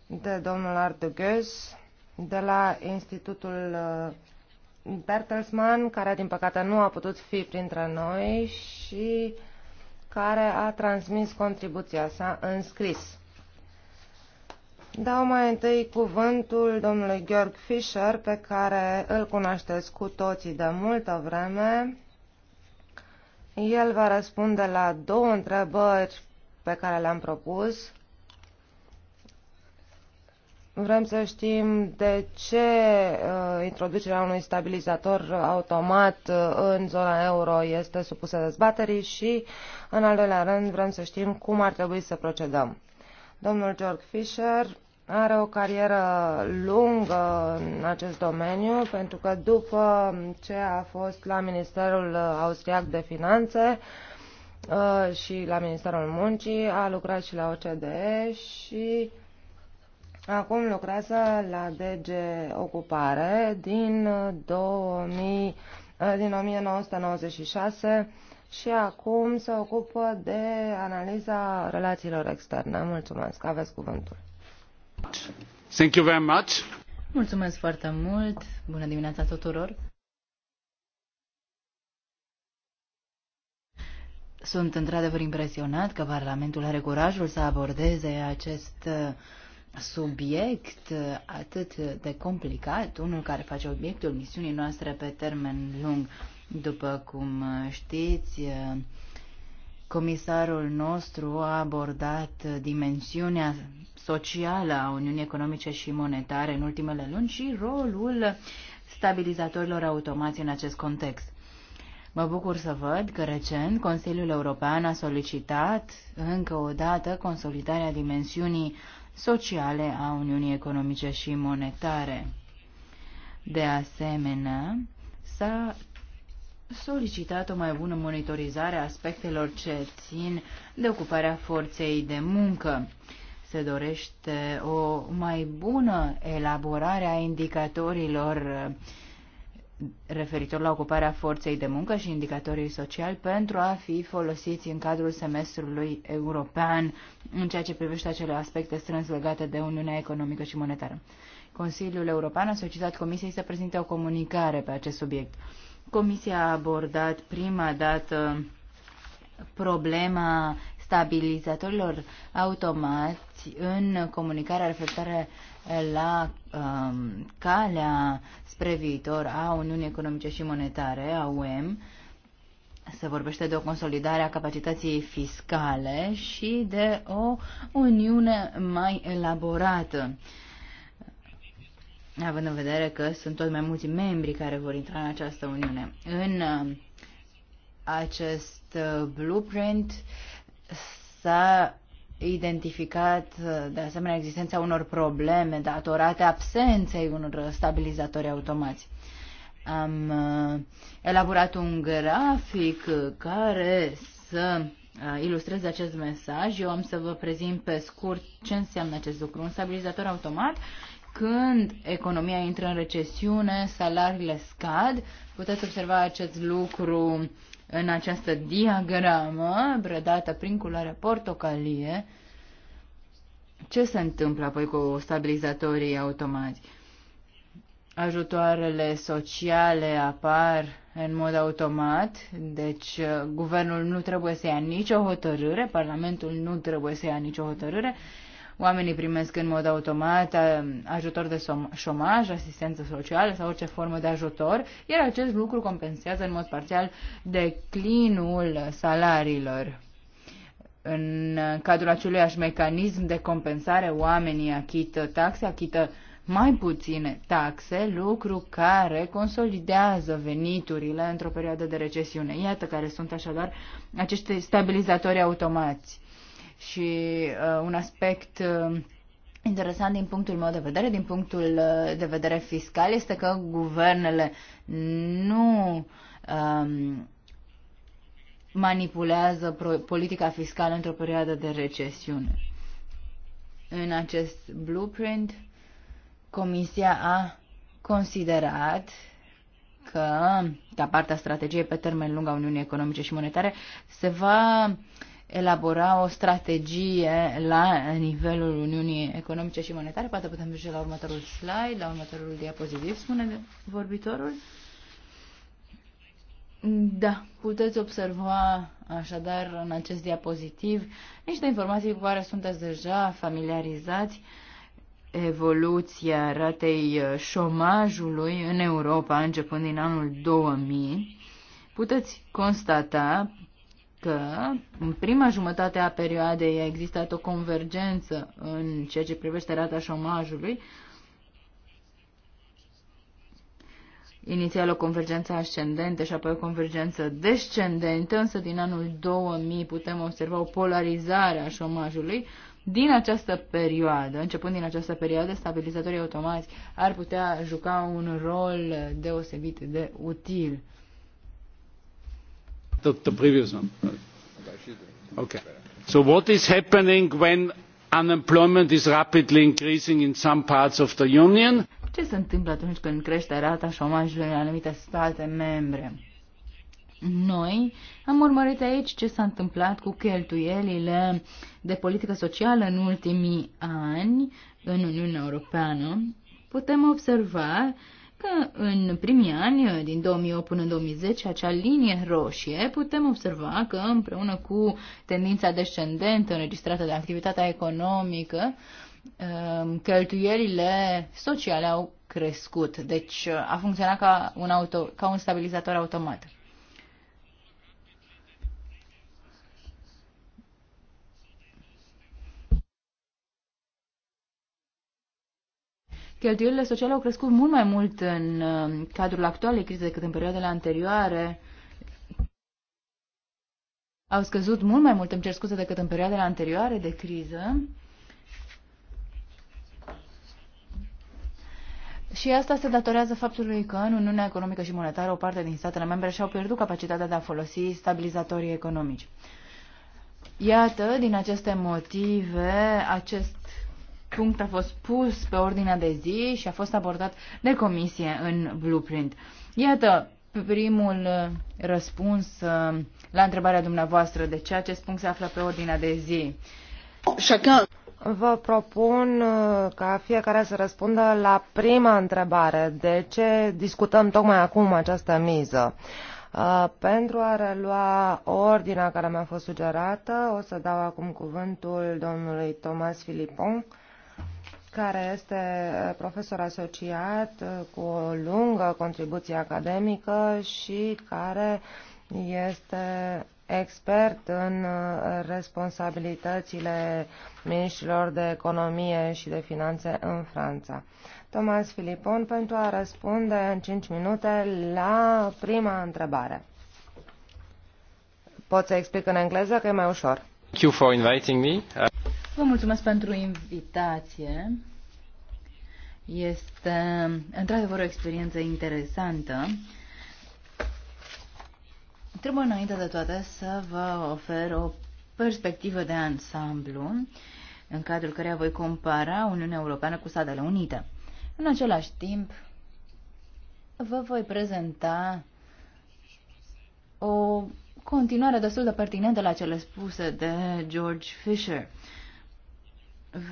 de domnul Ardugheus de la Institutul Bertelsmann, care din păcate nu a putut fi printre noi și care a transmis contribuția sa în scris. Dau mai întâi cuvântul domnului Georg Fischer, pe care îl cunoașteți cu toții de multă vreme. El va răspunde la două întrebări pe care le-am propus. Vrem să știm de ce uh, introducerea unui stabilizator automat uh, în zona euro este supusă dezbaterii și, în al doilea rând, vrem să știm cum ar trebui să procedăm. Domnul George Fisher are o carieră lungă în acest domeniu, pentru că după ce a fost la Ministerul Austriac de Finanțe uh, și la Ministerul Muncii, a lucrat și la OCDE și acum lucrează la DG Ocupare din, 2000, uh, uh, din 1996 și acum se ocupă de analiza relațiilor externe. Mulțumesc, aveți cuvântul. Thank you very much. Mulțumesc foarte mult. Bună dimineața tuturor. Sunt într-adevăr impresionat că Parlamentul are curajul să abordeze acest uh, subiect atât de complicat, unul care face obiectul misiunii noastre pe termen lung. După cum știți, comisarul nostru a abordat dimensiunea socială a Uniunii Economice și Monetare în ultimele luni și rolul stabilizatorilor automați în acest context. Mă bucur să văd că recent Consiliul European a solicitat încă o dată consolidarea dimensiunii sociale a Uniunii Economice și Monetare. De asemenea, s-a solicitat o mai bună monitorizare a aspectelor ce țin de ocuparea forței de muncă. Se dorește o mai bună elaborare a indicatorilor referitor la ocuparea forței de muncă și indicatorii sociali pentru a fi folosiți în cadrul semestrului european în ceea ce privește acele aspecte strâns legate de Uniunea Economică și Monetară. Consiliul European a solicitat Comisiei să prezinte o comunicare pe acest subiect. Comisia a abordat prima dată problema stabilizatorilor automați în comunicarea referitoare la um, calea spre viitor a Uniunii Economice și Monetare, a UEM. Se vorbește de o consolidare a capacității fiscale și de o uniune mai elaborată. Uh, având în vedere că sunt tot mai mulți membri care vor intra în această Uniune. În uh, acest uh, blueprint s-a identificat uh, de asemenea existența unor probleme datorate absenței unor stabilizatori automați. Am elaborat un grafic care să ilustreze acest mesaj. Eu am să vă prezint pe scurt ce înseamnă acest lucru. Un stabilizator automat uh, când economia intră în recesiune, salariile scad. Puteți observa acest lucru în această diagramă brădată prin culoarea portocalie. Ce se întâmplă apoi cu stabilizatorii automați? Ajutoarele sociale apar în mod automat, deci uh, guvernul nu trebuie să ia nicio hotărâre, Parlamentul nu trebuie să ia nicio hotărâre, Oamenii primesc în mod automat ajutor de șomaj, asistență socială sau orice formă de ajutor, iar acest lucru compensează în mod parțial declinul salariilor. În cadrul aceluiași mecanism de compensare, oamenii achită taxe, achită mai puține taxe, lucru care consolidează veniturile într-o perioadă de recesiune. Iată care sunt așadar acești stabilizatori automați și uh, un aspect uh, interesant din punctul meu de vedere, din punctul uh, de vedere fiscal, este că guvernele nu um, uh, manipulează politica fiscală într-o perioadă de recesiune. În acest blueprint, Comisia a considerat că, ca parte a strategiei pe termen lung a Uniunii Economice și Monetare, se va uh, elabora o strategie la nivelul Uniunii Economice și Monetare. Poate putem merge la următorul slide, la următorul diapozitiv, spune vorbitorul. Da, puteți observa așadar în acest diapozitiv niște informații cu care sunteți deja familiarizați evoluția ratei șomajului în Europa începând din anul 2000. Puteți constata că în prima jumătate a perioadei a existat o convergență în ceea ce privește rata șomajului, inițial o convergență ascendentă și apoi o convergență descendentă, însă din anul 2000 putem observa o polarizare a șomajului. Din această perioadă, începând din această perioadă, stabilizatorii automați ar putea juca un rol deosebit de util. The, the previous one. Okay. So what is happening when unemployment is rapidly increasing in some parts of the union? Ce se întâmplă atunci când crește rata șomajului în anumite state membre? Noi am urmărit aici ce s-a întâmplat cu cheltuielile de politică socială în ultimii ani în Uniunea Europeană. Putem observa că în primii ani, din 2008 până în 2010, acea linie roșie, putem observa că împreună cu tendința descendentă înregistrată de activitatea economică, um, cheltuielile sociale au crescut. Deci uh, a funcționat ca un, auto, ca un stabilizator automat. Cheltuielile sociale au crescut mult mai mult în uh, cadrul actualei crize decât în perioadele anterioare. Au scăzut mult mai mult, îmi cer scuze, decât în perioadele anterioare de criză. Și asta se datorează faptului că în Uniunea Economică și Monetară o parte din statele membre și-au pierdut capacitatea de a folosi stabilizatorii economici. Iată, din aceste motive, acest punct a fost pus pe ordinea de zi și a fost abordat de comisie în blueprint. Iată primul uh, răspuns uh, la întrebarea dumneavoastră de ce acest punct se află pe ordinea de zi. Vă propun uh, ca fiecare să răspundă la prima întrebare. De ce discutăm tocmai acum această miză? Pentru a relua ordinea care mi-a fost sugerată, o să dau acum cuvântul domnului Thomas Filipon, care este uh, profesor asociat uh, cu o lungă contribuție academică și care este expert în uh, responsabilitățile miniștrilor de economie și de finanțe în Franța. Thomas Filipon pentru a răspunde în 5 minute la prima întrebare. Pot să explic în engleză că e mai ușor. Thank you for inviting me. Vă mulțumesc pentru invitație. Este într-adevăr o experiență interesantă. Trebuie înainte de toate să vă ofer o perspectivă de ansamblu în cadrul căreia voi compara Uniunea Europeană cu Statele Unite. În același timp, vă voi prezenta o continuare destul de pertinentă la cele spuse de George Fisher –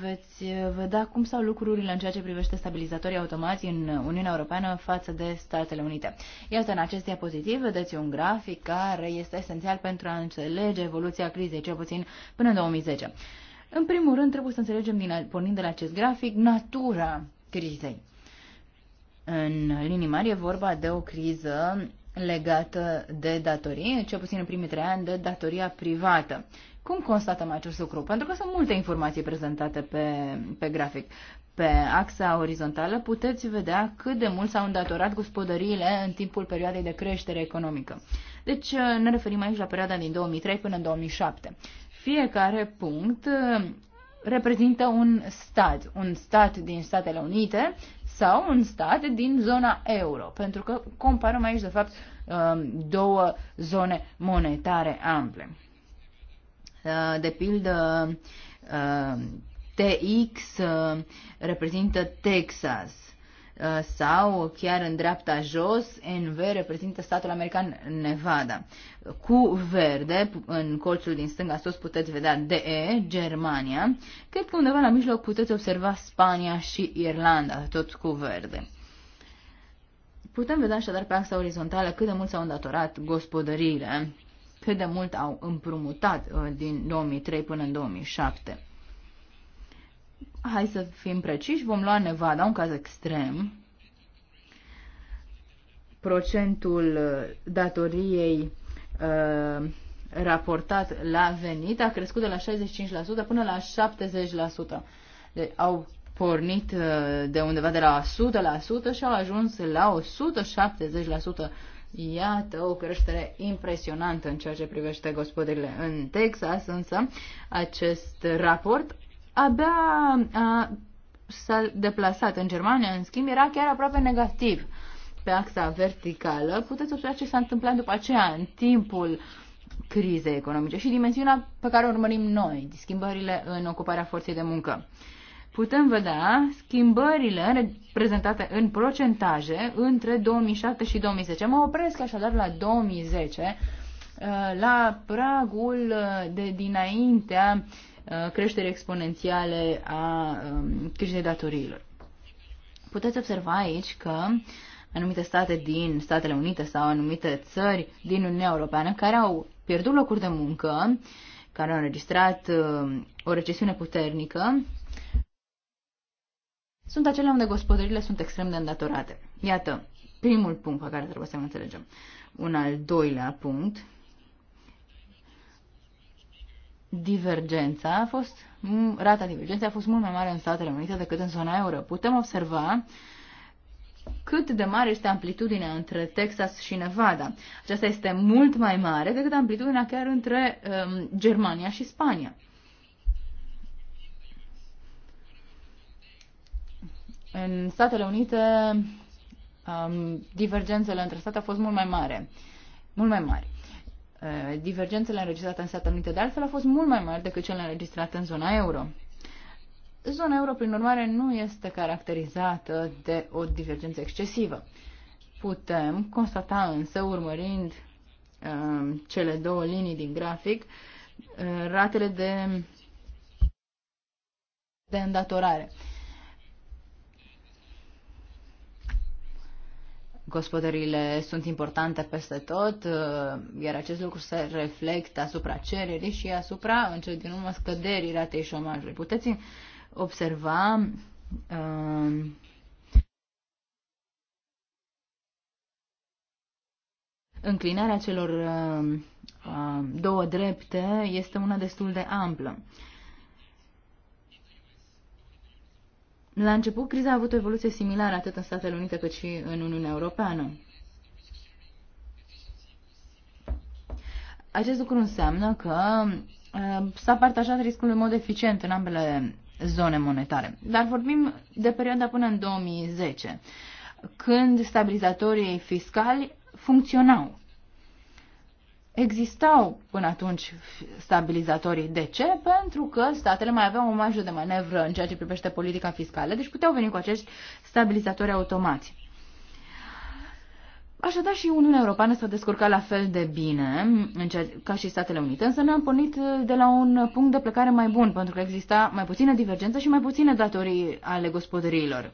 veți eh, vedea cum stau lucrurile în ceea ce privește stabilizatorii automați în Uniunea Europeană față de Statele Unite. Iată, în acest diapozitiv vedeți un grafic care este esențial pentru a înțelege evoluția crizei, cel puțin până în 2010. În primul rând, trebuie să înțelegem, din, pornind de la acest grafic, natura crizei. În linii mari e vorba de o criză legată de datorie, cel puțin în primii trei ani, de datoria privată. Cum constatăm acest lucru? Pentru că sunt multe informații prezentate pe, pe grafic. Pe axa orizontală puteți vedea cât de mult s-au îndatorat gospodăriile în timpul perioadei de creștere economică. Deci uh, ne referim aici la perioada din 2003 până în 2007. Fiecare punct uh, reprezintă un stat, un stat din Statele Unite sau un stat din zona euro, pentru că comparăm aici, de fapt, uh, două zone monetare ample. Uh, de pildă uh, TX uh, reprezintă Texas sau chiar în dreapta jos, NV reprezintă statul american Nevada. Cu verde, în colțul din stânga sus puteți vedea DE, Germania. Cred că undeva la mijloc puteți observa Spania și Irlanda, tot cu verde. Putem vedea așadar pe axa orizontală cât de mult s-au îndatorat gospodăriile cât de mult au împrumutat uh, din 2003 până în 2007. Hai să fim preciși, vom lua Nevada, un caz extrem. Procentul uh, datoriei uh, raportat la venit a crescut de la 65% până la 70%. De- deci au pornit uh, de undeva de la 100% și au ajuns la 170%. Iată o creștere impresionantă în ceea ce privește gospodările în Texas, însă acest raport abia s-a deplasat în Germania, în schimb era chiar aproape negativ. Pe axa verticală puteți observa ce s-a întâmplat după aceea în timpul crizei economice și dimensiunea pe care o urmărim noi, schimbările în ocuparea forței de muncă putem vedea schimbările prezentate în procentaje între 2007 și 2010. Mă opresc așadar la 2010, uh, la pragul uh, de dinaintea uh, creșterii exponențiale a um, crizei datoriilor. Puteți observa aici că anumite state din Statele Unite sau anumite țări din Uniunea Europeană care au pierdut locuri de muncă, care au înregistrat o recesiune puternică, sunt acele unde gospodările sunt extrem de îndatorate. Iată, primul punct pe care trebuie să-l înțelegem. Un al doilea punct, divergența a fost, rata divergenței a fost mult mai mare în Statele Unite decât în zona euro. Putem observa cât de mare este amplitudinea între Texas și Nevada. Aceasta este mult mai mare decât amplitudinea chiar între um, Germania și Spania. În Statele Unite, um, divergențele între state au fost mult mai mare, mult mai mari. Uh, divergențele înregistrate în Statele Unite, de altfel, au fost mult mai mari decât cele înregistrate în zona euro. Zona euro, prin urmare, nu este caracterizată de o divergență excesivă. Putem constata însă, urmărind uh, cele două linii din grafic, uh, ratele de, de îndatorare. Uh, Gospodările sunt importante peste tot, uh, iar acest lucru se reflectă asupra cererii și asupra, în cel din urmă, scăderii ratei șomajului. Puteți observa uh, înclinarea celor uh, uh două drepte este una destul de amplă. La început, criza a avut o evoluție similară atât în Statele Unite cât și în Uniunea Europeană. Acest lucru înseamnă că uh, s-a partajat riscul în mod eficient în ambele zone monetare. Dar vorbim de perioada până în 2010, când stabilizatorii fiscali funcționau existau până atunci stabilizatorii. De ce? Pentru că statele mai aveau o marjă de manevră în ceea ce privește politica fiscală, deci puteau veni cu acești stabilizatori automați. Așadar și Uniunea Europeană s-a descurcat la fel de bine ca și Statele Unite, însă noi am pornit de la un punct de plecare mai bun, pentru că exista mai puțină divergență și mai puține datorii ale gospodăriilor.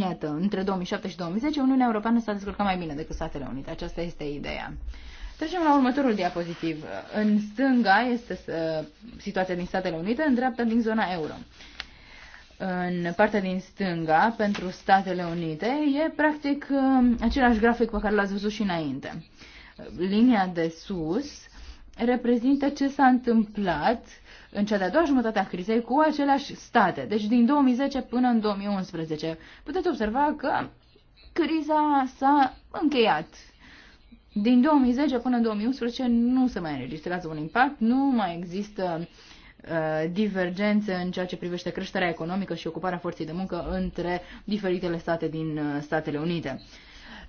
Iată, între 2007 și 2010, Uniunea Europeană s-a descurcat mai bine decât Statele Unite. Aceasta este ideea. Trecem la următorul diapozitiv. În stânga este uh, situația din Statele Unite, în dreapta din zona euro. În partea din stânga, pentru Statele Unite, e practic uh, același grafic pe care l-ați văzut și înainte. Linia de sus reprezintă ce s-a întâmplat uh, în cea de-a doua jumătate a crizei cu aceleași state, deci din 2010 până în 2011. Puteți observa că criza s-a încheiat. Din 2010 până în 2011 nu se mai înregistrează un impact, nu mai există uh, divergențe în ceea ce privește creșterea economică și ocuparea forței de muncă între diferitele state din uh, Statele Unite.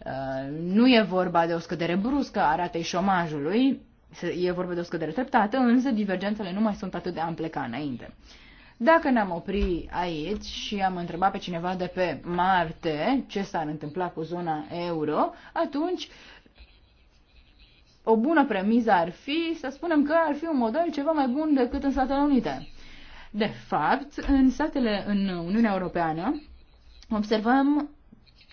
Uh, nu e vorba de o scădere bruscă a ratei șomajului, E vorba de o scădere treptată, însă divergențele nu mai sunt atât de ample ca înainte. Dacă ne-am oprit aici și am întrebat pe cineva de pe Marte ce s-ar întâmpla cu zona euro, atunci o bună premiză ar fi să spunem că ar fi un model ceva mai bun decât în Statele Unite. De fapt, în statele în Uniunea Europeană observăm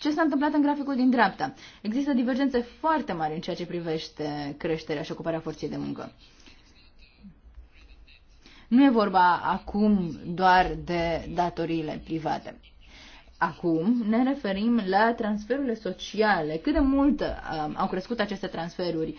ce s-a întâmplat în graficul din dreapta. Există divergențe foarte mari în ceea ce privește creșterea și ocuparea forței de muncă. Nu e vorba acum doar de datoriile private. Acum ne referim la transferurile sociale. Cât de mult uh, au crescut aceste transferuri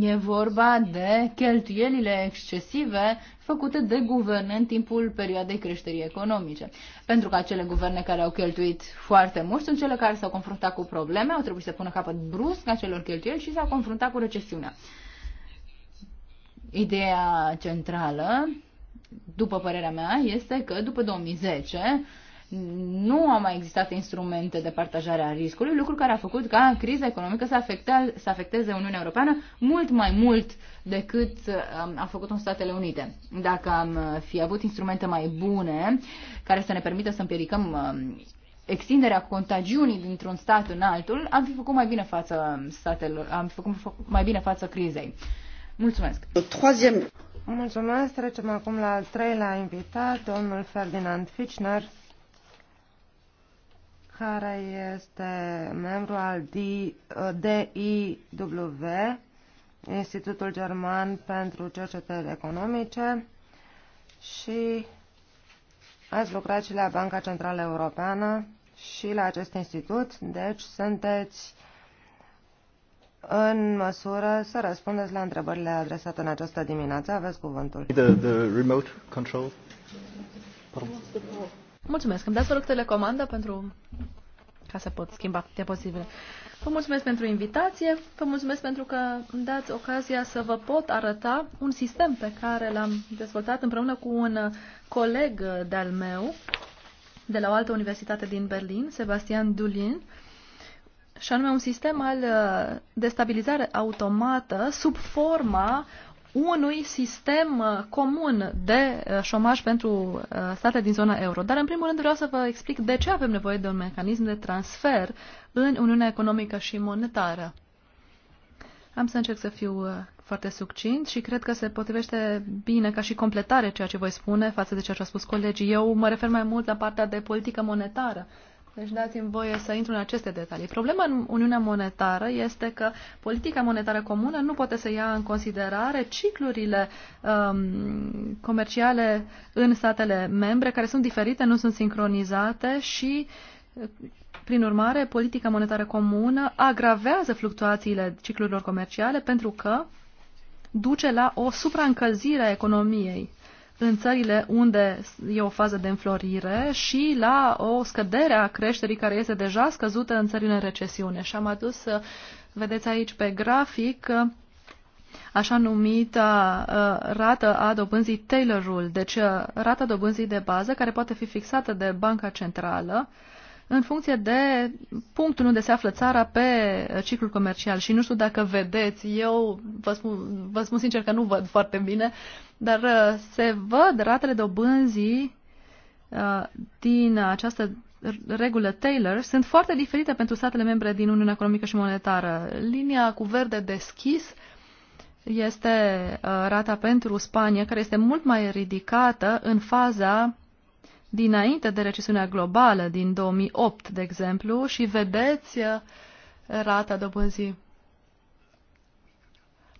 E vorba de cheltuielile excesive făcute de guverne în timpul perioadei creșterii economice. Pentru că acele guverne care au cheltuit foarte mult sunt cele care s-au confruntat cu probleme, au trebuit să pună capăt brusc acelor cheltuieli și s-au confruntat cu recesiunea. Ideea centrală, după părerea mea, este că după 2010 nu au mai existat instrumente de partajare a riscului, lucru care a făcut ca criza economică să, afecte, să afecteze Uniunea Europeană mult mai mult decât um, a făcut în Statele Unite. Dacă am uh, fi avut instrumente mai bune care să ne permită să împiedicăm um, extinderea contagiunii dintr-un stat în altul, am fi făcut mai bine față um, statelor, am fi făcut mai bine față crizei. Mulțumesc. Mulțumesc. Trecem acum la al treilea invitat, domnul Ferdinand Fichner care este membru al DIW, uh, Institutul German pentru Cercetări Economice și ați lucrat și la Banca Centrală Europeană și la acest institut, deci sunteți în măsură să răspundeți la întrebările adresate în această dimineață. Aveți cuvântul. The, the remote control. Pardon. Mulțumesc. Îmi dați, vă rog, telecomanda pentru ca să pot schimba diapozitivele. Vă mulțumesc pentru invitație, vă mulțumesc pentru că îmi dați ocazia să vă pot arăta un sistem pe care l-am dezvoltat împreună cu un coleg de-al meu de la o altă universitate din Berlin, Sebastian Dulin, și anume un sistem al de stabilizare automată sub forma unui sistem uh, comun de uh, șomaj pentru uh, state din zona euro. Dar, în primul rând, vreau să vă explic de ce avem nevoie de un mecanism de transfer în Uniunea Economică și Monetară. Am să încerc să fiu foarte succint și cred că se potrivește bine ca și completare ceea ce voi spune față de ceea ce au spus colegii. Eu mă refer mai mult la partea de politică monetară deci dați-mi voie să intru în aceste detalii. Problema în Uniunea Monetară este că politica monetară comună nu poate să ia în considerare ciclurile um, comerciale în statele membre, care sunt diferite, nu sunt sincronizate și, prin urmare, politica monetară comună agravează fluctuațiile ciclurilor comerciale pentru că duce la o supraîncălzire a economiei în țările unde e o fază de înflorire și la o scădere a creșterii care este deja scăzută în țările în recesiune. Și am adus, uh, vedeți aici pe grafic, uh, așa numita uh, rată a dobânzii Taylor Rule, deci rata dobânzii de bază care poate fi fixată de Banca Centrală în funcție de punctul unde se află țara pe ciclul comercial. Și nu știu dacă vedeți, eu vă spun, vă spun sincer că nu văd foarte bine, dar uh, se văd ratele dobânzii uh, din această regulă Taylor sunt foarte diferite pentru statele membre din Uniunea Economică și Monetară. Linia cu verde deschis este uh, rata pentru Spania, care este mult mai ridicată în faza dinainte de recesiunea globală din 2008, de exemplu, și vedeți uh, rata dobânzii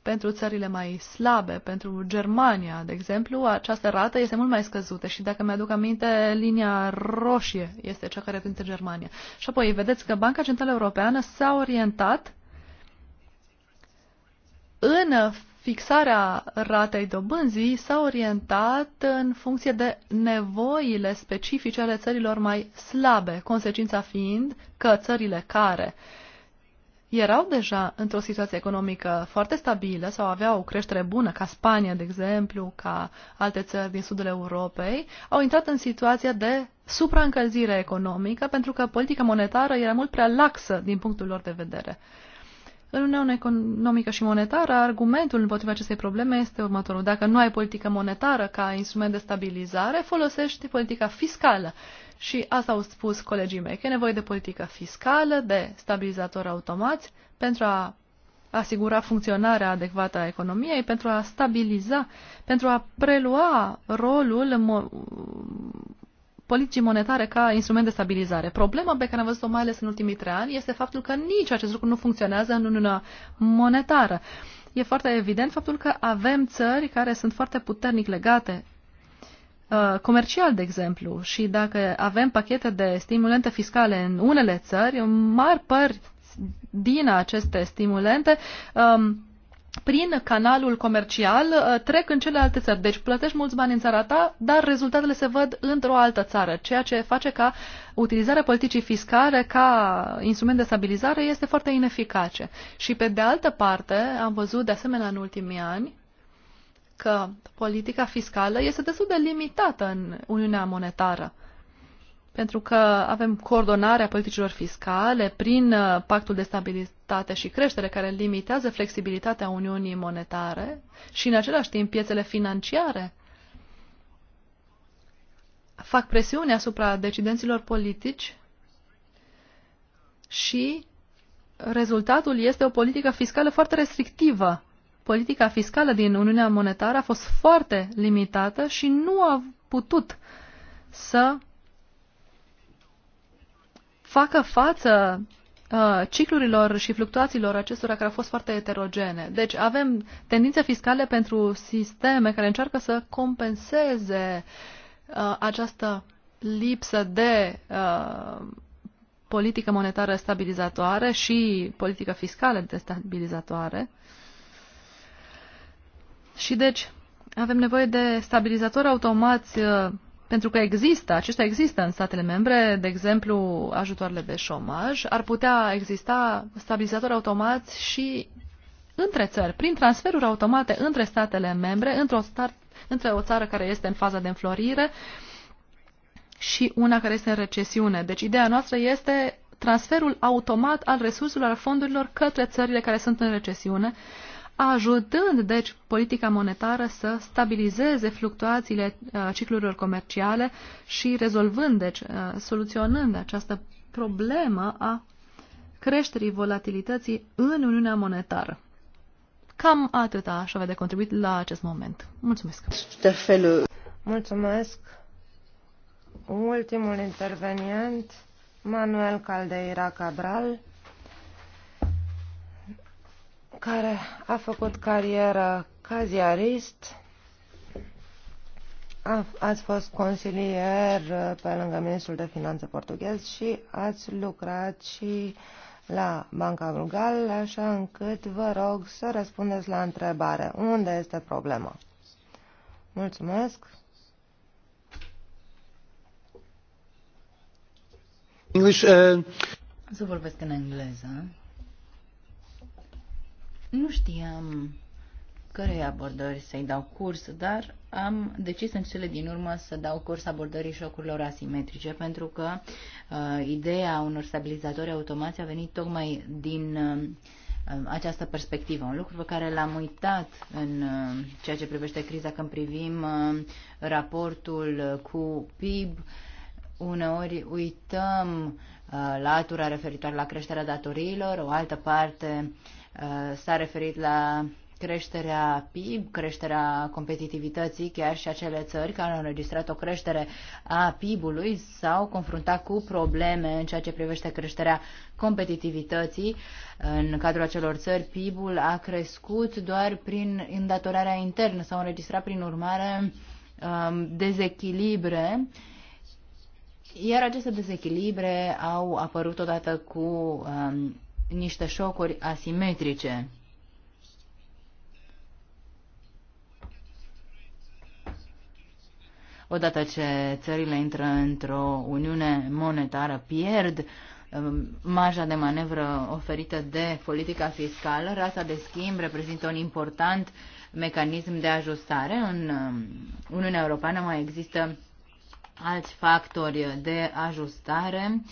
pentru țările mai slabe, pentru Germania, de exemplu, această rată este mult mai scăzută și dacă mi-aduc aminte, linia roșie este cea care reprezintă Germania. Și apoi vedeți că Banca Centrală Europeană s-a orientat în fixarea ratei dobânzii s-a orientat în funcție de nevoile specifice ale țărilor mai slabe, consecința fiind că țările care erau deja într-o situație economică foarte stabilă sau aveau o creștere bună, ca Spania, de exemplu, ca alte țări din sudul Europei, au intrat în situația de supraîncălzire economică pentru că politica monetară era mult prea laxă din punctul lor de vedere. În Uniunea Economică și Monetară, argumentul împotriva acestei probleme este următorul. Dacă nu ai politică monetară ca instrument de stabilizare, folosești politica fiscală. Și asta au spus colegii mei, că e nevoie de politică fiscală, de stabilizatori automați, pentru a asigura funcționarea adecvată a economiei, pentru a stabiliza, pentru a prelua rolul politicii monetare ca instrument de stabilizare. Problema pe care am văzut-o mai ales în ultimii trei ani este faptul că nici acest lucru nu funcționează în Uniunea Monetară. E foarte evident faptul că avem țări care sunt foarte puternic legate uh, comercial, de exemplu, și dacă avem pachete de stimulente fiscale în unele țări, mari părți din aceste stimulente um, prin canalul comercial uh, trec în celelalte țări. Deci plătești mulți bani în țara ta, dar rezultatele se văd într-o altă țară, ceea ce face ca utilizarea politicii fiscale ca instrument de stabilizare este foarte ineficace. Și pe de altă parte, am văzut de asemenea în ultimii ani că politica fiscală este destul de limitată în Uniunea Monetară pentru că avem coordonarea politicilor fiscale prin uh, pactul de stabilitate și creștere care limitează flexibilitatea Uniunii monetare și în același timp piețele financiare fac presiune asupra decidenților politici și rezultatul este o politică fiscală foarte restrictivă. Politica fiscală din Uniunea Monetară a fost foarte limitată și nu a putut să facă față uh, ciclurilor și fluctuațiilor acestora care au fost foarte heterogene. Deci avem tendințe fiscale pentru sisteme care încearcă să compenseze uh, această lipsă de uh, politică monetară stabilizatoare și politică fiscală destabilizatoare. Și deci avem nevoie de stabilizatori automați uh, pentru că există, acestea există în statele membre, de exemplu ajutoarele de șomaj, ar putea exista stabilizatori automați și între țări, prin transferuri automate între statele membre, într-o între o țară care este în faza de înflorire și una care este în recesiune. Deci ideea noastră este transferul automat al resurselor, al fondurilor către țările care sunt în recesiune, uh, ajutând, deci, politica monetară să stabilizeze fluctuațiile uh, ciclurilor comerciale și rezolvând, deci, uh, soluționând această problemă a creșterii volatilității în Uniunea Monetară. Cam atâta aș avea de contribuit la acest moment. Mulțumesc! Mulțumesc! Ultimul intervenient, Manuel Caldeira Cabral care a făcut carieră ca ziarist. A, ați fost consilier uh, pe lângă ministrul de finanțe portughez și ați lucrat și la Banca Brugal, așa încât vă rog să răspundeți la întrebare. Unde este problema? Mulțumesc. English, uh... Să vorbesc în engleză. Nu știam cărei abordări să-i dau curs, dar am decis în cele din urmă să dau curs abordării șocurilor asimetrice, pentru că uh, ideea unor stabilizatori automați a venit tocmai din uh, această perspectivă, un lucru pe care l-am uitat în uh, ceea ce privește criza când privim uh, raportul cu PIB. Uneori uităm uh, latura referitoare la creșterea datoriilor, o altă parte uh, Uh, s-a referit la creșterea PIB, creșterea competitivității, chiar și acele țări care au înregistrat o creștere a PIB-ului s-au confruntat cu probleme în ceea ce privește creșterea competitivității. În cadrul acelor țări, PIB-ul a crescut doar prin îndatorarea internă, s-au înregistrat prin urmare um, dezechilibre iar aceste dezechilibre au apărut odată cu um, niște șocuri asimetrice. Odată ce țările intră într-o uniune monetară, pierd um, marja de manevră oferită de politica fiscală. Rata de schimb reprezintă un important mecanism de ajustare. În um, Uniunea Europeană mai există alți factori de ajustare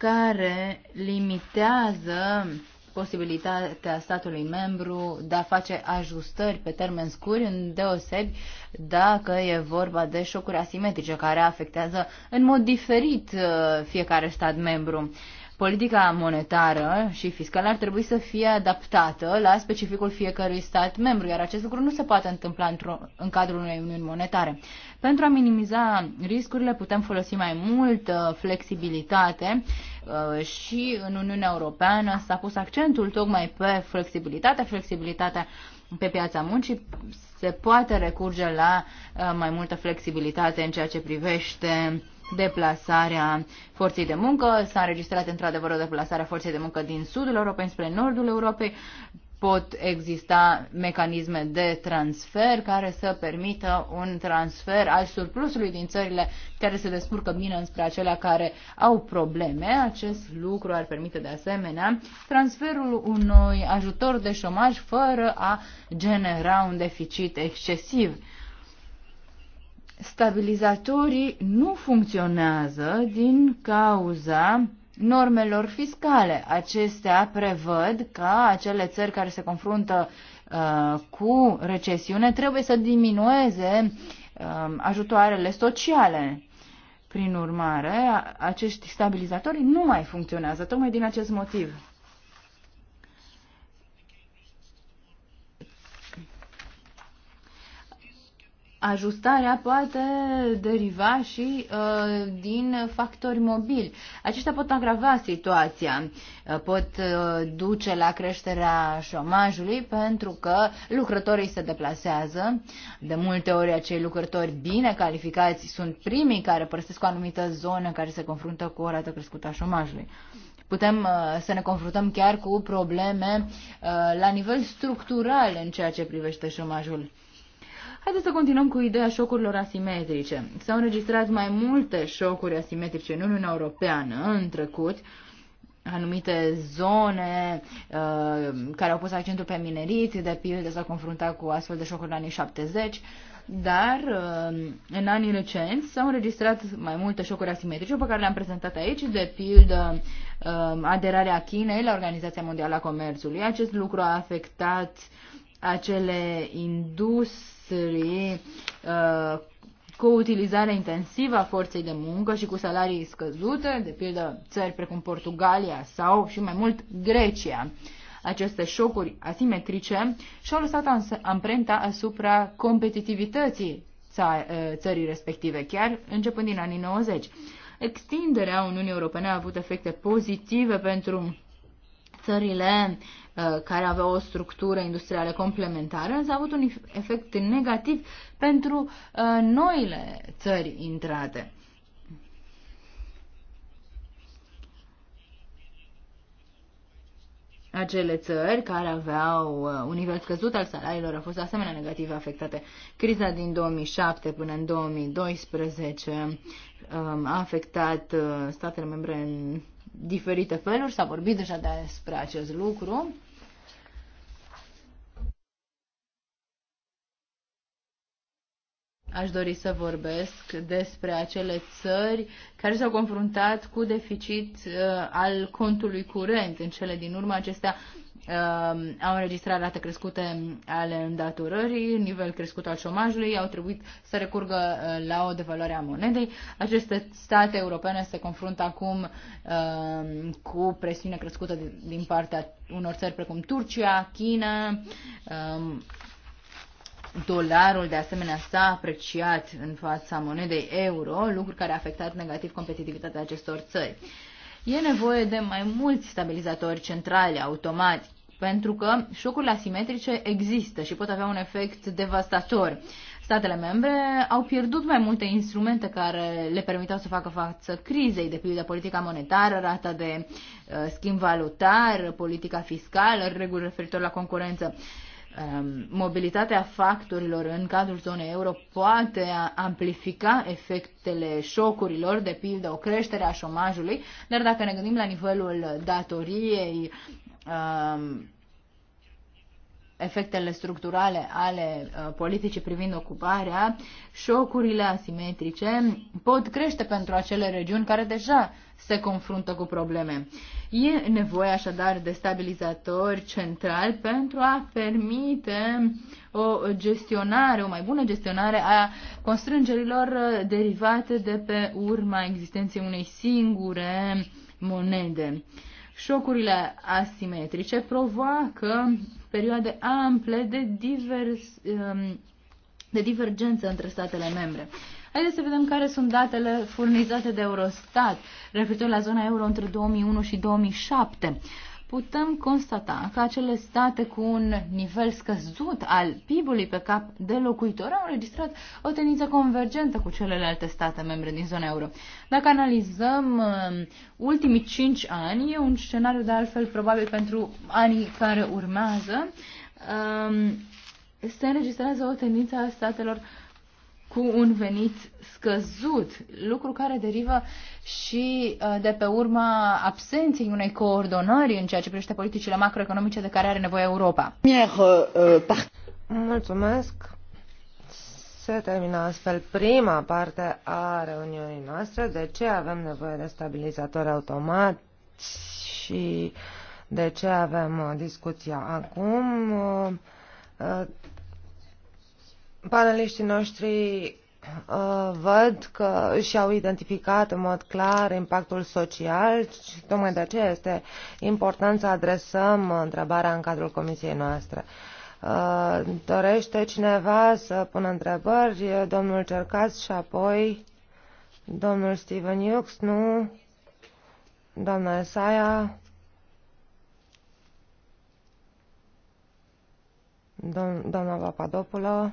care limitează posibilitatea statului membru de a face ajustări pe termen scurt, în deosebi dacă e vorba de șocuri asimetrice care afectează în mod diferit uh, fiecare stat membru politica monetară și fiscală ar trebui să fie adaptată la specificul fiecărui stat membru, iar acest lucru nu se poate întâmpla în cadrul unei uniuni monetare. Pentru a minimiza riscurile putem folosi mai mult uh, flexibilitate uh, și în Uniunea Europeană s-a pus accentul tocmai pe flexibilitate, flexibilitatea pe piața muncii se poate recurge la uh, mai multă flexibilitate în ceea ce privește deplasarea forței de muncă. S-a înregistrat într-adevăr o deplasare a forței de muncă din sudul Europei spre nordul Europei. Pot exista mecanisme de transfer care să permită un transfer al surplusului din țările care se descurcă bine înspre acelea care au probleme. Acest lucru ar permite de asemenea transferul unui ajutor de șomaj fără a genera un deficit excesiv stabilizatorii nu funcționează din cauza normelor fiscale. Acestea prevăd că acele țări care se confruntă uh, cu recesiune trebuie să diminueze uh, ajutoarele sociale. Prin urmare, acești stabilizatori nu mai funcționează, tocmai din acest motiv. ajustarea poate deriva și uh, din factori mobili. Aceștia pot agrava situația, uh, pot uh, duce la creșterea șomajului pentru că lucrătorii se deplasează. De multe ori acei lucrători bine calificați sunt primii care părăsesc o anumită zonă care se confruntă cu o rată crescută a șomajului putem uh, să ne confruntăm chiar cu probleme uh, la nivel structural în ceea ce privește șomajul. Haideți să continuăm cu ideea șocurilor asimetrice. S-au înregistrat mai multe șocuri asimetrice în Uniunea Europeană în trecut, anumite zone uh, care au pus accentul pe minerit, de pildă s-au confruntat cu astfel de șocuri în anii 70, dar uh, în anii recenți s-au înregistrat mai multe șocuri asimetrice pe care le-am prezentat aici, de pildă uh, aderarea Chinei la Organizația Mondială a Comerțului. Acest lucru a afectat acele indus industrii uh, cu utilizare intensivă a forței de muncă și cu salarii scăzute, de pildă țări precum Portugalia sau și mai mult Grecia. Aceste șocuri asimetrice și-au lăsat amprenta asupra competitivității uh, țării respective, chiar începând din anii 90. Extinderea Uniunii Europene a avut efecte pozitive pentru țările uh, care aveau o structură industrială complementară, însă a avut un efect negativ pentru uh, noile țări intrate. Acele țări care aveau uh, un nivel scăzut al salariilor au fost asemenea negativ afectate. Criza din 2007 până în 2012 um, a afectat statele membre în diferite feluri, s-a vorbit deja despre acest lucru. Aș dori să vorbesc despre acele țări care s-au confruntat cu deficit uh, al contului curent. În cele din urmă acestea uh, au înregistrat rate crescute ale îndatorării, nivel crescut al șomajului, au trebuit să recurgă uh, la o devaluare a monedei. Aceste state europene se confruntă acum uh, cu presiune crescută din partea unor țări precum Turcia, China. Um, Dolarul, de asemenea, s-a apreciat în fața monedei euro, lucru care a afectat negativ competitivitatea acestor țări. E nevoie de mai mulți stabilizatori centrali automati, pentru că șocurile asimetrice există și pot avea un efect devastator. Statele membre au pierdut mai multe instrumente care le permiteau să facă față crizei, de pildă politica monetară, rata de uh, schimb valutar, politica fiscală, reguli referitor la concurență. Um, mobilitatea factorilor în cadrul zonei euro poate amplifica efectele șocurilor, de pildă o creștere a șomajului, dar dacă ne gândim la nivelul datoriei, Um, efectele structurale ale uh, politicii privind ocuparea, șocurile asimetrice pot crește pentru acele regiuni care deja se confruntă cu probleme. E nevoie așadar de stabilizatori centrali pentru a permite o gestionare, o mai bună gestionare a constrângerilor uh, derivate de pe urma existenței unei singure monede. Șocurile asimetrice provoacă perioade ample de, divers, um, de divergență între statele membre. Haideți să vedem care sunt datele furnizate de Eurostat referitor la zona euro între 2001 și 2007 putem constata că acele state cu un nivel scăzut al PIB-ului pe cap de locuitor au înregistrat o tendință convergentă cu celelalte state membre din zona euro. Dacă analizăm um, ultimii cinci ani, e un scenariu de altfel probabil pentru anii care urmează, um, se înregistrează o tendință a statelor cu un venit scăzut, lucru care derivă și uh, de pe urma absenței unei coordonări în ceea ce privește politicile macroeconomice de care are nevoie Europa. Uh, uh, Mulțumesc! Se termină astfel prima parte a reuniunii noastre. De ce avem nevoie de stabilizator automat și de ce avem discuția acum? Paneliștii noștri uh, văd că și-au identificat în mod clar impactul social și tocmai de aceea este important să adresăm întrebarea în cadrul comisiei noastre. Uh, dorește cineva să pună întrebări? Domnul Cercas și apoi domnul Steven Hughes, nu? Doamna Esaia? Doamna Papadopoulou?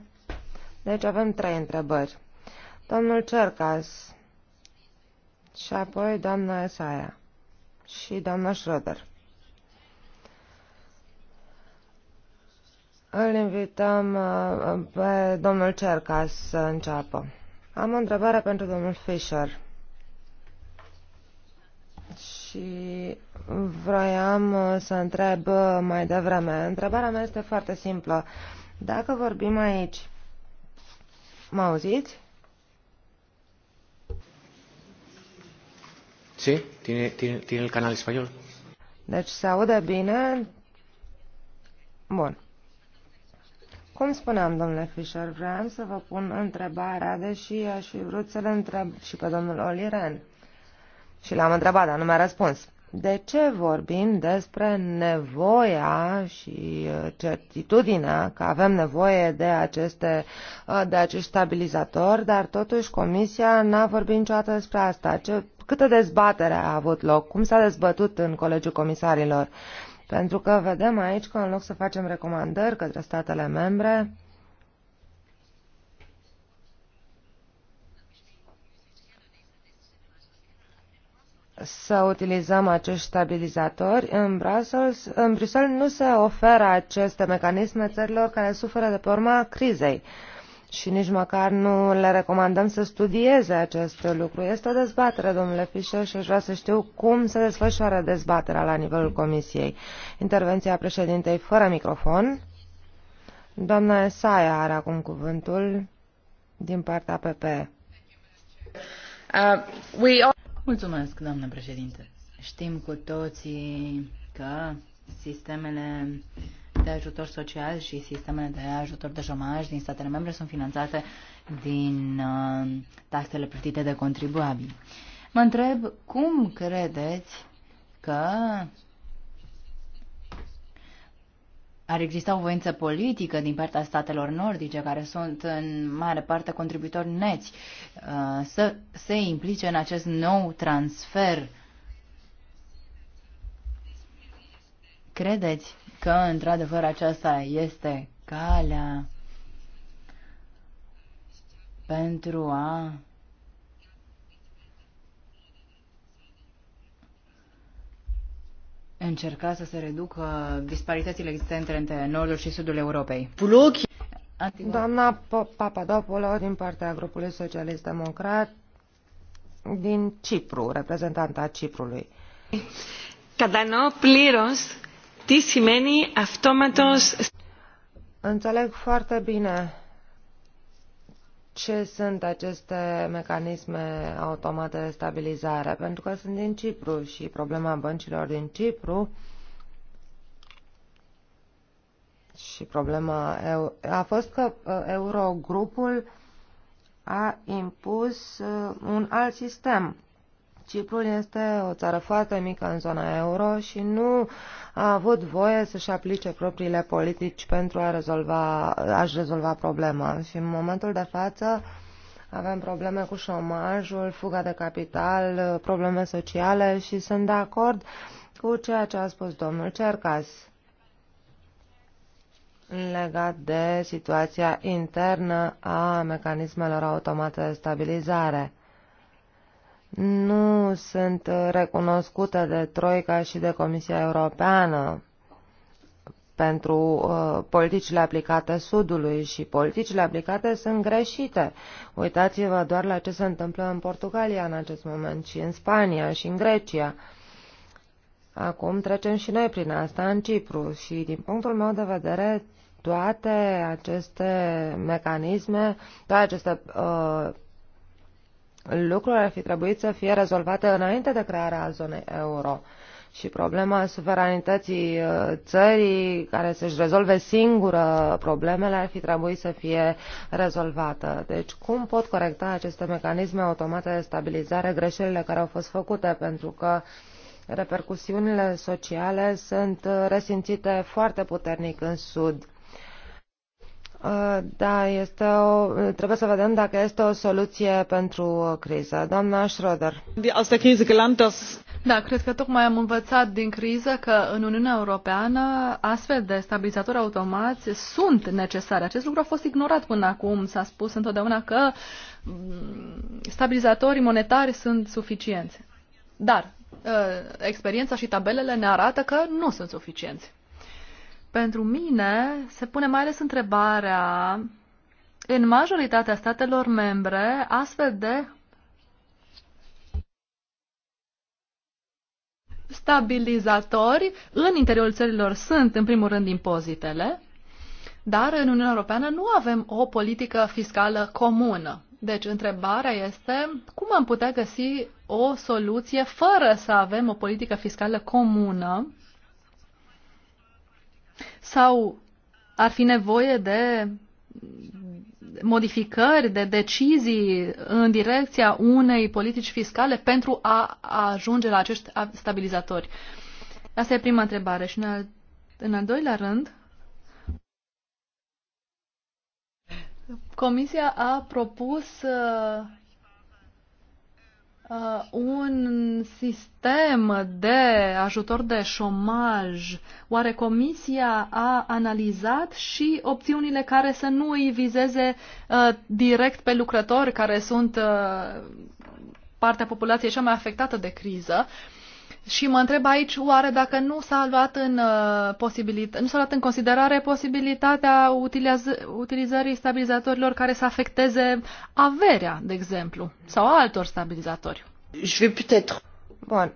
Deci avem trei întrebări. Domnul Cercas și apoi doamna Esaia și doamna Schroeder. Îl invităm uh, pe domnul Cercas să înceapă. Am o întrebare pentru domnul Fischer. Și vroiam uh, să întreb uh, mai devreme. Întrebarea mea este foarte simplă. Dacă vorbim aici Mă auziți? Sí, tiene, tiene, tiene el canal español. Deci se aude bine? Bun. Cum spuneam, domnule Fischer, vreau să vă pun întrebarea, deși aș fi vrut să le întreb și pe domnul Oliren. Și l-am întrebat, dar nu mi-a răspuns. De ce vorbim despre nevoia și uh, certitudinea că avem nevoie de, aceste, uh, de acești stabilizatori, dar totuși Comisia n-a vorbit niciodată despre asta? Ce, câtă dezbatere a avut loc? Cum s-a dezbătut în Colegiul Comisarilor? Pentru că vedem aici că în loc să facem recomandări către statele membre, să utilizăm acești stabilizatori. În Brussels, în Bruxelles nu se oferă aceste mecanisme țărilor care suferă de pe urma crizei și nici măcar nu le recomandăm să studieze acest lucru. Este o dezbatere, domnule Fischer, și aș vrea să știu cum se desfășoară dezbaterea la nivelul Comisiei. Intervenția președintei fără microfon. Doamna Esaia are acum cuvântul din partea PP. Uh, we all... Mulțumesc, doamnă președinte. Știm cu toții că sistemele de ajutor social și sistemele de ajutor de șomaj din statele membre sunt finanțate din uh, taxele plătite de contribuabili. Mă întreb cum credeți că ar exista o voință politică din partea statelor nordice, care sunt în mare parte contribuitori neți, uh, să se implice în acest nou transfer. Credeți că, într-adevăr, aceasta este calea pentru a încerca să se reducă disparitățile existente între nordul și sudul Europei. Puluchi. Doamna Papadopoulou din partea grupului socialist democrat din Cipru, reprezentanta Ciprului. Cadano pliros, tisimeni σημαίνει Înțeleg foarte bine ce sunt aceste mecanisme automate de stabilizare, pentru că sunt din Cipru și problema băncilor din Cipru și problema a fost că ă, Eurogrupul a impus ă, un alt sistem Ciprul este o țară foarte mică în zona euro și nu a avut voie să-și aplice propriile politici pentru a rezolva, a-și rezolva problema. Și în momentul de față avem probleme cu șomajul, fuga de capital, probleme sociale și sunt de acord cu ceea ce a spus domnul Cercas legat de situația internă a mecanismelor automate de stabilizare nu sunt uh, recunoscute de Troica și de Comisia Europeană pentru uh, politicile aplicate Sudului și politicile aplicate sunt greșite. Uitați-vă doar la ce se întâmplă în Portugalia în acest moment și în Spania și în Grecia. Acum trecem și noi prin asta în Cipru și din punctul meu de vedere toate aceste mecanisme, toate aceste uh, lucrurile ar fi trebuit să fie rezolvate înainte de crearea zonei euro. Și problema suveranității uh, țării care să-și rezolve singură problemele ar fi trebuit să fie rezolvată. Deci cum pot corecta aceste mecanisme automate de stabilizare greșelile care au fost făcute? Pentru că repercusiunile sociale sunt uh, resimțite foarte puternic în Sud Uh, da, este o, trebuie să vedem dacă este o soluție pentru criză. Doamna Schroeder. Da, cred că tocmai am învățat din criză că în Uniunea Europeană astfel de stabilizatori automați sunt necesare. Acest lucru a fost ignorat până acum. S-a spus întotdeauna că mm, stabilizatorii monetari sunt suficienți. Dar uh, experiența și tabelele ne arată că nu sunt suficienți. Pentru mine se pune mai ales întrebarea în majoritatea statelor membre astfel de stabilizatori în interiorul țărilor sunt, în primul rând, impozitele, dar în Uniunea Europeană nu avem o politică fiscală comună. Deci, întrebarea este cum am putea găsi o soluție fără să avem o politică fiscală comună sau ar fi nevoie de modificări, de decizii în direcția unei politici fiscale pentru a ajunge la acești stabilizatori? Asta e prima întrebare. Și în al, în al doilea rând, Comisia a propus uh, Uh, un sistem de ajutor de șomaj, oare Comisia a analizat și opțiunile care să nu îi vizeze uh, direct pe lucrători care sunt uh, partea populației cea mai afectată de criză? Uh, și mă întreb aici, oare dacă nu s-a luat în, uh, posibilit- nu s-a luat în considerare posibilitatea utilizării stabilizatorilor care să afecteze averea, de exemplu, sau altor stabilizatori? Je vais peut-être. Bun.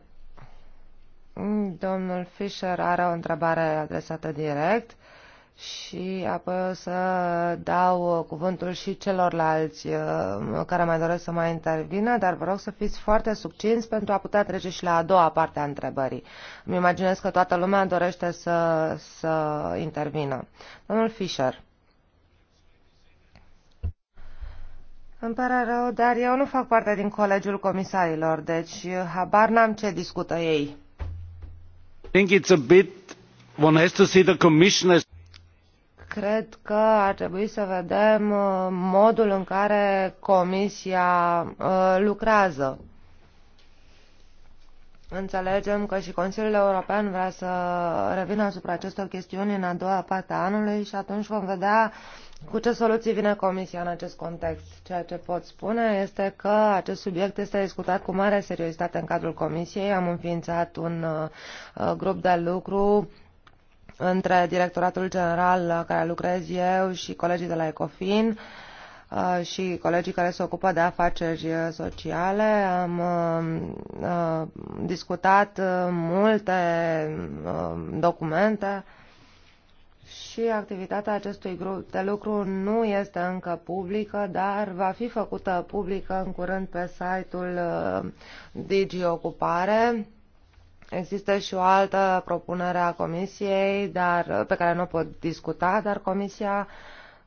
Domnul Fischer are o întrebare adresată direct și apoi o să dau uh, cuvântul și celorlalți uh, care mai doresc să mai intervină, dar vă rog să fiți foarte succinți pentru a putea trece și la a doua parte a întrebării. Îmi imaginez că toată lumea dorește să, să intervină. Domnul Fischer. Îmi pare rău, dar eu nu fac parte din colegiul comisarilor, deci uh, habar n-am ce discută ei. I think it's a bit one has to see the commissioners cred că ar trebui să vedem uh, modul în care Comisia uh, lucrează. Înțelegem că și Consiliul European vrea să revină asupra acestor chestiuni în a doua parte a anului și atunci vom vedea cu ce soluții vine Comisia în acest context. Ceea ce pot spune este că acest subiect este discutat cu mare seriozitate în cadrul Comisiei. Am înființat un uh, grup de lucru între directoratul general la uh, care lucrez eu și colegii de la Ecofin uh, și colegii care se ocupă de afaceri uh, sociale. Am discutat multe documente și activitatea acestui grup de lucru nu este încă publică, dar va fi făcută publică în curând pe site-ul DigiOcupare. Ocupare Există și o altă propunere a Comisiei, dar, pe care nu o pot discuta, dar Comisia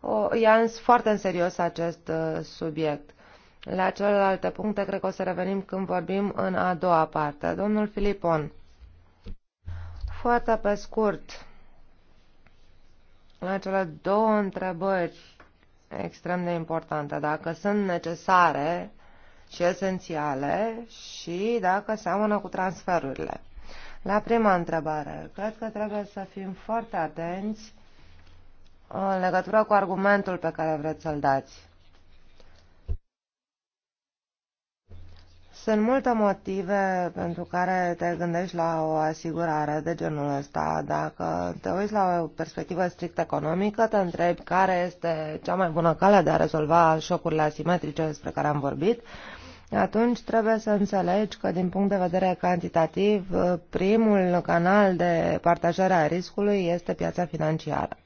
o, ia foarte în serios acest uh, subiect. La celelalte puncte cred că o să revenim când vorbim în a doua parte. Domnul Filipon, foarte pe scurt, la cele două întrebări extrem de importante, dacă sunt necesare și esențiale și dacă seamănă cu transferurile. La prima întrebare, cred că trebuie să fim foarte atenți uh, în legătură cu argumentul pe care vreți să-l dați. Sunt multe motive pentru care te gândești la o asigurare de genul ăsta. Dacă te uiți la o perspectivă strict economică, te întrebi care este cea mai bună cale de a rezolva șocurile asimetrice despre care am vorbit atunci trebuie să înțelegi că din punct de vedere cantitativ, uh, primul canal de partajare a riscului este piața financiară.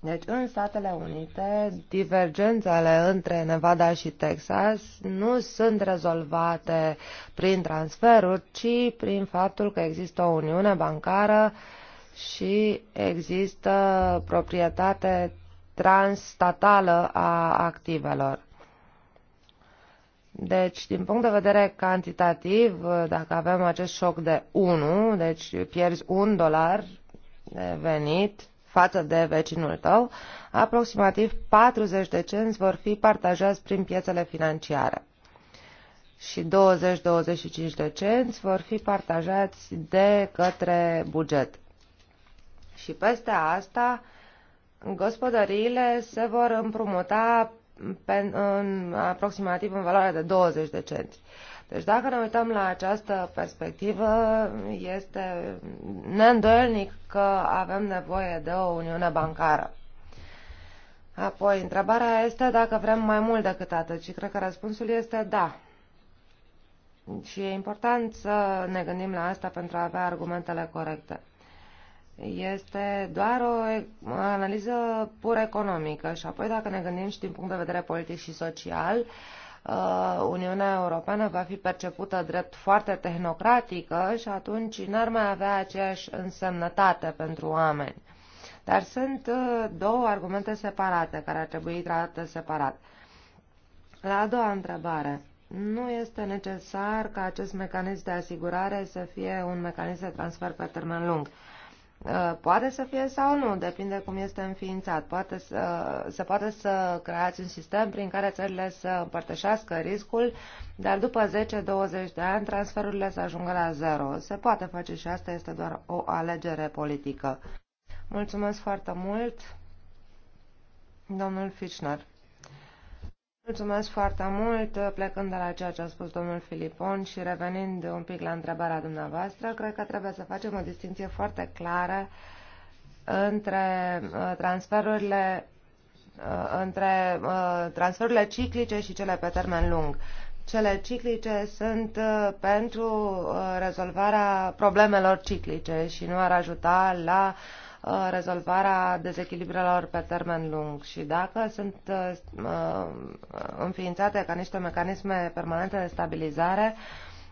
Deci, în Statele Unite, divergențele între Nevada și Texas nu sunt rezolvate prin transferuri, ci prin faptul că există o uniune bancară și există proprietate transstatală a activelor. Deci, din punct de vedere cantitativ, dacă avem acest șoc de 1, deci pierzi un dolar de venit față de vecinul tău, aproximativ 40 de cenți vor fi partajați prin piețele financiare și 20-25 de cenți vor fi partajați de către buget. Și peste asta, gospodăriile se vor împrumuta pe, în, aproximativ în valoare de 20 de centri. Deci dacă ne uităm la această perspectivă, este neîndoielnic că avem nevoie de o uniune bancară. Apoi, întrebarea este dacă vrem mai mult decât atât și cred că răspunsul este da. Și e important să ne gândim la asta pentru a avea argumentele corecte este doar o analiză pur economică și apoi dacă ne gândim și din punct de vedere politic și social, uh, Uniunea Europeană va fi percepută drept foarte tehnocratică și atunci n-ar mai avea aceeași însemnătate pentru oameni. Dar sunt uh, două argumente separate care ar trebui tratate separat. La a doua întrebare, nu este necesar ca acest mecanism de asigurare să fie un mecanism de transfer pe termen lung. Uh, Uh, poate să fie sau nu, depinde cum este înființat. Poate să, se poate să creați un sistem prin care țările să împărtășească riscul, dar după 10-20 de ani transferurile să ajungă la zero. Se poate face și asta este doar o alegere politică. Mulțumesc foarte mult, domnul Fischner. Mulțumesc foarte mult. Plecând de la ceea ce a spus domnul Filipon și revenind un pic la întrebarea dumneavoastră, cred că trebuie să facem o distinție foarte clară între uh, transferurile uh, între uh, transferurile ciclice și cele pe termen lung. Cele ciclice sunt pentru rezolvarea problemelor ciclice și nu ar ajuta la uh, Uh, rezolvarea dezechilibrelor pe termen lung și dacă sunt uh, uh, înființate ca niște mecanisme permanente de stabilizare,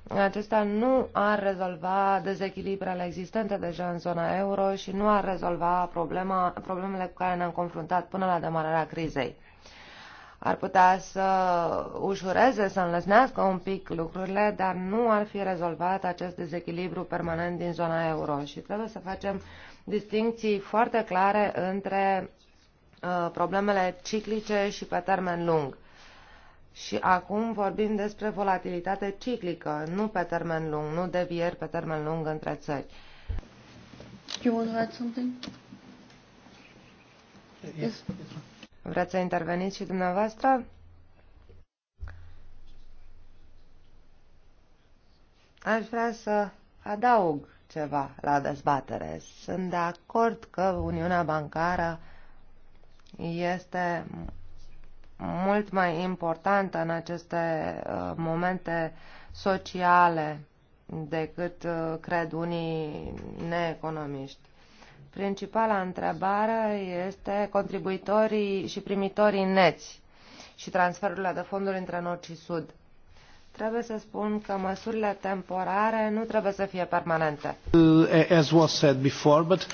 acesta nu ar rezolva dezechilibrele existente deja în zona euro și nu ar rezolva problema, problemele cu care ne-am confruntat până la demararea crizei. Ar putea să ușureze, să înlăsnească un pic lucrurile, dar nu ar fi rezolvat acest dezechilibru permanent din zona euro și trebuie să facem uh, distincții foarte clare între uh, problemele ciclice și pe termen lung. Și acum vorbim despre volatilitate ciclică, nu pe termen lung, nu devieri pe termen lung între țări. You want to add something? Yes. Vreți să interveniți și dumneavoastră? Aș vrea să adaug ceva la dezbatere. Sunt de acord că Uniunea Bancară este mult mai importantă în aceste uh, momente sociale decât uh, cred unii neeconomiști. Principala întrebare este contribuitorii și primitorii neți și transferurile de fonduri între nord și sud trebuie să spun că măsurile temporare nu trebuie să fie permanente. Uh, as was said before, but...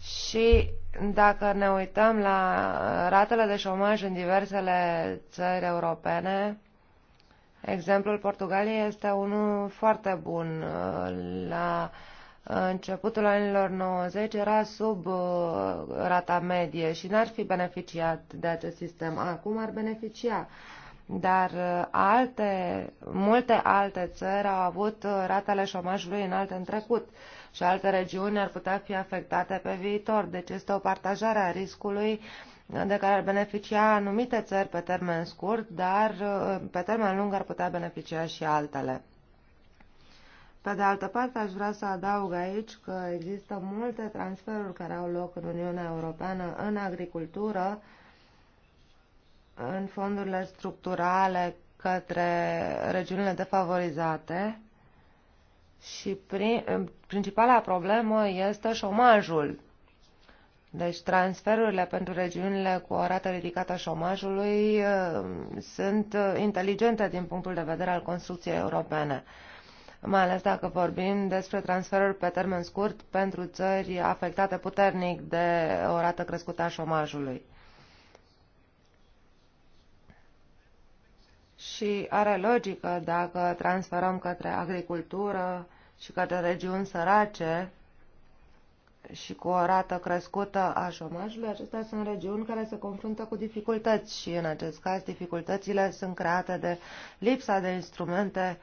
Și dacă ne uităm la ratele de șomaj în diversele țări europene, exemplul Portugaliei este unul foarte bun. La începutul anilor 90 era sub uh, rata medie și n-ar fi beneficiat de acest sistem. Acum ar beneficia dar uh, alte, multe alte țări au avut uh, ratele șomajului înalte în trecut și alte regiuni ar putea fi afectate pe viitor. Deci este o partajare a riscului uh, de care ar beneficia anumite țări pe termen scurt, dar pe termen lung ar putea beneficia și altele. Pe de altă parte, aș vrea să adaug aici că există multe transferuri care au loc în Uniunea Europeană în agricultură, în fondurile structurale către regiunile defavorizate și prin, principala problemă este șomajul. Deci transferurile pentru regiunile cu o rată ridicată a șomajului uh, sunt uh, inteligente din punctul de vedere al construcției europene mai ales dacă vorbim despre transferuri pe termen scurt pentru țări afectate puternic de o rată crescută a șomajului. și are logică dacă transferăm către agricultură și către regiuni sărace și cu o rată crescută a șomajului, acestea sunt regiuni care se confruntă cu dificultăți și în acest caz dificultățile sunt create de lipsa de instrumente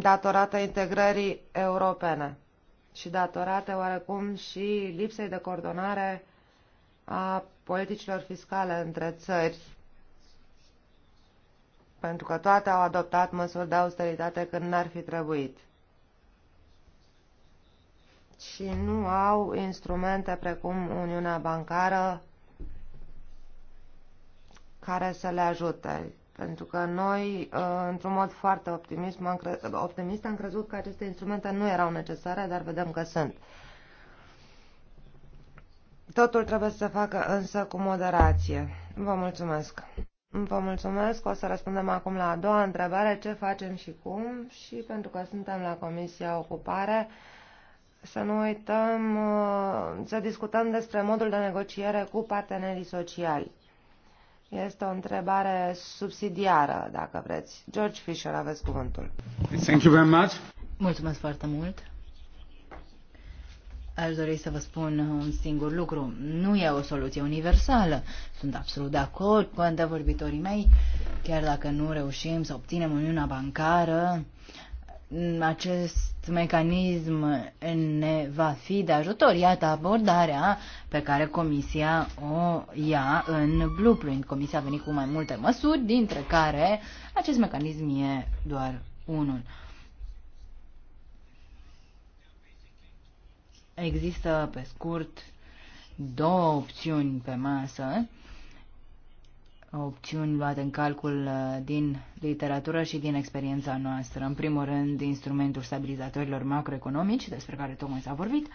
datorată integrării europene și datorate oarecum și lipsei de coordonare a politicilor fiscale între țări, pentru că toate au adoptat măsuri de austeritate când n-ar fi trebuit și nu au instrumente precum Uniunea Bancară care să le ajute. Pentru că noi, uh, într-un mod foarte optimist, am, cre- optimist, am crezut că aceste instrumente nu erau necesare, dar vedem că sunt. Totul trebuie să se facă însă cu moderație. Vă mulțumesc. Vă mulțumesc. O să răspundem acum la a doua întrebare, ce facem și cum. Și pentru că suntem la Comisia Ocupare, să nu uităm uh, să discutăm despre modul de negociere cu partenerii sociali. Este o întrebare subsidiară, dacă vreți. George Fisher, aveți cuvântul. Thank you very much. Mulțumesc foarte mult. Aș dori să vă spun un singur lucru. Nu e o soluție universală. Sunt absolut de acord cu antevorbitorii mei. Chiar dacă nu reușim să obținem uniunea bancară, acest mecanism ne va fi de ajutor. Iată abordarea pe care Comisia o ia în blueprint. Comisia a venit cu mai multe măsuri, dintre care acest mecanism e doar unul. Există, pe scurt, două opțiuni pe masă, opțiuni luate în calcul uh, din literatură și din experiența noastră. În primul rând, instrumentul stabilizatorilor macroeconomici, despre care tocmai s-a vorbit,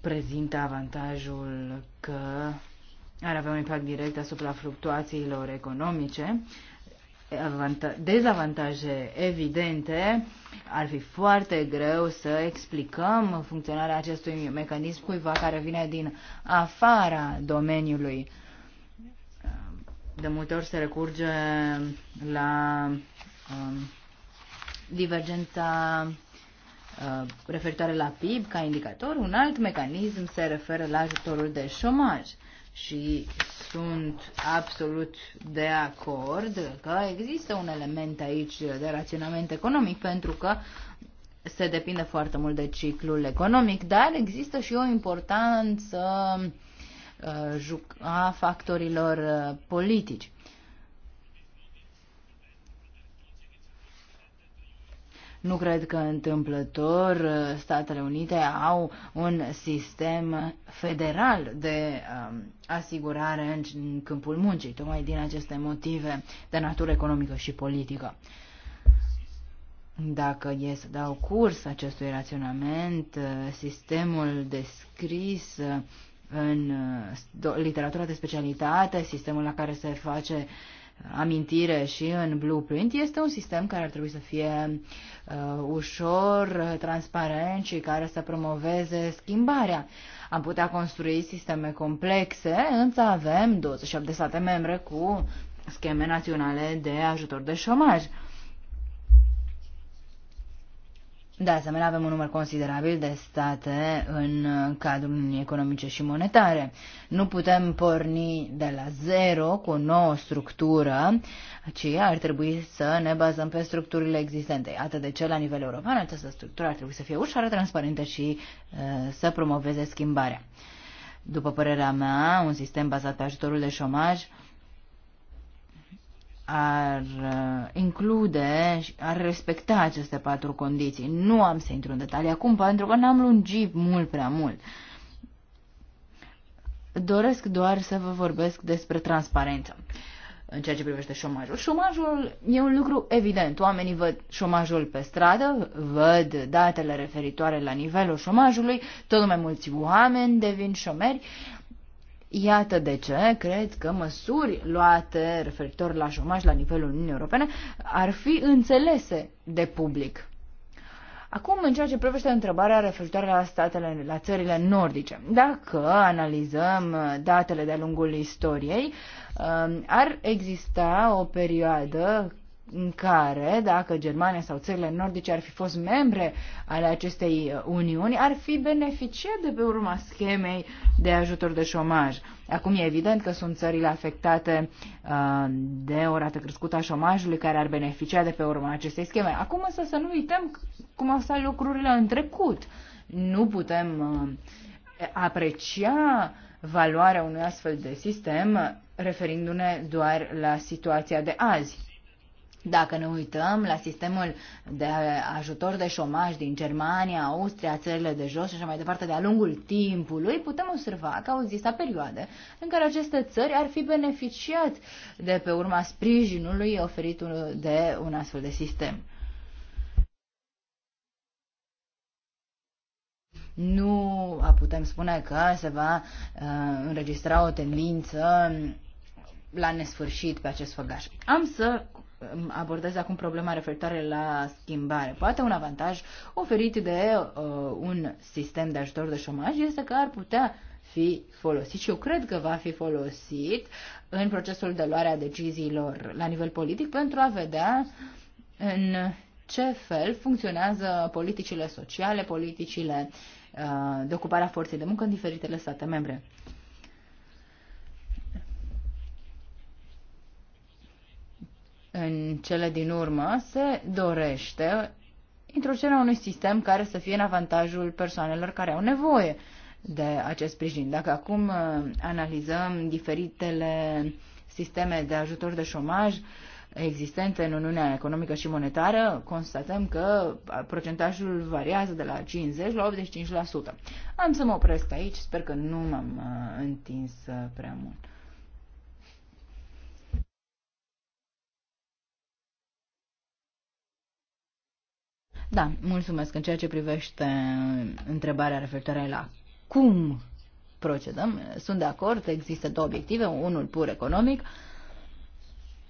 prezintă avantajul că ar avea un impact direct asupra fluctuațiilor economice, dezavantaje evidente, ar fi foarte greu să explicăm funcționarea acestui mecanism cuiva care vine din afara domeniului. De multe ori se recurge la um, divergența uh, referitoare la PIB ca indicator, un alt mecanism se referă la ajutorul de șomaj și sunt absolut de acord că există un element aici de raționament economic pentru că se depinde foarte mult de ciclul economic, dar există și o importanță uh, a factorilor uh, politici. Nu cred că întâmplător uh, Statele Unite au un sistem federal de um, asigurare în, în câmpul muncii, tocmai din aceste motive de natură economică și politică. Dacă e să dau curs acestui raționament, uh, sistemul descris uh, în literatura de specialitate, sistemul la care se face uh, amintire și în blueprint, este un sistem care ar trebui să fie uh, ușor, uh, transparent și care să promoveze schimbarea. Am putea construi sisteme complexe, însă avem 28 de state membre cu scheme naționale de ajutor de șomaj. Uh, de asemenea, avem un număr considerabil de state în cadrul Uniunii Economice și Monetare. Nu putem porni de la zero cu o nouă structură, ci ar trebui să ne bazăm pe structurile existente. Atât de ce la nivel european, această structură ar trebui să fie ușoară, transparentă și uh, să promoveze schimbarea. După părerea mea, un sistem bazat pe ajutorul de șomaj ar uh, include și ar respecta aceste patru condiții. Nu am să intru în detalii acum pentru că n-am lungit mult prea mult. Doresc doar să vă vorbesc despre transparență în ceea ce privește șomajul. Șomajul e un lucru evident. Oamenii văd șomajul pe stradă, văd datele referitoare la nivelul șomajului, tot mai mulți oameni devin șomeri. Uh, Iată de ce cred că măsuri luate referitor la șomaj la nivelul Uniunii Europene ar fi înțelese de public. Acum, în ceea ce privește întrebarea referitoare la statele, la țările nordice, dacă analizăm datele de-a lungul istoriei, um, ar exista o perioadă în care, dacă Germania sau țările nordice ar fi fost membre ale acestei uniuni, ar fi beneficiat de pe urma schemei de ajutor de șomaj. Acum e evident că sunt țările afectate uh, de o rată crescută a șomajului care ar beneficia de pe urma acestei scheme. Acum însă să nu uităm cum au stat lucrurile în trecut. Nu putem uh, aprecia valoarea unui astfel de sistem referindu-ne doar la situația de azi dacă ne uităm la sistemul de ajutor de șomaj din Germania, Austria, țările de jos și așa mai departe, de-a lungul timpului, putem observa că au existat perioade în care aceste țări ar fi beneficiat de pe urma sprijinului oferit de un astfel de sistem. Nu putem spune că se va uh, înregistra o tendință la nesfârșit pe acest făgaș. Am să abordez acum problema referitoare la schimbare. Poate un avantaj oferit de uh, un sistem de ajutor de șomaj este că ar putea fi folosit și eu cred că va fi folosit în procesul de luare a deciziilor la nivel politic pentru a vedea în ce fel funcționează politicile sociale, politicile uh, de ocupare a forței de muncă în diferitele state membre. În cele din urmă se dorește introducerea unui sistem care să fie în avantajul persoanelor care au nevoie de acest sprijin. Dacă acum uh, analizăm diferitele sisteme de ajutor de șomaj existente în Uniunea Economică și Monetară, constatăm că procentajul variază de la 50 la 85%. Am să mă opresc aici, sper că nu m-am uh, întins uh, prea mult. Da, mulțumesc. În ceea ce privește întrebarea referitoare la cum procedăm, sunt de acord, există două obiective, unul pur economic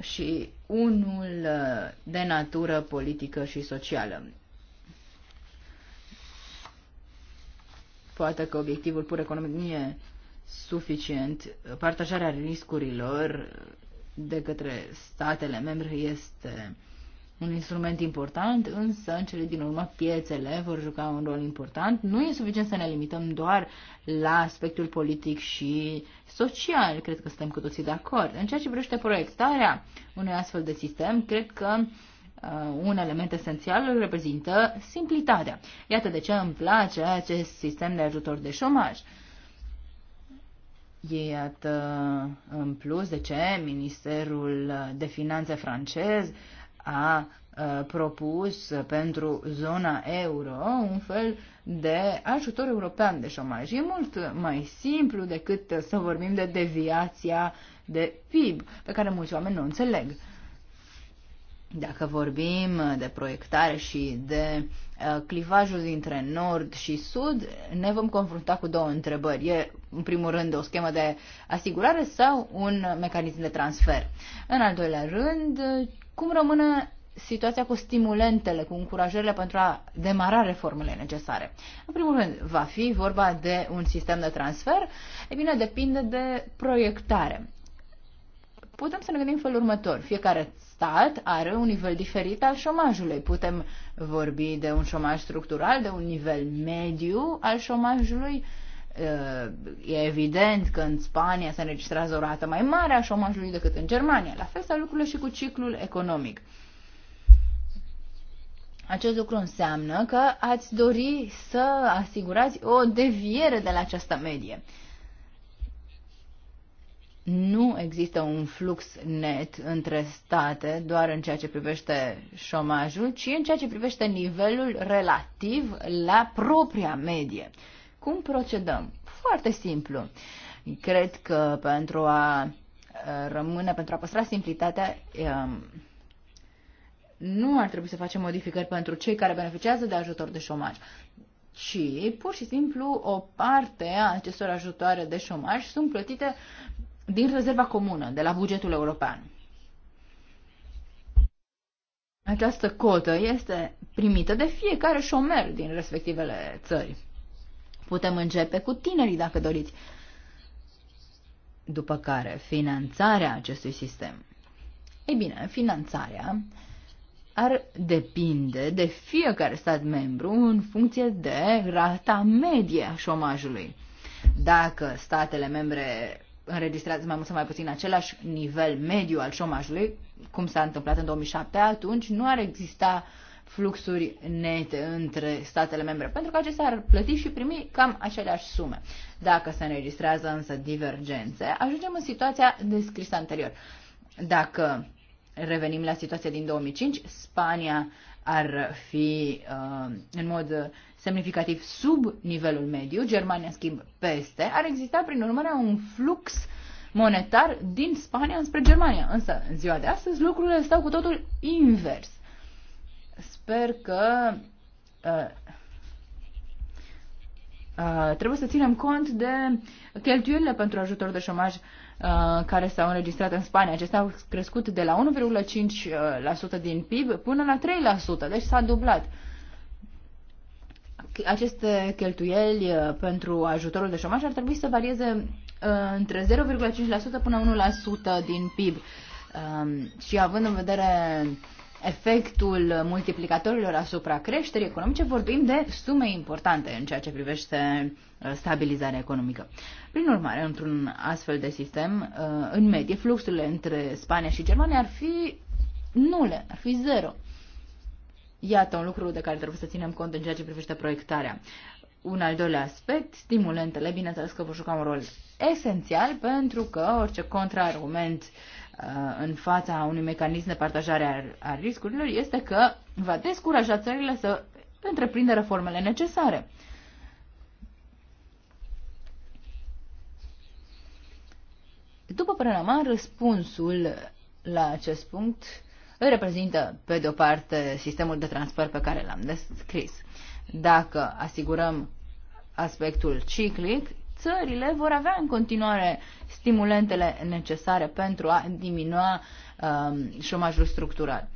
și unul uh, de natură politică și socială. Poate că obiectivul pur economic nu e suficient. Partajarea riscurilor de către statele membre este uh, un instrument important, însă în cele din urmă piețele vor juca un rol important. Nu e suficient să ne limităm doar la aspectul politic și social, cred că suntem cu toții de acord. În ceea ce privește proiectarea unui astfel de sistem, cred că uh, un element esențial îl reprezintă simplitatea. Iată de ce îmi place acest sistem de ajutor de șomaj. Iată, în plus, de ce Ministerul de Finanțe francez a propus pentru zona euro un fel de ajutor european de șomaj. E mult mai simplu decât să vorbim de deviația de PIB, pe care mulți oameni nu înțeleg. Dacă vorbim de proiectare și de clivajul dintre nord și sud, ne vom confrunta cu două întrebări. E, în primul rând, o schemă de asigurare sau un mecanism de transfer? În al doilea rând, cum rămâne situația cu stimulentele, cu încurajările pentru a demara reformele necesare? În primul rând, va fi vorba de un sistem de transfer? E bine, depinde de proiectare. Putem să ne gândim felul următor. Fiecare stat are un nivel diferit al șomajului. Putem vorbi de un șomaj structural, de un nivel mediu al șomajului, uh, E evident că în Spania se înregistrează o rată mai mare a șomajului decât în Germania. La fel stau lucrurile și cu ciclul economic. Acest lucru înseamnă că ați dori să asigurați o deviere de la această medie. Nu există un flux net între state doar în ceea ce privește șomajul, ci în ceea ce privește nivelul relativ la propria medie. Cum procedăm? Foarte simplu. Cred că pentru a uh, rămâne, pentru a păstra simplitatea, um, nu ar trebui să facem modificări pentru cei care beneficiază de ajutor de șomaj, ci pur și simplu o parte a acestor ajutoare de șomaj sunt plătite din rezerva comună, de la bugetul european. Această cotă este primită de fiecare șomer din respectivele țări. Putem începe cu tinerii, dacă doriți. După care, finanțarea acestui sistem. Ei bine, finanțarea ar depinde de fiecare stat membru în funcție de rata medie a șomajului. Dacă statele membre înregistrează mai mult sau mai puțin același nivel mediu al șomajului, cum s-a întâmplat în 2007, atunci nu ar exista fluxuri nete între statele membre, pentru că acestea ar plăti și primi cam aceleași sume. Dacă se înregistrează însă divergențe, ajungem în situația descrisă anterior. Dacă revenim la situația din 2005, Spania ar fi uh, în mod semnificativ sub nivelul mediu, Germania, în schimb, peste, ar exista, prin urmare, un flux monetar din Spania înspre Germania. Însă, în ziua de astăzi, lucrurile stau cu totul invers. Sper că uh, uh, trebuie să ținem cont de cheltuielile pentru ajutor de șomaj uh, care s-au înregistrat în Spania. Acestea au crescut de la 1,5% din PIB până la 3%, deci s-a dublat aceste cheltuieli uh, pentru ajutorul de șomaj ar trebui să varieze uh, între 0,5% până 1% din PIB. Um, și având în vedere efectul multiplicatorilor asupra creșterii economice, vorbim de sume importante în ceea ce privește uh, stabilizarea economică. Prin urmare, într-un astfel de sistem, uh, în medie, fluxurile între Spania și Germania ar fi nule, ar fi zero. Iată un lucru de care trebuie să ținem cont în ceea ce privește proiectarea. Un al doilea aspect, stimulentele, bineînțeles că vor juca un rol esențial pentru că orice contraargument uh, Uh, în fața unui mecanism de partajare a, a riscurilor este că va descuraja țările să întreprindă reformele necesare. După părerea mea, răspunsul la acest punct îl reprezintă, pe de o parte, sistemul de transfer pe care l-am descris. Dacă asigurăm aspectul ciclic, țările vor avea în continuare stimulentele necesare pentru a diminua um, șomajul structural.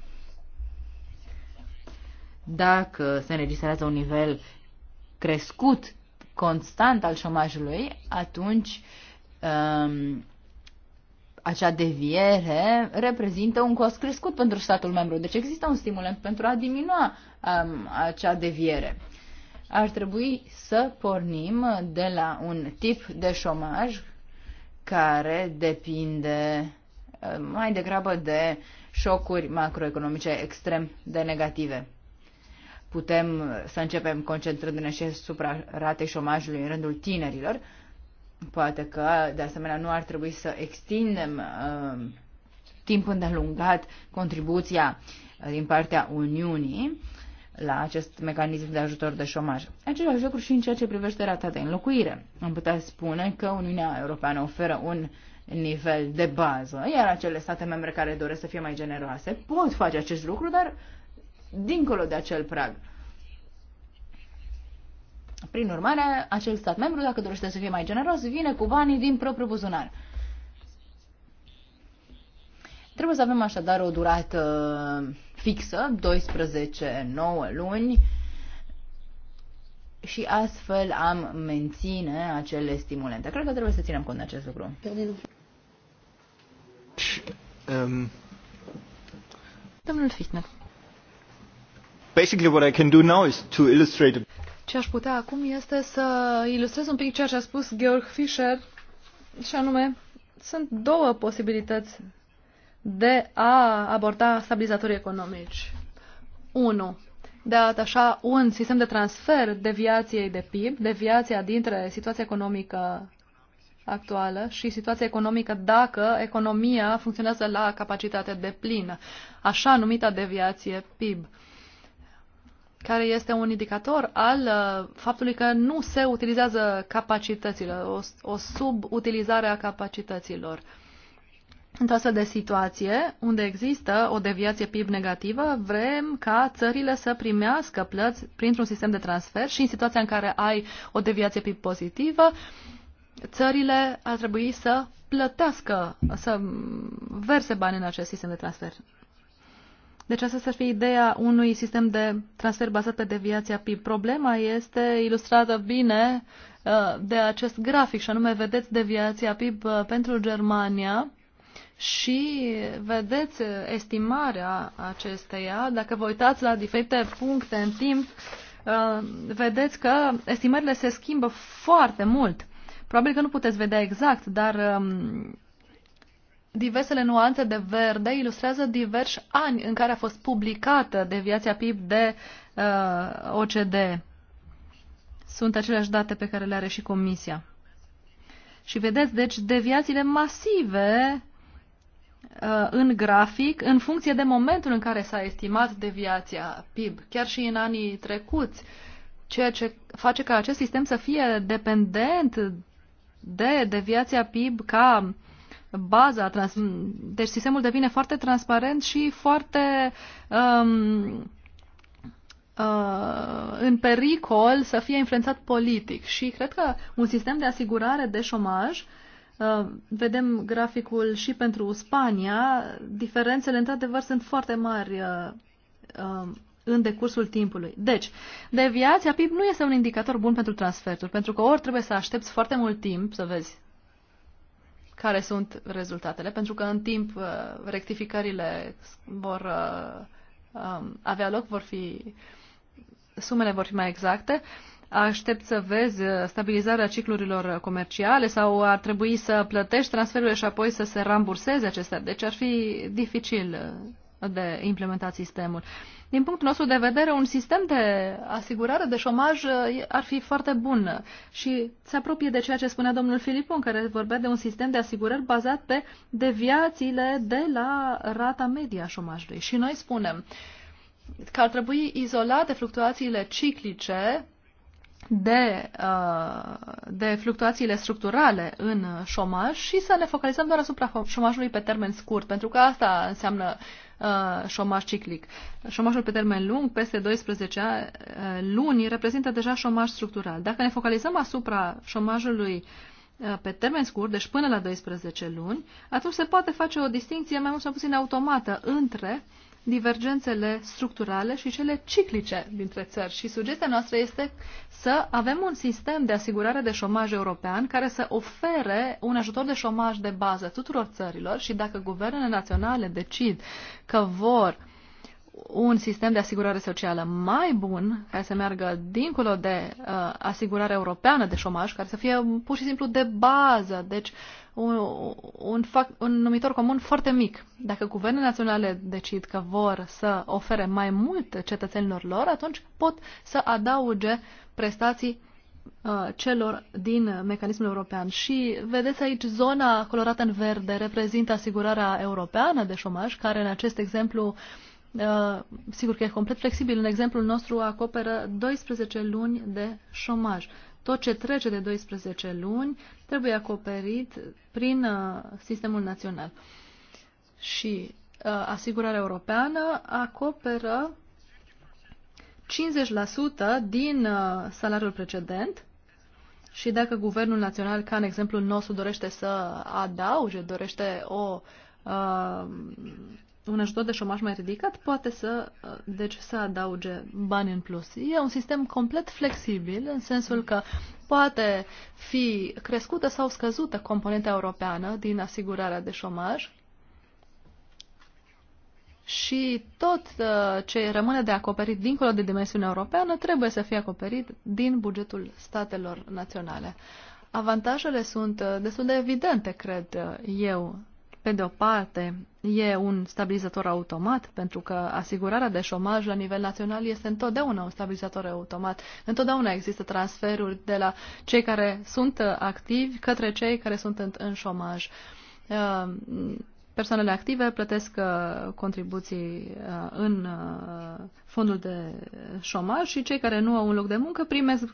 Dacă se înregistrează un nivel crescut constant al șomajului, atunci um, acea deviere reprezintă un cost crescut pentru statul membru. Deci există un stimulant pentru a diminua um, acea deviere ar trebui să pornim de la un tip de șomaj care depinde uh, mai degrabă de șocuri macroeconomice extrem de negative. Putem uh, să începem concentrându-ne și asupra ratei șomajului în rândul tinerilor. Poate că, de asemenea, nu ar trebui să extindem uh, timp îndelungat contribuția din partea Uniunii la acest mecanism de ajutor de șomaj. Același lucru și în ceea ce privește rata de înlocuire. Am putea spune că Uniunea Europeană oferă un nivel de bază, iar acele state membre care doresc să fie mai generoase pot face acest lucru, dar dincolo de acel prag. Prin urmare, acel stat membru, dacă dorește să fie mai generos, vine cu banii din propriul buzunar. Trebuie să avem așadar o durată fixă, 12-9 luni, și astfel am menține acele stimulente. Cred că trebuie să ținem cont de acest lucru. Um, Domnul Fichtner. Basically what I can do now is to illustrate ce aș putea acum este să ilustrez un pic ceea ce a spus Georg Fischer și anume sunt două posibilități de a aborda stabilizatorii economici. 1. De a atașa un sistem de transfer deviației de PIB, deviația dintre situația economică actuală și situația economică dacă economia funcționează la capacitate de plină, așa numită deviație PIB care este un indicator al uh, faptului că nu se utilizează capacitățile, o, o subutilizare a capacităților. Într-o astfel de situație, unde există o deviație PIB negativă, vrem ca țările să primească plăți printr-un sistem de transfer și în situația în care ai o deviație PIB pozitivă, țările ar trebui să plătească, să verse bani în acest sistem de transfer. Deci asta să fie ideea unui sistem de transfer bazat pe deviația PIB. Problema este ilustrată bine uh, de acest grafic și anume vedeți deviația PIB uh, pentru Germania și vedeți estimarea acesteia. Dacă vă uitați la diferite puncte în timp, uh, vedeți că estimările se schimbă foarte mult. Probabil că nu puteți vedea exact, dar um, diversele nuanțe de verde ilustrează diversi ani în care a fost publicată deviația PIB de uh, OCD. Sunt aceleași date pe care le are și Comisia. Și vedeți, deci, deviațiile masive Uh, în grafic în funcție de momentul în care s-a estimat deviația PIB, chiar și în anii trecuți, ceea ce face ca acest sistem să fie dependent de deviația PIB ca baza. Trans- deci sistemul devine foarte transparent și foarte um, uh, în pericol să fie influențat politic. Și cred că un sistem de asigurare de șomaj uh, Uh, vedem graficul și pentru Spania, diferențele într-adevăr sunt foarte mari uh, uh, în decursul timpului. Deci, deviația PIB nu este un indicator bun pentru transferuri, pentru că ori trebuie să aștepți foarte mult timp să vezi care sunt rezultatele, pentru că în timp rectificările vor um, avea loc, vor fi, sumele vor fi mai exacte, aștept să vezi uh, stabilizarea ciclurilor comerciale sau ar trebui să plătești transferurile și apoi să se ramburseze acestea. Deci ar fi dificil uh, de implementat sistemul. Din punctul nostru de vedere, un sistem de asigurare de șomaj uh, ar fi foarte bun și se apropie de ceea ce spunea domnul Filipon, care vorbea de un sistem de asigurări bazat pe deviațiile de la rata media a șomajului. Și noi spunem că ar trebui izolate fluctuațiile ciclice de, uh, de fluctuațiile structurale în șomaj și să ne focalizăm doar asupra șomajului pe termen scurt, pentru că asta înseamnă uh, șomaj ciclic. Șomajul pe termen lung, peste 12 uh, luni, reprezintă deja șomaj structural. Dacă ne focalizăm asupra șomajului pe termen scurt, deci până la 12 luni, atunci se poate face o distinție mai mult sau puțin automată între uh, divergențele structurale și cele ciclice dintre țări. Și sugestia noastră este să avem un sistem de asigurare de șomaj european care să ofere un ajutor de șomaj de bază tuturor țărilor și dacă guvernele naționale decid că vor uh, un sistem de asigurare socială mai bun, care să meargă dincolo de uh, asigurarea europeană de șomaj, care să fie pur și simplu de bază, deci un, un, fac, un numitor comun foarte mic. Dacă guvernele naționale decid că vor să ofere mai mult cetățenilor lor, atunci pot să adauge prestații uh, celor din mecanismul european. Și vedeți aici zona colorată în verde reprezintă asigurarea europeană de șomaj, care în acest exemplu uh, Uh, sigur că e complet flexibil, în exemplul nostru acoperă 12 luni de șomaj. Tot ce trece de 12 luni trebuie acoperit prin uh, sistemul național. Și uh, asigurarea europeană acoperă 50% din salariul precedent și dacă guvernul național, ca în exemplul nostru, dorește să adauge, dorește o uh, un ajutor de șomaș mai ridicat poate să, uh, deci, să adauge bani în plus. E un sistem complet flexibil, în sensul că poate fi crescută sau scăzută componenta europeană din asigurarea de șomaj și tot uh, ce rămâne de acoperit dincolo de dimensiunea europeană trebuie să fie acoperit din bugetul statelor naționale. Avantajele sunt uh, destul de evidente, cred eu, pe de o parte, e un stabilizator automat, pentru că asigurarea de șomaj la nivel național este întotdeauna un stabilizator automat. Întotdeauna există transferuri de la cei care sunt activi către cei care sunt în, șomaj. Ehm, persoanele active plătesc uh, contribuții uh, în uh, fondul de șomaj și cei care nu au un loc de muncă primesc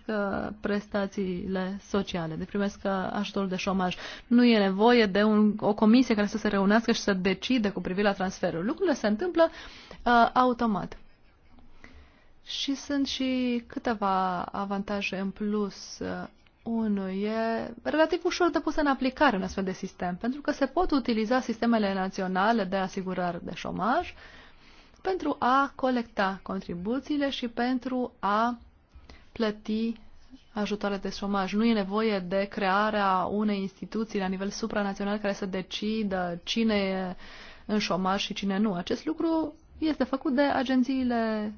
prestațiile sociale, de deci primesc ajutorul de șomaj. Nu e nevoie de un, o comisie care să se reunească și să decide cu privire la transferul. Lucrurile se întâmplă uh, automat. Și sunt și câteva avantaje în plus 1. E relativ ușor de pus în aplicare un astfel de sistem, pentru că se pot utiliza sistemele naționale de asigurare de șomaj pentru a colecta contribuțiile și pentru a plăti ajutoare de șomaj. Nu e nevoie de crearea unei instituții la nivel supranațional care să decidă cine e în șomaj și cine nu. Acest lucru este făcut de agențiile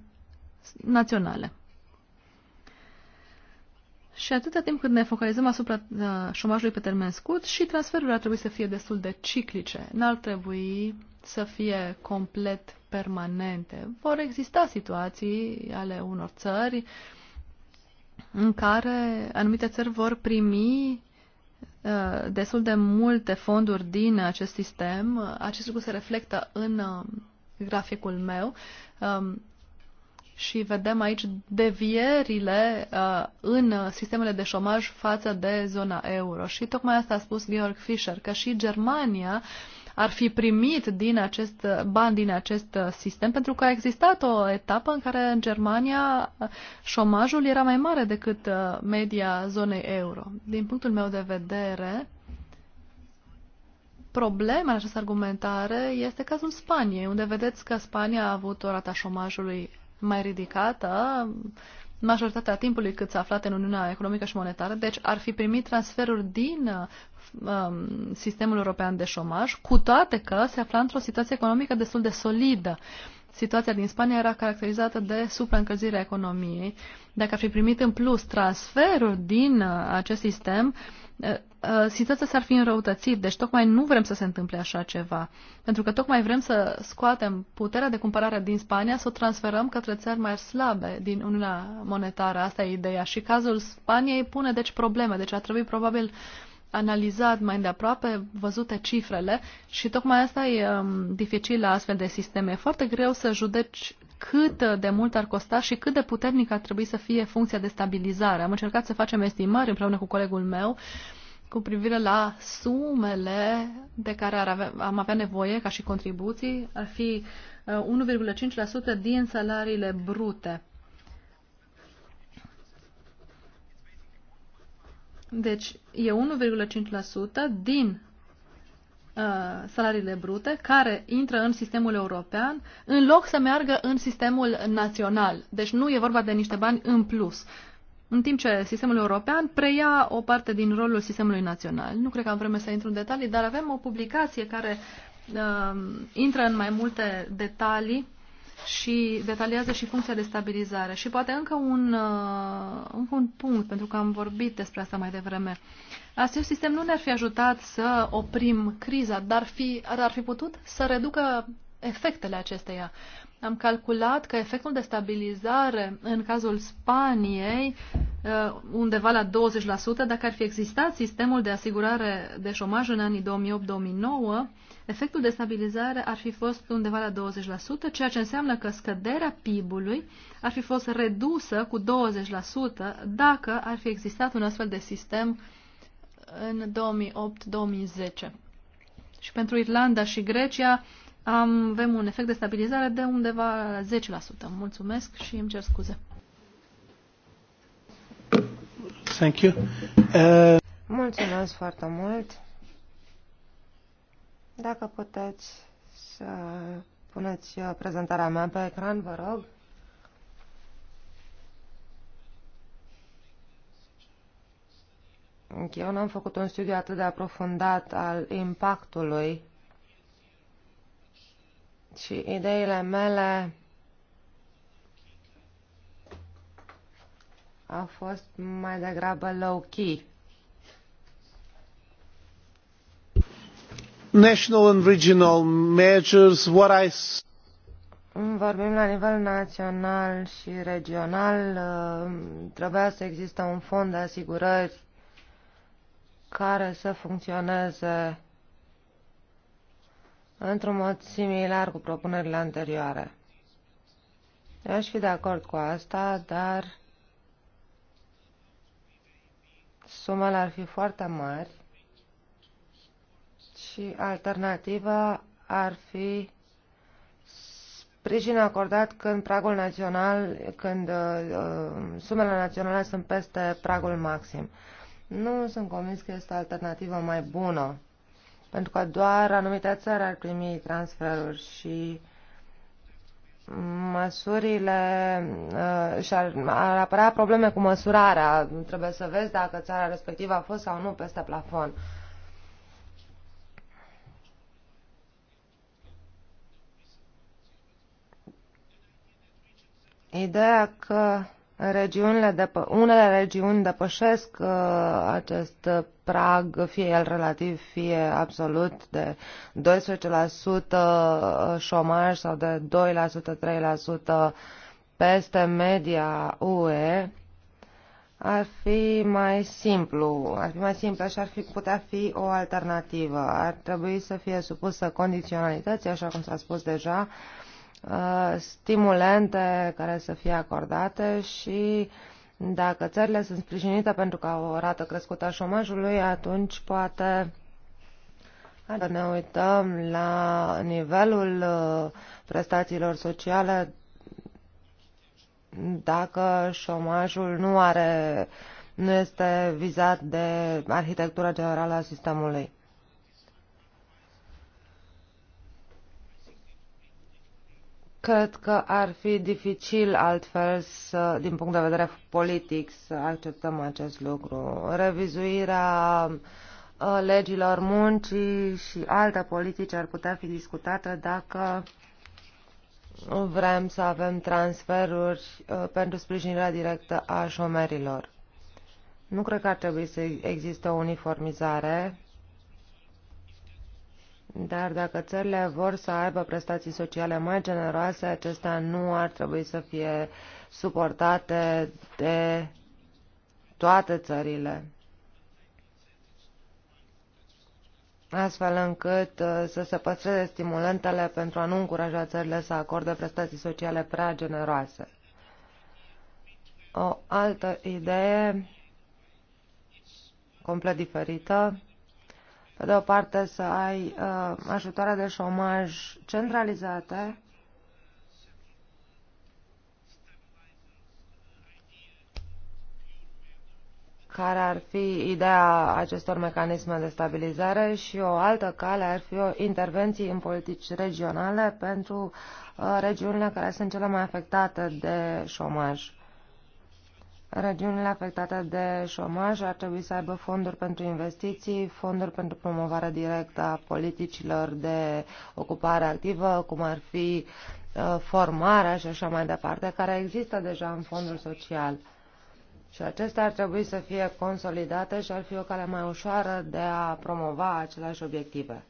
naționale. Și atâta timp cât ne focalizăm asupra uh, șomajului pe termen scurt și transferurile ar trebui să fie destul de ciclice. N-ar trebui să fie complet permanente. Vor exista situații ale unor țări în care anumite țări vor primi uh, destul de multe fonduri din acest sistem. Acest lucru se reflectă în uh, graficul meu. Um, și vedem aici devierile uh, în sistemele de șomaj față de zona euro. Și tocmai asta a spus Georg Fischer, că și Germania ar fi primit din acest bani din acest uh, sistem, pentru că a existat o etapă în care în Germania uh, șomajul era mai mare decât uh, media zonei euro. Din punctul meu de vedere, problema în această argumentare este cazul Spaniei, unde vedeți că Spania a avut o rata șomajului mai ridicată majoritatea timpului cât s-a aflat în Uniunea Economică și Monetară, deci ar fi primit transferuri din um, sistemul european de șomaj, cu toate că se afla într-o situație economică destul de solidă. Situația din Spania era caracterizată de supraîncălzirea economiei. Dacă ar fi primit în plus transferuri din uh, acest sistem, uh, Uh, situația s-ar fi înrăutățit, deci tocmai nu vrem să se întâmple așa ceva. Pentru că tocmai vrem să scoatem puterea de cumpărare din Spania, să o transferăm către țări mai slabe din Uniunea Monetară. Asta e ideea. Și cazul Spaniei pune deci probleme. Deci ar trebui probabil analizat mai de aproape, văzute cifrele și tocmai asta e um, dificil la astfel de sisteme. E foarte greu să judeci cât de mult ar costa și cât de puternic ar trebui să fie funcția de stabilizare. Am încercat să facem estimări împreună cu colegul meu uh, cu privire la sumele de care ar avea, am avea nevoie ca și contribuții ar fi 1,5% uh, din salariile brute. Deci e 1,5% din uh, salariile brute care intră în sistemul european în loc să meargă în sistemul național. Deci nu e vorba de niște bani în plus în timp ce sistemul european preia o parte din rolul sistemului național. Nu cred că am vreme să intru în detalii, dar avem o publicație care uh, intră în mai multe detalii și detaliază și funcția de stabilizare. Și poate încă un, uh, încă un punct, pentru că am vorbit despre asta mai devreme. Acest sistem nu ne-ar fi ajutat să oprim criza, dar, fi, dar ar fi putut să reducă efectele acesteia am calculat că efectul de stabilizare în cazul Spaniei uh, undeva la 20%, dacă ar fi existat sistemul de asigurare de șomaj în anii 2008-2009, efectul de stabilizare ar fi fost undeva la 20%, ceea ce înseamnă că scăderea PIB-ului ar fi fost redusă cu 20% dacă ar fi existat un astfel de sistem în 2008-2010. Și pentru Irlanda și Grecia, am, avem un efect de stabilizare de undeva 10%. Mulțumesc și îmi cer scuze. Thank you. Uh... Mulțumesc foarte mult. Dacă puteți să puneți uh, prezentarea mea pe ecran, vă rog. Eu n-am făcut un studiu atât de aprofundat al impactului și ideile mele au fost mai degrabă low-key. National and regional measures, what I... Vorbim la nivel național și regional. Uh, trebuia să existe un fond de asigurări care să funcționeze într-un mod similar cu propunerile anterioare. Eu aș fi de acord cu asta, dar sumele ar fi foarte mari și alternativa ar fi sprijin acordat când pragul național, când uh, sumele naționale sunt peste pragul maxim. Nu sunt convins că este o alternativă mai bună pentru că doar anumite țări ar primi transferuri și măsurile uh, și ar, ar apărea probleme cu măsurarea. Trebuie să vezi dacă țara respectivă a fost sau nu peste plafon. Ideea că regiunile depă- unele regiuni depășesc uh, acest prag, fie el relativ, fie absolut, de 12% șomaj sau de 2%, 3% peste media UE, ar fi mai simplu, ar fi mai simplu și ar fi, putea fi o alternativă. Ar trebui să fie supusă condiționalității, așa cum s-a spus deja, uh, Uh, stimulente care să fie acordate și dacă țările sunt sprijinite pentru că au o rată crescută a șomajului, atunci poate să ne uităm la nivelul uh, prestațiilor sociale, dacă șomajul nu are nu este vizat de arhitectura generală a sistemului. Cred că ar fi dificil altfel, să, din punct de vedere politic, să acceptăm acest lucru. Revizuirea ă, legilor muncii și alte politici ar putea fi discutată dacă vrem să avem transferuri ă, pentru sprijinirea directă a șomerilor. Nu cred că ar trebui să existe o uniformizare dar dacă țările vor să aibă prestații sociale mai generoase, acestea nu ar trebui să fie suportate de toate țările. astfel încât uh, să se păstreze stimulentele pentru a nu încuraja țările să acorde prestații sociale prea generoase. O altă idee complet diferită pe de o parte să ai uh, ajutoare de șomaj centralizate, care ar fi ideea acestor mecanisme de stabilizare și o altă cale ar fi o intervenții în politici regionale pentru uh, regiunile care sunt cele mai afectate de șomaj. Regiunile afectate de șomaj ar trebui să aibă fonduri pentru investiții, fonduri pentru promovarea directă a politicilor de ocupare activă, cum ar fi uh, formarea și așa mai departe, care există deja în fondul social. Și acestea ar trebui să fie consolidate și ar fi o cale mai ușoară de a promova aceleași obiective.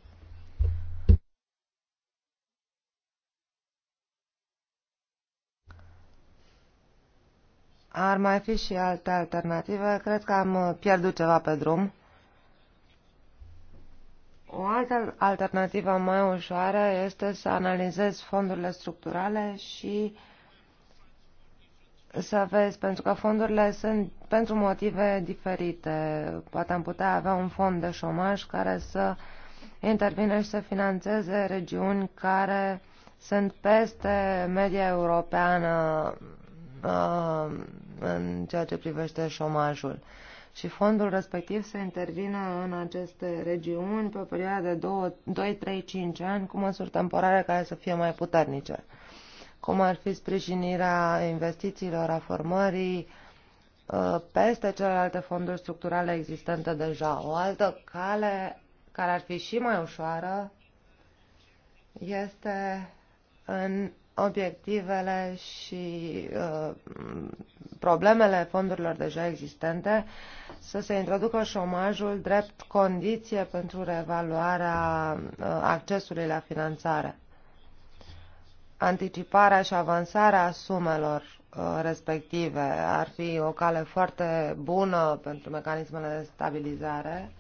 Ar mai fi și alte alternative. Cred că am uh, pierdut ceva pe drum. O altă alternativă mai ușoară este să analizezi fondurile structurale și să vezi, pentru că fondurile sunt pentru motive diferite. Poate am putea avea un fond de șomaj care să intervine și să financeze regiuni care sunt peste media europeană uh, în ceea ce privește șomajul. Și fondul respectiv să intervină în aceste regiuni pe o perioadă de 2-3-5 ani cu măsuri temporare care să fie mai puternice, cum ar fi sprijinirea investițiilor, a formării, ă, peste celelalte fonduri structurale existente deja. O altă cale care ar fi și mai ușoară este în obiectivele și uh, problemele fondurilor deja existente, să se introducă șomajul drept condiție pentru reevaluarea uh, accesului la finanțare, anticiparea și avansarea sumelor uh, respective ar fi o cale foarte bună pentru mecanismele de stabilizare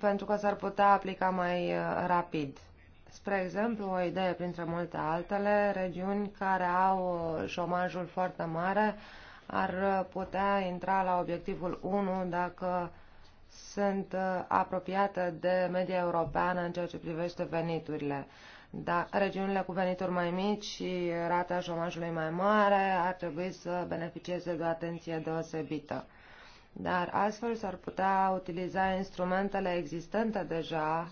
pentru că s-ar putea aplica mai uh, rapid. Spre exemplu, o idee printre multe altele, regiuni care au șomajul foarte mare ar putea intra la obiectivul 1 dacă sunt apropiate de media europeană în ceea ce privește veniturile. Da, regiunile cu venituri mai mici și rata șomajului mai mare ar trebui să beneficieze de o atenție deosebită. Dar astfel s-ar putea utiliza instrumentele existente deja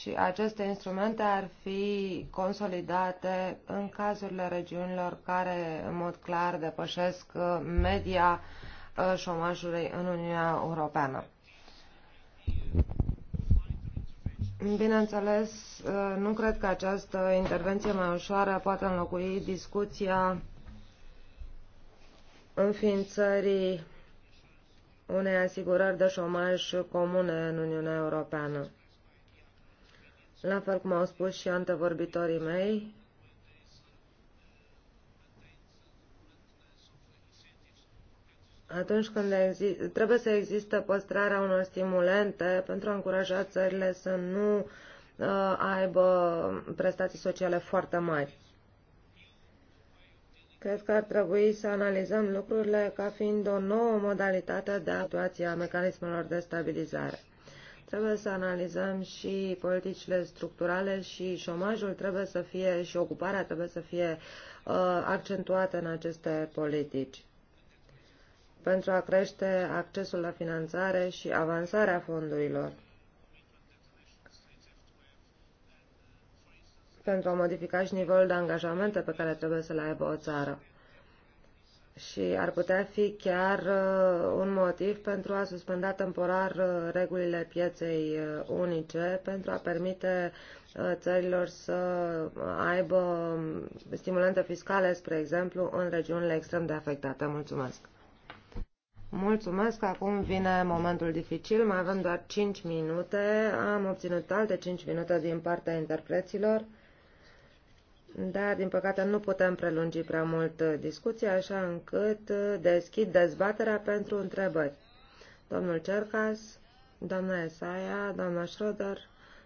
și aceste instrumente ar fi consolidate în cazurile regiunilor care în mod clar depășesc uh, media uh, șomajului în Uniunea Europeană. Bineînțeles, uh, nu cred că această intervenție mai ușoară poate înlocui discuția înființării unei asigurări de șomaj comune în Uniunea Europeană. La fel cum au spus și antevorbitorii mei, atunci când trebuie să existe păstrarea unor stimulente pentru a încuraja țările să nu uh, aibă prestații sociale foarte mari. Cred că ar trebui să analizăm lucrurile ca fiind o nouă modalitate de actuație a mecanismelor de stabilizare. Trebuie să analizăm și politicile structurale și șomajul trebuie să fie și ocuparea trebuie să fie uh, accentuată în aceste politici pentru a crește accesul la finanțare și avansarea fondurilor. pentru a modifica și nivelul de angajamente pe care trebuie să le aibă o țară și ar putea fi chiar uh, un motiv pentru a suspenda temporar uh, regulile pieței uh, unice, pentru a permite țărilor să aibă um, stimulante fiscale, spre exemplu, în regiunile extrem de afectate. Mulțumesc! Mulțumesc, acum vine momentul dificil, mai avem doar 5 minute, am obținut alte 5 minute din partea interpreților. Da, din păcate, nu putem prelungi prea mult uh, discuția, așa încât uh, deschid dezbaterea pentru întrebări. Domnul Cercas, doamna Esaia, doamna Schroeder,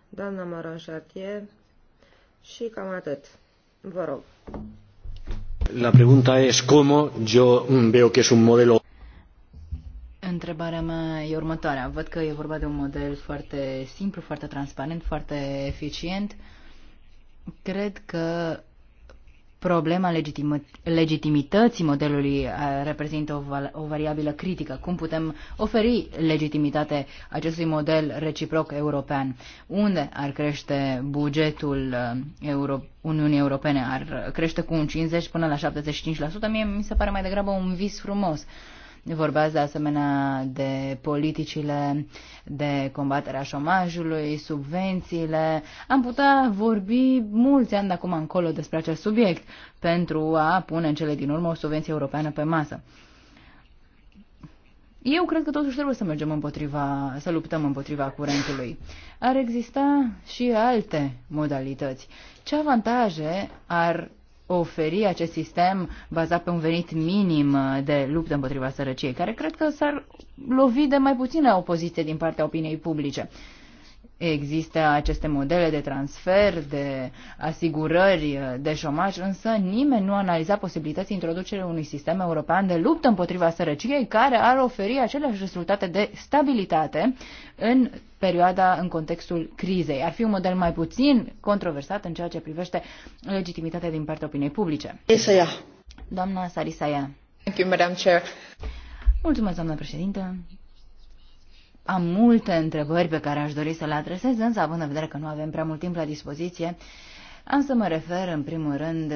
doamna Maron Chartier și cam atât. Vă rog. La pregunta es cómo yo veo que es un modelo Întrebarea mea e următoarea. Văd că e vorba de un model foarte simplu, foarte transparent, foarte eficient. Uh, Cred că problema legitimității modelului uh, reprezintă o, val o variabilă critică. Cum putem oferi legitimitate acestui model reciproc european? Unde ar crește bugetul uh, Euro Uniunii Europene? Ar crește cu un 50 până la 75%? Mie mi se pare mai degrabă un vis frumos. Uh, Vorbeați de asemenea de politicile de combaterea șomajului, subvențiile. Am putea vorbi mulți ani de acum încolo despre acest subiect pentru a pune în cele din urmă o subvenție europeană pe masă. Eu cred că totuși trebuie să mergem împotriva, să luptăm împotriva curentului. Ar exista și alte modalități. Ce avantaje ar oferi acest sistem bazat pe un venit minim uh, de luptă împotriva sărăciei, care cred că s-ar lovi de mai puțină opoziție din partea opiniei publice. Există aceste modele de transfer, de asigurări, uh, de șomaj, însă nimeni nu analiza posibilității introducerii unui sistem european de luptă împotriva sărăciei care ar oferi aceleași rezultate de stabilitate în perioada în contextul crizei. Ar fi un model mai puțin controversat în ceea ce privește legitimitatea din partea opiniei publice. Isaia. Doamna Sarisaia. Thank you, Madam Chair. Mulțumesc, doamna președintă. Am multe întrebări pe care aș dori să le adresez, însă având în vedere că nu avem prea mult timp la dispoziție, am să mă refer în primul rând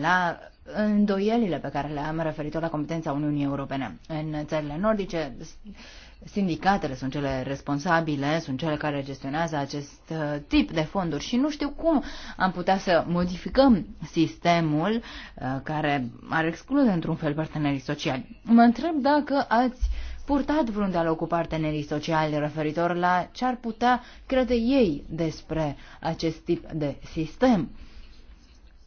la îndoielile pe care le-am referitor la competența Uniunii Europene. În țările nordice, sindicatele sunt cele responsabile, sunt cele care gestionează acest uh, tip de fonduri și nu știu cum am putea să modificăm sistemul uh, care ar exclude într-un fel partenerii sociali. Mă întreb dacă ați purtat vreun dialog cu partenerii sociali referitor la ce ar putea crede ei despre acest tip de sistem.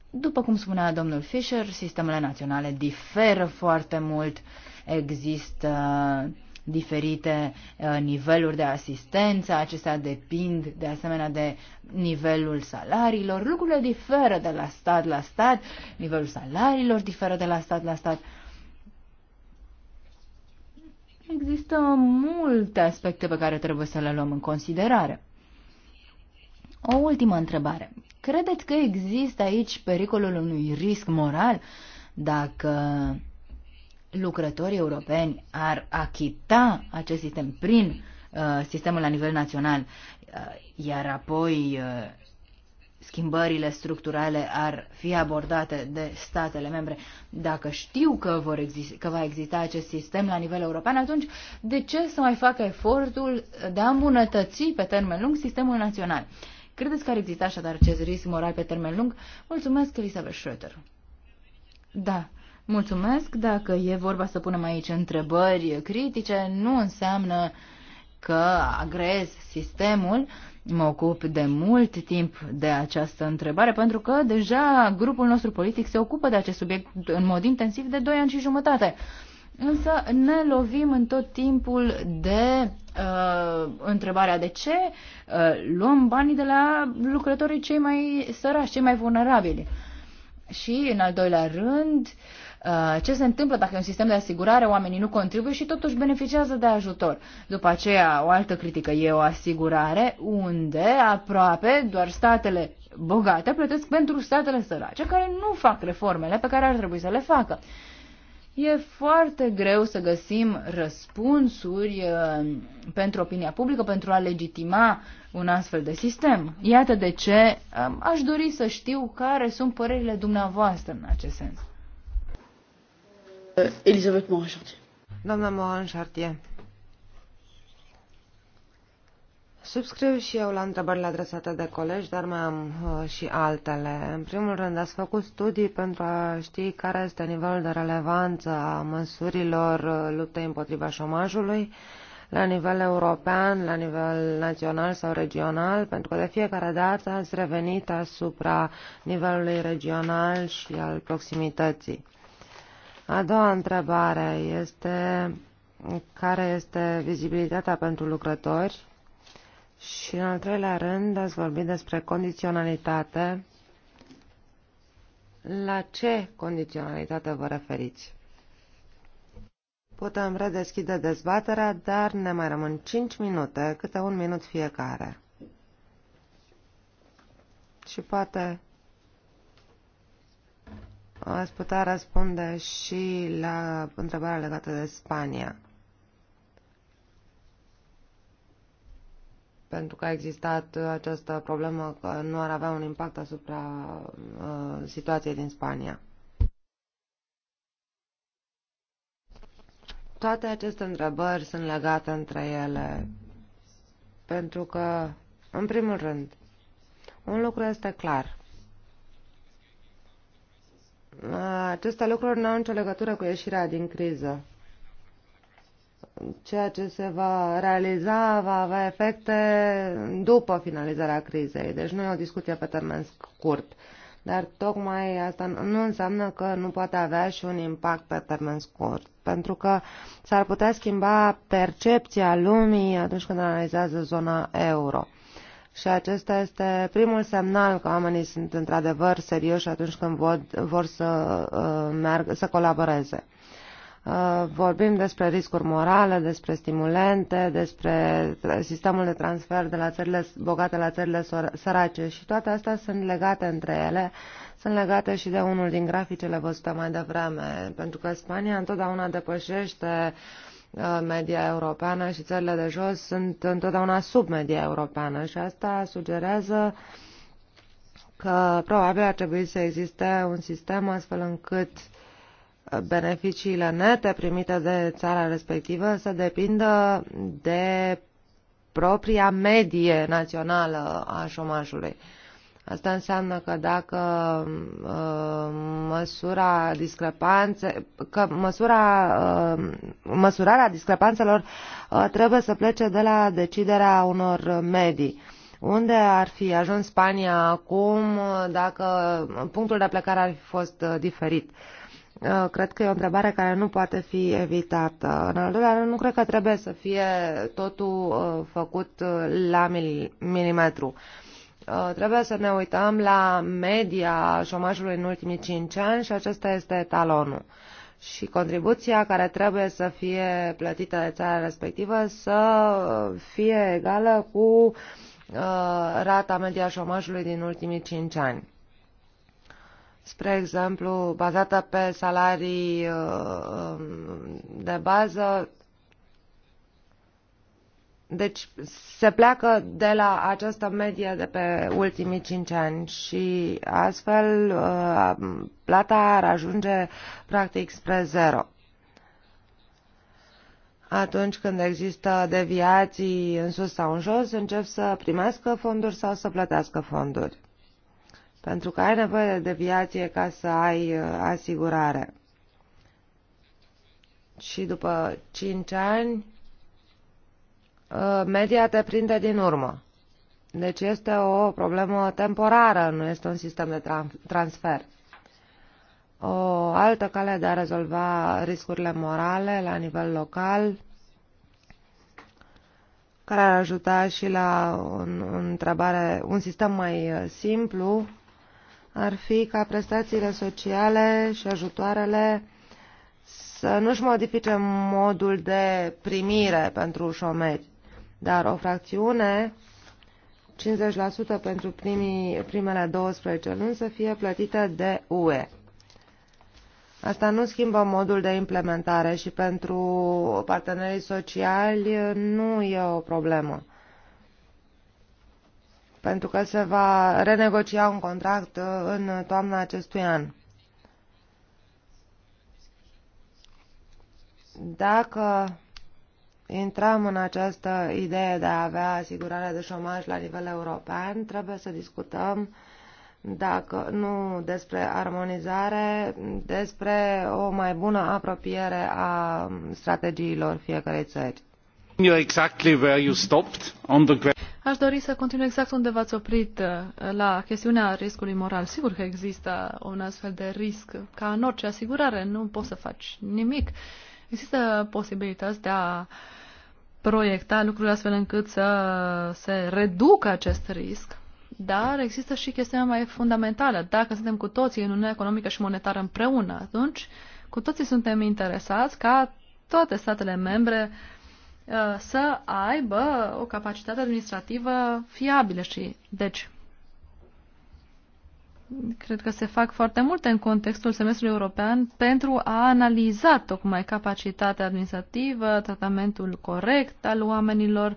După cum spunea domnul Fisher, sistemele naționale diferă foarte mult, există uh, diferite uh, niveluri de asistență, acestea depind de asemenea de nivelul salariilor, lucrurile diferă de la stat la stat, nivelul salariilor diferă de la stat la stat. Există multe aspecte pe care trebuie să le luăm în considerare. O ultimă întrebare. Credeți că există aici pericolul unui risc moral dacă lucrătorii europeni ar achita acest sistem prin uh, sistemul la nivel național, uh, iar apoi uh, schimbările structurale ar fi abordate de statele membre. Dacă știu că, vor exista, că va exista acest sistem la nivel european, atunci de ce să mai facă efortul de a îmbunătăți pe termen lung sistemul național? Credeți că ar exista așadar acest risc moral pe termen lung? Mulțumesc, Elisabeth Schroeder. Da, mulțumesc. Dacă e vorba să punem aici întrebări critice, nu înseamnă că agrez sistemul, mă ocup de mult timp de această întrebare, pentru că deja grupul nostru politic se ocupă de acest subiect în mod intensiv de 2 ani și jumătate. Însă ne lovim în tot timpul de uh, întrebarea de ce uh, luăm banii de la lucrătorii cei mai săraci, cei mai vulnerabili. Și, în al doilea rând, uh, Uh, ce se întâmplă dacă e un sistem de asigurare, oamenii nu contribuie și totuși beneficiază de ajutor. După aceea, o altă critică e o asigurare unde aproape doar statele bogate plătesc pentru statele sărace care nu fac reformele pe care ar trebui să le facă. E foarte greu să găsim răspunsuri uh, pentru opinia publică, pentru a legitima un astfel de sistem. Iată de ce um, aș dori să știu care sunt părerile dumneavoastră în acest sens. Euh, Elisabeth Morin-Chartier. Doamna Morin-Chartier. Subscriu și eu la întrebările adresate de colegi, dar mai am uh, și altele. În primul rând, ați făcut studii pentru a ști care este nivelul de relevanță a măsurilor uh, luptei împotriva șomajului la nivel european, la nivel național sau regional, pentru că de fiecare dată ați revenit asupra nivelului regional și al proximității. A doua întrebare este care este vizibilitatea pentru lucrători și, în al treilea rând, ați vorbit despre condiționalitate. La ce condiționalitate vă referiți? Putem redeschide dezbaterea, dar ne mai rămân 5 minute, câte un minut fiecare. Și poate ați putea răspunde și la întrebarea legată de Spania. Pentru că a existat această problemă că nu ar avea un impact asupra uh, situației din Spania. Toate aceste întrebări sunt legate între ele, pentru că, în primul rând, un lucru este clar. Aceste lucruri nu au nicio legătură cu ieșirea din criză. Ceea ce se va realiza va avea efecte după finalizarea crizei, deci nu e o discuție pe termen scurt. Dar tocmai asta nu înseamnă că nu poate avea și un impact pe termen scurt, pentru că s-ar putea schimba percepția lumii atunci când analizează zona euro. Și acesta este primul semnal că oamenii sunt într-adevăr serioși atunci când vor, vor să, uh, meargă, să colaboreze. Uh, vorbim despre riscuri morale, despre stimulente, despre sistemul de transfer de la țările bogate la țările sărace și toate astea sunt legate între ele, sunt legate și de unul din graficele văzute mai devreme, pentru că Spania întotdeauna depășește uh, Uh, media europeană și țările de jos sunt întotdeauna sub media europeană și asta sugerează că probabil ar trebui să existe un sistem astfel încât uh, beneficiile nete primite de țara respectivă să depindă de propria medie națională a șomajului. Uh, Asta înseamnă că dacă uh, măsura discrepanțe, că măsura, uh, măsurarea discrepanțelor uh, trebuie să plece de la deciderea unor medii. Unde ar fi ajuns Spania acum dacă punctul de plecare ar fi fost uh, diferit? Uh, cred că e o întrebare care nu poate fi evitată. În al doilea rând, nu cred că trebuie să fie totul uh, făcut la milimetru. Uh, Uh, trebuie să ne uităm la media șomajului în ultimii 5 ani și acesta este talonul. Și contribuția care trebuie să fie plătită de țara respectivă să fie egală cu uh, rata media șomajului din ultimii 5 ani spre exemplu, bazată pe salarii uh, de bază, deci se pleacă de la această medie de pe ultimii 5 ani și astfel uh, plata ar ajunge practic spre zero. Atunci când există deviații în sus sau în jos, încep să primească fonduri sau să plătească fonduri. Pentru că ai nevoie de deviație ca să ai uh, asigurare. Și după 5 ani, Uh, media te prinde din urmă. Deci este o problemă temporară, nu este un sistem de transfer. O altă cale de a rezolva riscurile morale la nivel local, care ar ajuta și la un, un, întrebare, un sistem mai uh, simplu, ar fi ca prestațiile sociale și ajutoarele să nu-și modifice modul de primire pentru șomeri dar o fracțiune 50% pentru primii, primele 12 luni să fie plătite de UE. Asta nu schimbă modul de implementare și pentru partenerii sociali nu e o problemă. Pentru că se va renegocia un contract în toamna acestui an. Dacă intrăm în această idee de a avea asigurare de șomaj la nivel european, trebuie să discutăm dacă nu despre armonizare, despre o mai bună apropiere a strategiilor fiecarei țări. Exactly where you stopped on the... Aș dori să continui exact unde v-ați oprit uh, la chestiunea riscului moral. Sigur că există un astfel de risc, ca în orice asigurare, nu poți să faci nimic. Există posibilități de a uh, proiecta lucruri astfel încât să se reducă acest risc, dar există și chestiunea mai fundamentală. Dacă suntem cu toții în Uniunea Economică și Monetară împreună, atunci cu toții suntem interesați ca toate statele membre uh, să aibă o capacitate administrativă fiabilă și, deci, cred că se fac foarte multe în contextul semestrului european pentru a analiza tocmai capacitatea administrativă, tratamentul corect al oamenilor,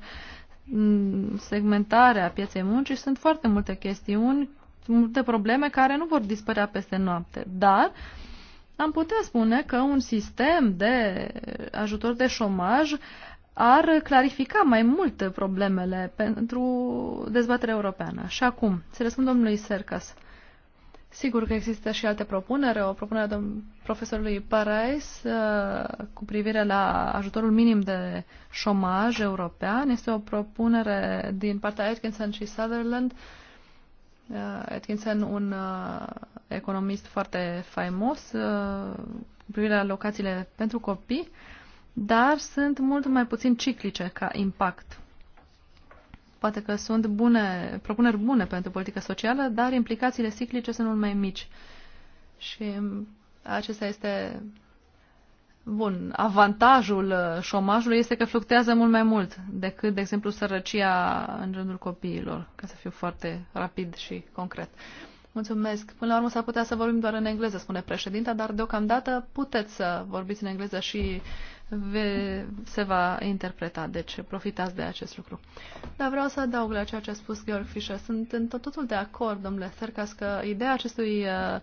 mm, segmentarea pieței muncii. Sunt foarte multe chestiuni, multe probleme care nu vor dispărea peste noapte, dar am putea spune că un sistem de ajutor de șomaj ar clarifica mai mult problemele pentru dezbaterea europeană. Și acum, să răspund domnului Sercas. Sigur că există și alte propunere, o propunere a profesorului Parais uh, cu privire la ajutorul minim de șomaj european. Este o propunere din partea Atkinson și Sutherland. Uh, Atkinson, un uh, economist foarte faimos cu privire la locațiile pentru copii, dar sunt mult mai puțin ciclice ca impact. Poate că sunt bune, propuneri bune pentru politică socială, dar implicațiile ciclice sunt mult mai mici. Și mm, acesta este Bun, avantajul uh, șomajului este că fluctuează mult mai mult decât, de exemplu, sărăcia în rândul copiilor, ca să fiu foarte rapid și concret. Mulțumesc. Până la urmă s-ar putea să vorbim doar în engleză, spune președinta, dar deocamdată puteți să vorbiți în engleză și se va interpreta. Deci profitați de acest lucru. Dar vreau să adaug la ceea ce a spus Georg Fischer. Sunt în tot totul de acord, domnule Sercas, că ideea acestui uh,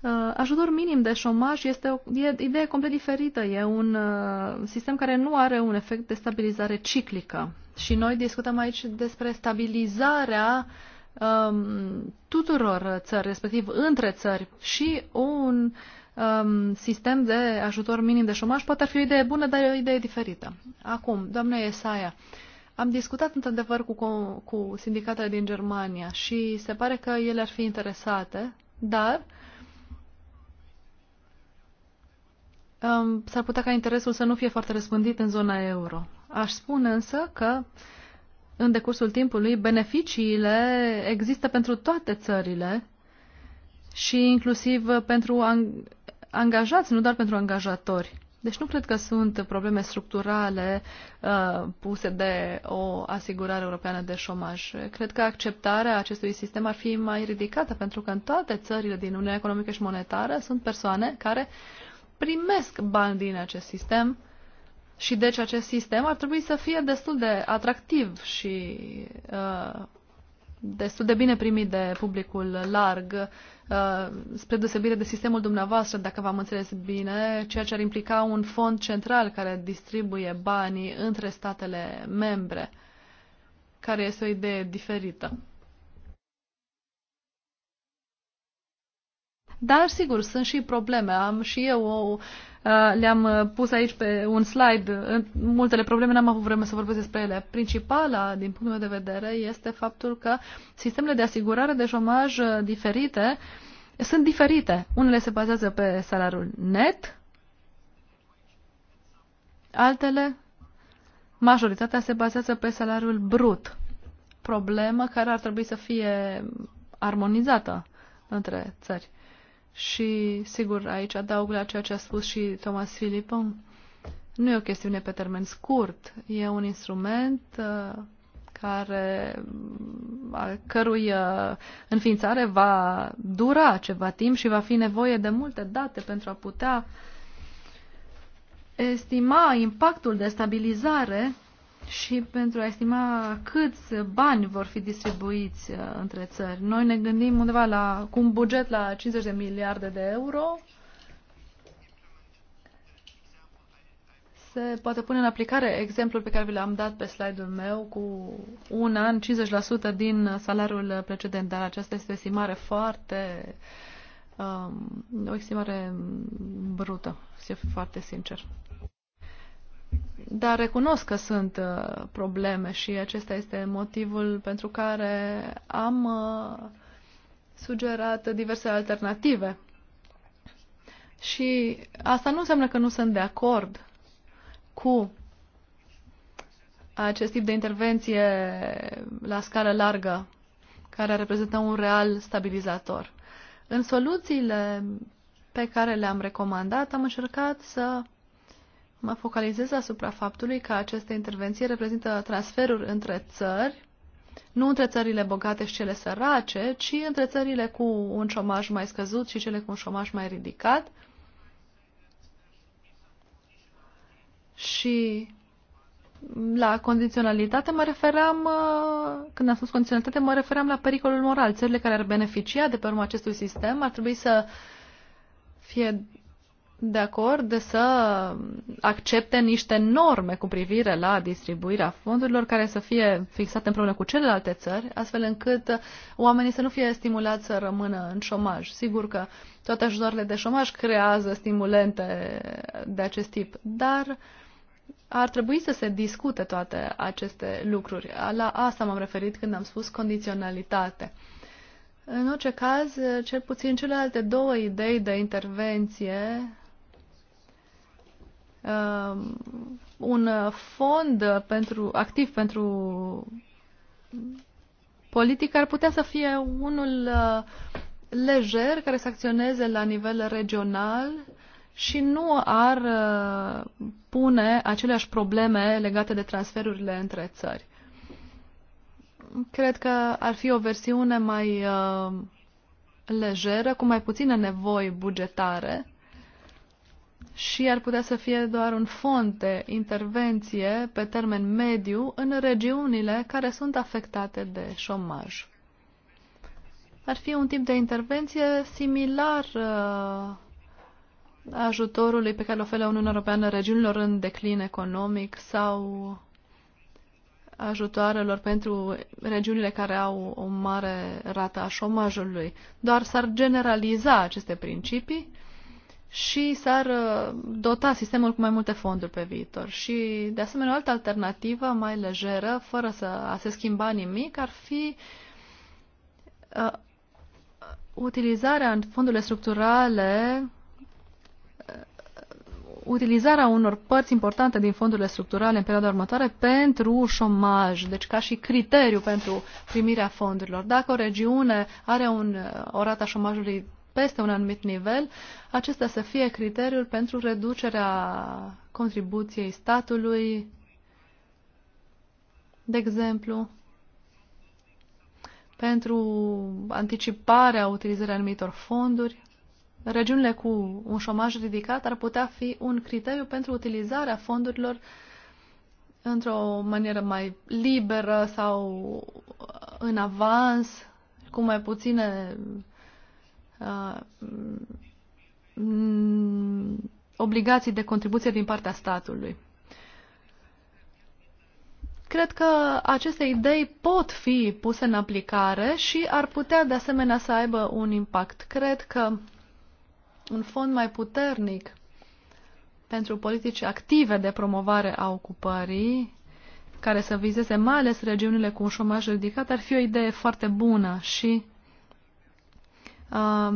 uh, ajutor minim de șomaj este o e, idee complet diferită. E un uh, sistem care nu are un efect de stabilizare ciclică. Și noi discutăm aici despre stabilizarea um, tuturor țări, respectiv între țări, și un uh, um, sistem de ajutor minim de șomaj poate ar fi o idee bună, dar e o idee diferită. Acum, doamne Esaia, am discutat într-adevăr cu, cu sindicatele din Germania și se pare că ele ar fi interesate, dar um, s-ar putea ca interesul să nu fie foarte răspândit în zona euro. Aș spune însă că în decursul timpului beneficiile există pentru toate țările și inclusiv pentru angajați, nu doar pentru angajatori. Deci nu cred că sunt probleme structurale uh, puse de o asigurare europeană de șomaj. Cred că acceptarea acestui sistem ar fi mai ridicată, pentru că în toate țările din Uniunea Economică și Monetară sunt persoane care primesc bani din acest sistem și deci acest sistem ar trebui să fie destul de atractiv și uh, destul de bine primit de publicul larg, uh, spre deosebire de sistemul dumneavoastră, dacă v-am înțeles bine, ceea ce ar implica un fond central care distribuie banii între statele membre, care este o idee diferită. Dar, sigur, sunt și probleme. Am și eu o, uh, le-am uh, pus aici pe un slide multele probleme, n-am avut vreme să vorbesc despre ele. Principala, din punctul meu de vedere, este faptul că sistemele de asigurare de șomaj uh, diferite sunt diferite. Unele se bazează pe salariul net, altele, majoritatea se bazează pe salariul brut. Problemă care ar trebui să fie armonizată între țări. Și, sigur, aici adaug la ceea ce a spus și Thomas Philippon, Nu e o chestiune pe termen scurt, e un instrument uh, care, al cărui uh, înființare va dura ceva timp și va fi nevoie de multe date pentru a putea estima impactul de stabilizare și pentru a estima câți bani vor fi distribuiți uh, între țări. Noi ne gândim undeva la, cu un buget la 50 de miliarde de euro. Se poate pune în aplicare exemplul pe care vi l-am dat pe slide-ul meu cu un an, 50% din salariul precedent, dar aceasta este o estimare foarte, um, o estimare brută, să fiu foarte sincer. Dar recunosc că sunt uh, probleme și acesta este motivul pentru care am uh, sugerat diverse alternative. Și asta nu înseamnă că nu sunt de acord cu acest tip de intervenție la scară largă, care reprezintă un real stabilizator. În soluțiile pe care le-am recomandat, am încercat să mă focalizez asupra faptului că aceste intervenții reprezintă transferuri între țări, nu între țările bogate și cele sărace, ci între țările cu un șomaj mai scăzut și cele cu un șomaj mai ridicat. Și la condiționalitate mă refeream, uh, când am spus condiționalitate, mă refeream la pericolul moral. Țările care ar beneficia de pe urma acestui sistem ar trebui să fie de acord să accepte niște norme cu privire la distribuirea fondurilor care să fie fixate împreună cu celelalte țări, astfel încât oamenii să nu fie stimulați să rămână în șomaj. Sigur că toate ajutoarele de șomaj creează stimulente de acest tip, dar ar trebui să se discute toate aceste lucruri. La asta m-am referit când am spus condiționalitate. În orice caz, cel puțin celelalte două idei de intervenție uh, un fond pentru, activ pentru politic ar putea să fie unul uh, lejer care să acționeze la nivel regional și nu ar uh, pune aceleași probleme legate de transferurile între țări. Cred că ar fi o versiune mai uh, lejeră, cu mai puține nevoi bugetare și ar putea să fie doar un fond de intervenție pe termen mediu în regiunile care sunt afectate de șomaj. Ar fi un tip de intervenție similar uh, ajutorului pe care îl oferă Uniunea Europeană regiunilor în declin economic sau ajutoarelor pentru regiunile care au o mare rată a șomajului. Doar s-ar generaliza aceste principii și s-ar uh, dota sistemul cu mai multe fonduri pe viitor. Și, de asemenea, o altă alternativă mai lejeră, fără să a se schimba nimic, ar fi uh, utilizarea în fondurile structurale uh, utilizarea unor părți importante din fondurile structurale în perioada următoare pentru șomaj, deci ca și criteriu pentru primirea fondurilor. Dacă o regiune are un, uh, o rata șomajului peste un anumit nivel, acesta să fie criteriul pentru reducerea contribuției statului, de exemplu, pentru anticiparea utilizării anumitor fonduri. Regiunile cu un șomaj ridicat ar putea fi un criteriu pentru utilizarea fondurilor într-o manieră mai liberă sau în avans, cu mai puține Uh, obligații de contribuție din partea statului. Cred că aceste idei pot fi puse în aplicare și ar putea de asemenea să aibă un impact. Cred că un fond mai puternic pentru politici active de promovare a ocupării, care să vizeze mai ales regiunile cu un șomaj ridicat, ar fi o idee foarte bună și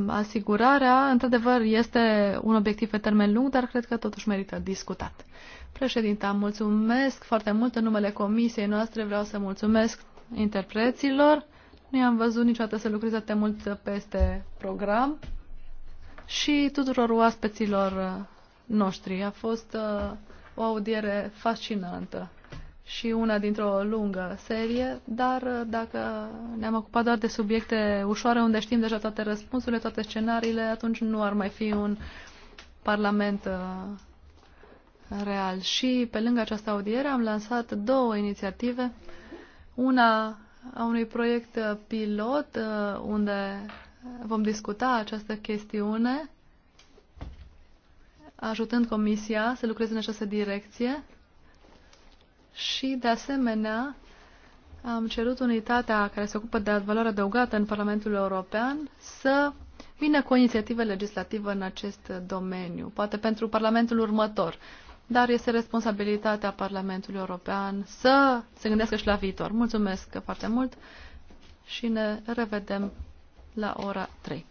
asigurarea, într-adevăr, este un obiectiv pe termen lung, dar cred că totuși merită discutat. Președinta, mulțumesc foarte mult în numele comisiei noastre. Vreau să mulțumesc interpreților. Nu i-am văzut niciodată să lucrez atât mult peste program și tuturor oaspeților uh, noștri. A fost uh, o audiere fascinantă și una dintr-o lungă serie, dar uh, dacă ne-am ocupat doar de subiecte ușoare unde știm deja toate răspunsurile, toate scenariile, atunci nu ar mai fi un parlament uh, real. Și pe lângă această audiere am lansat două inițiative. Una a unui proiect uh, pilot unde vom discuta această chestiune ajutând Comisia să lucreze în această direcție și, de asemenea, am cerut unitatea care se ocupă de valoare adăugată în Parlamentul European să vină cu o inițiativă legislativă în acest domeniu, poate pentru Parlamentul următor, dar este responsabilitatea Parlamentului European să se gândească și la viitor. Mulțumesc foarte mult și ne revedem la ora 3.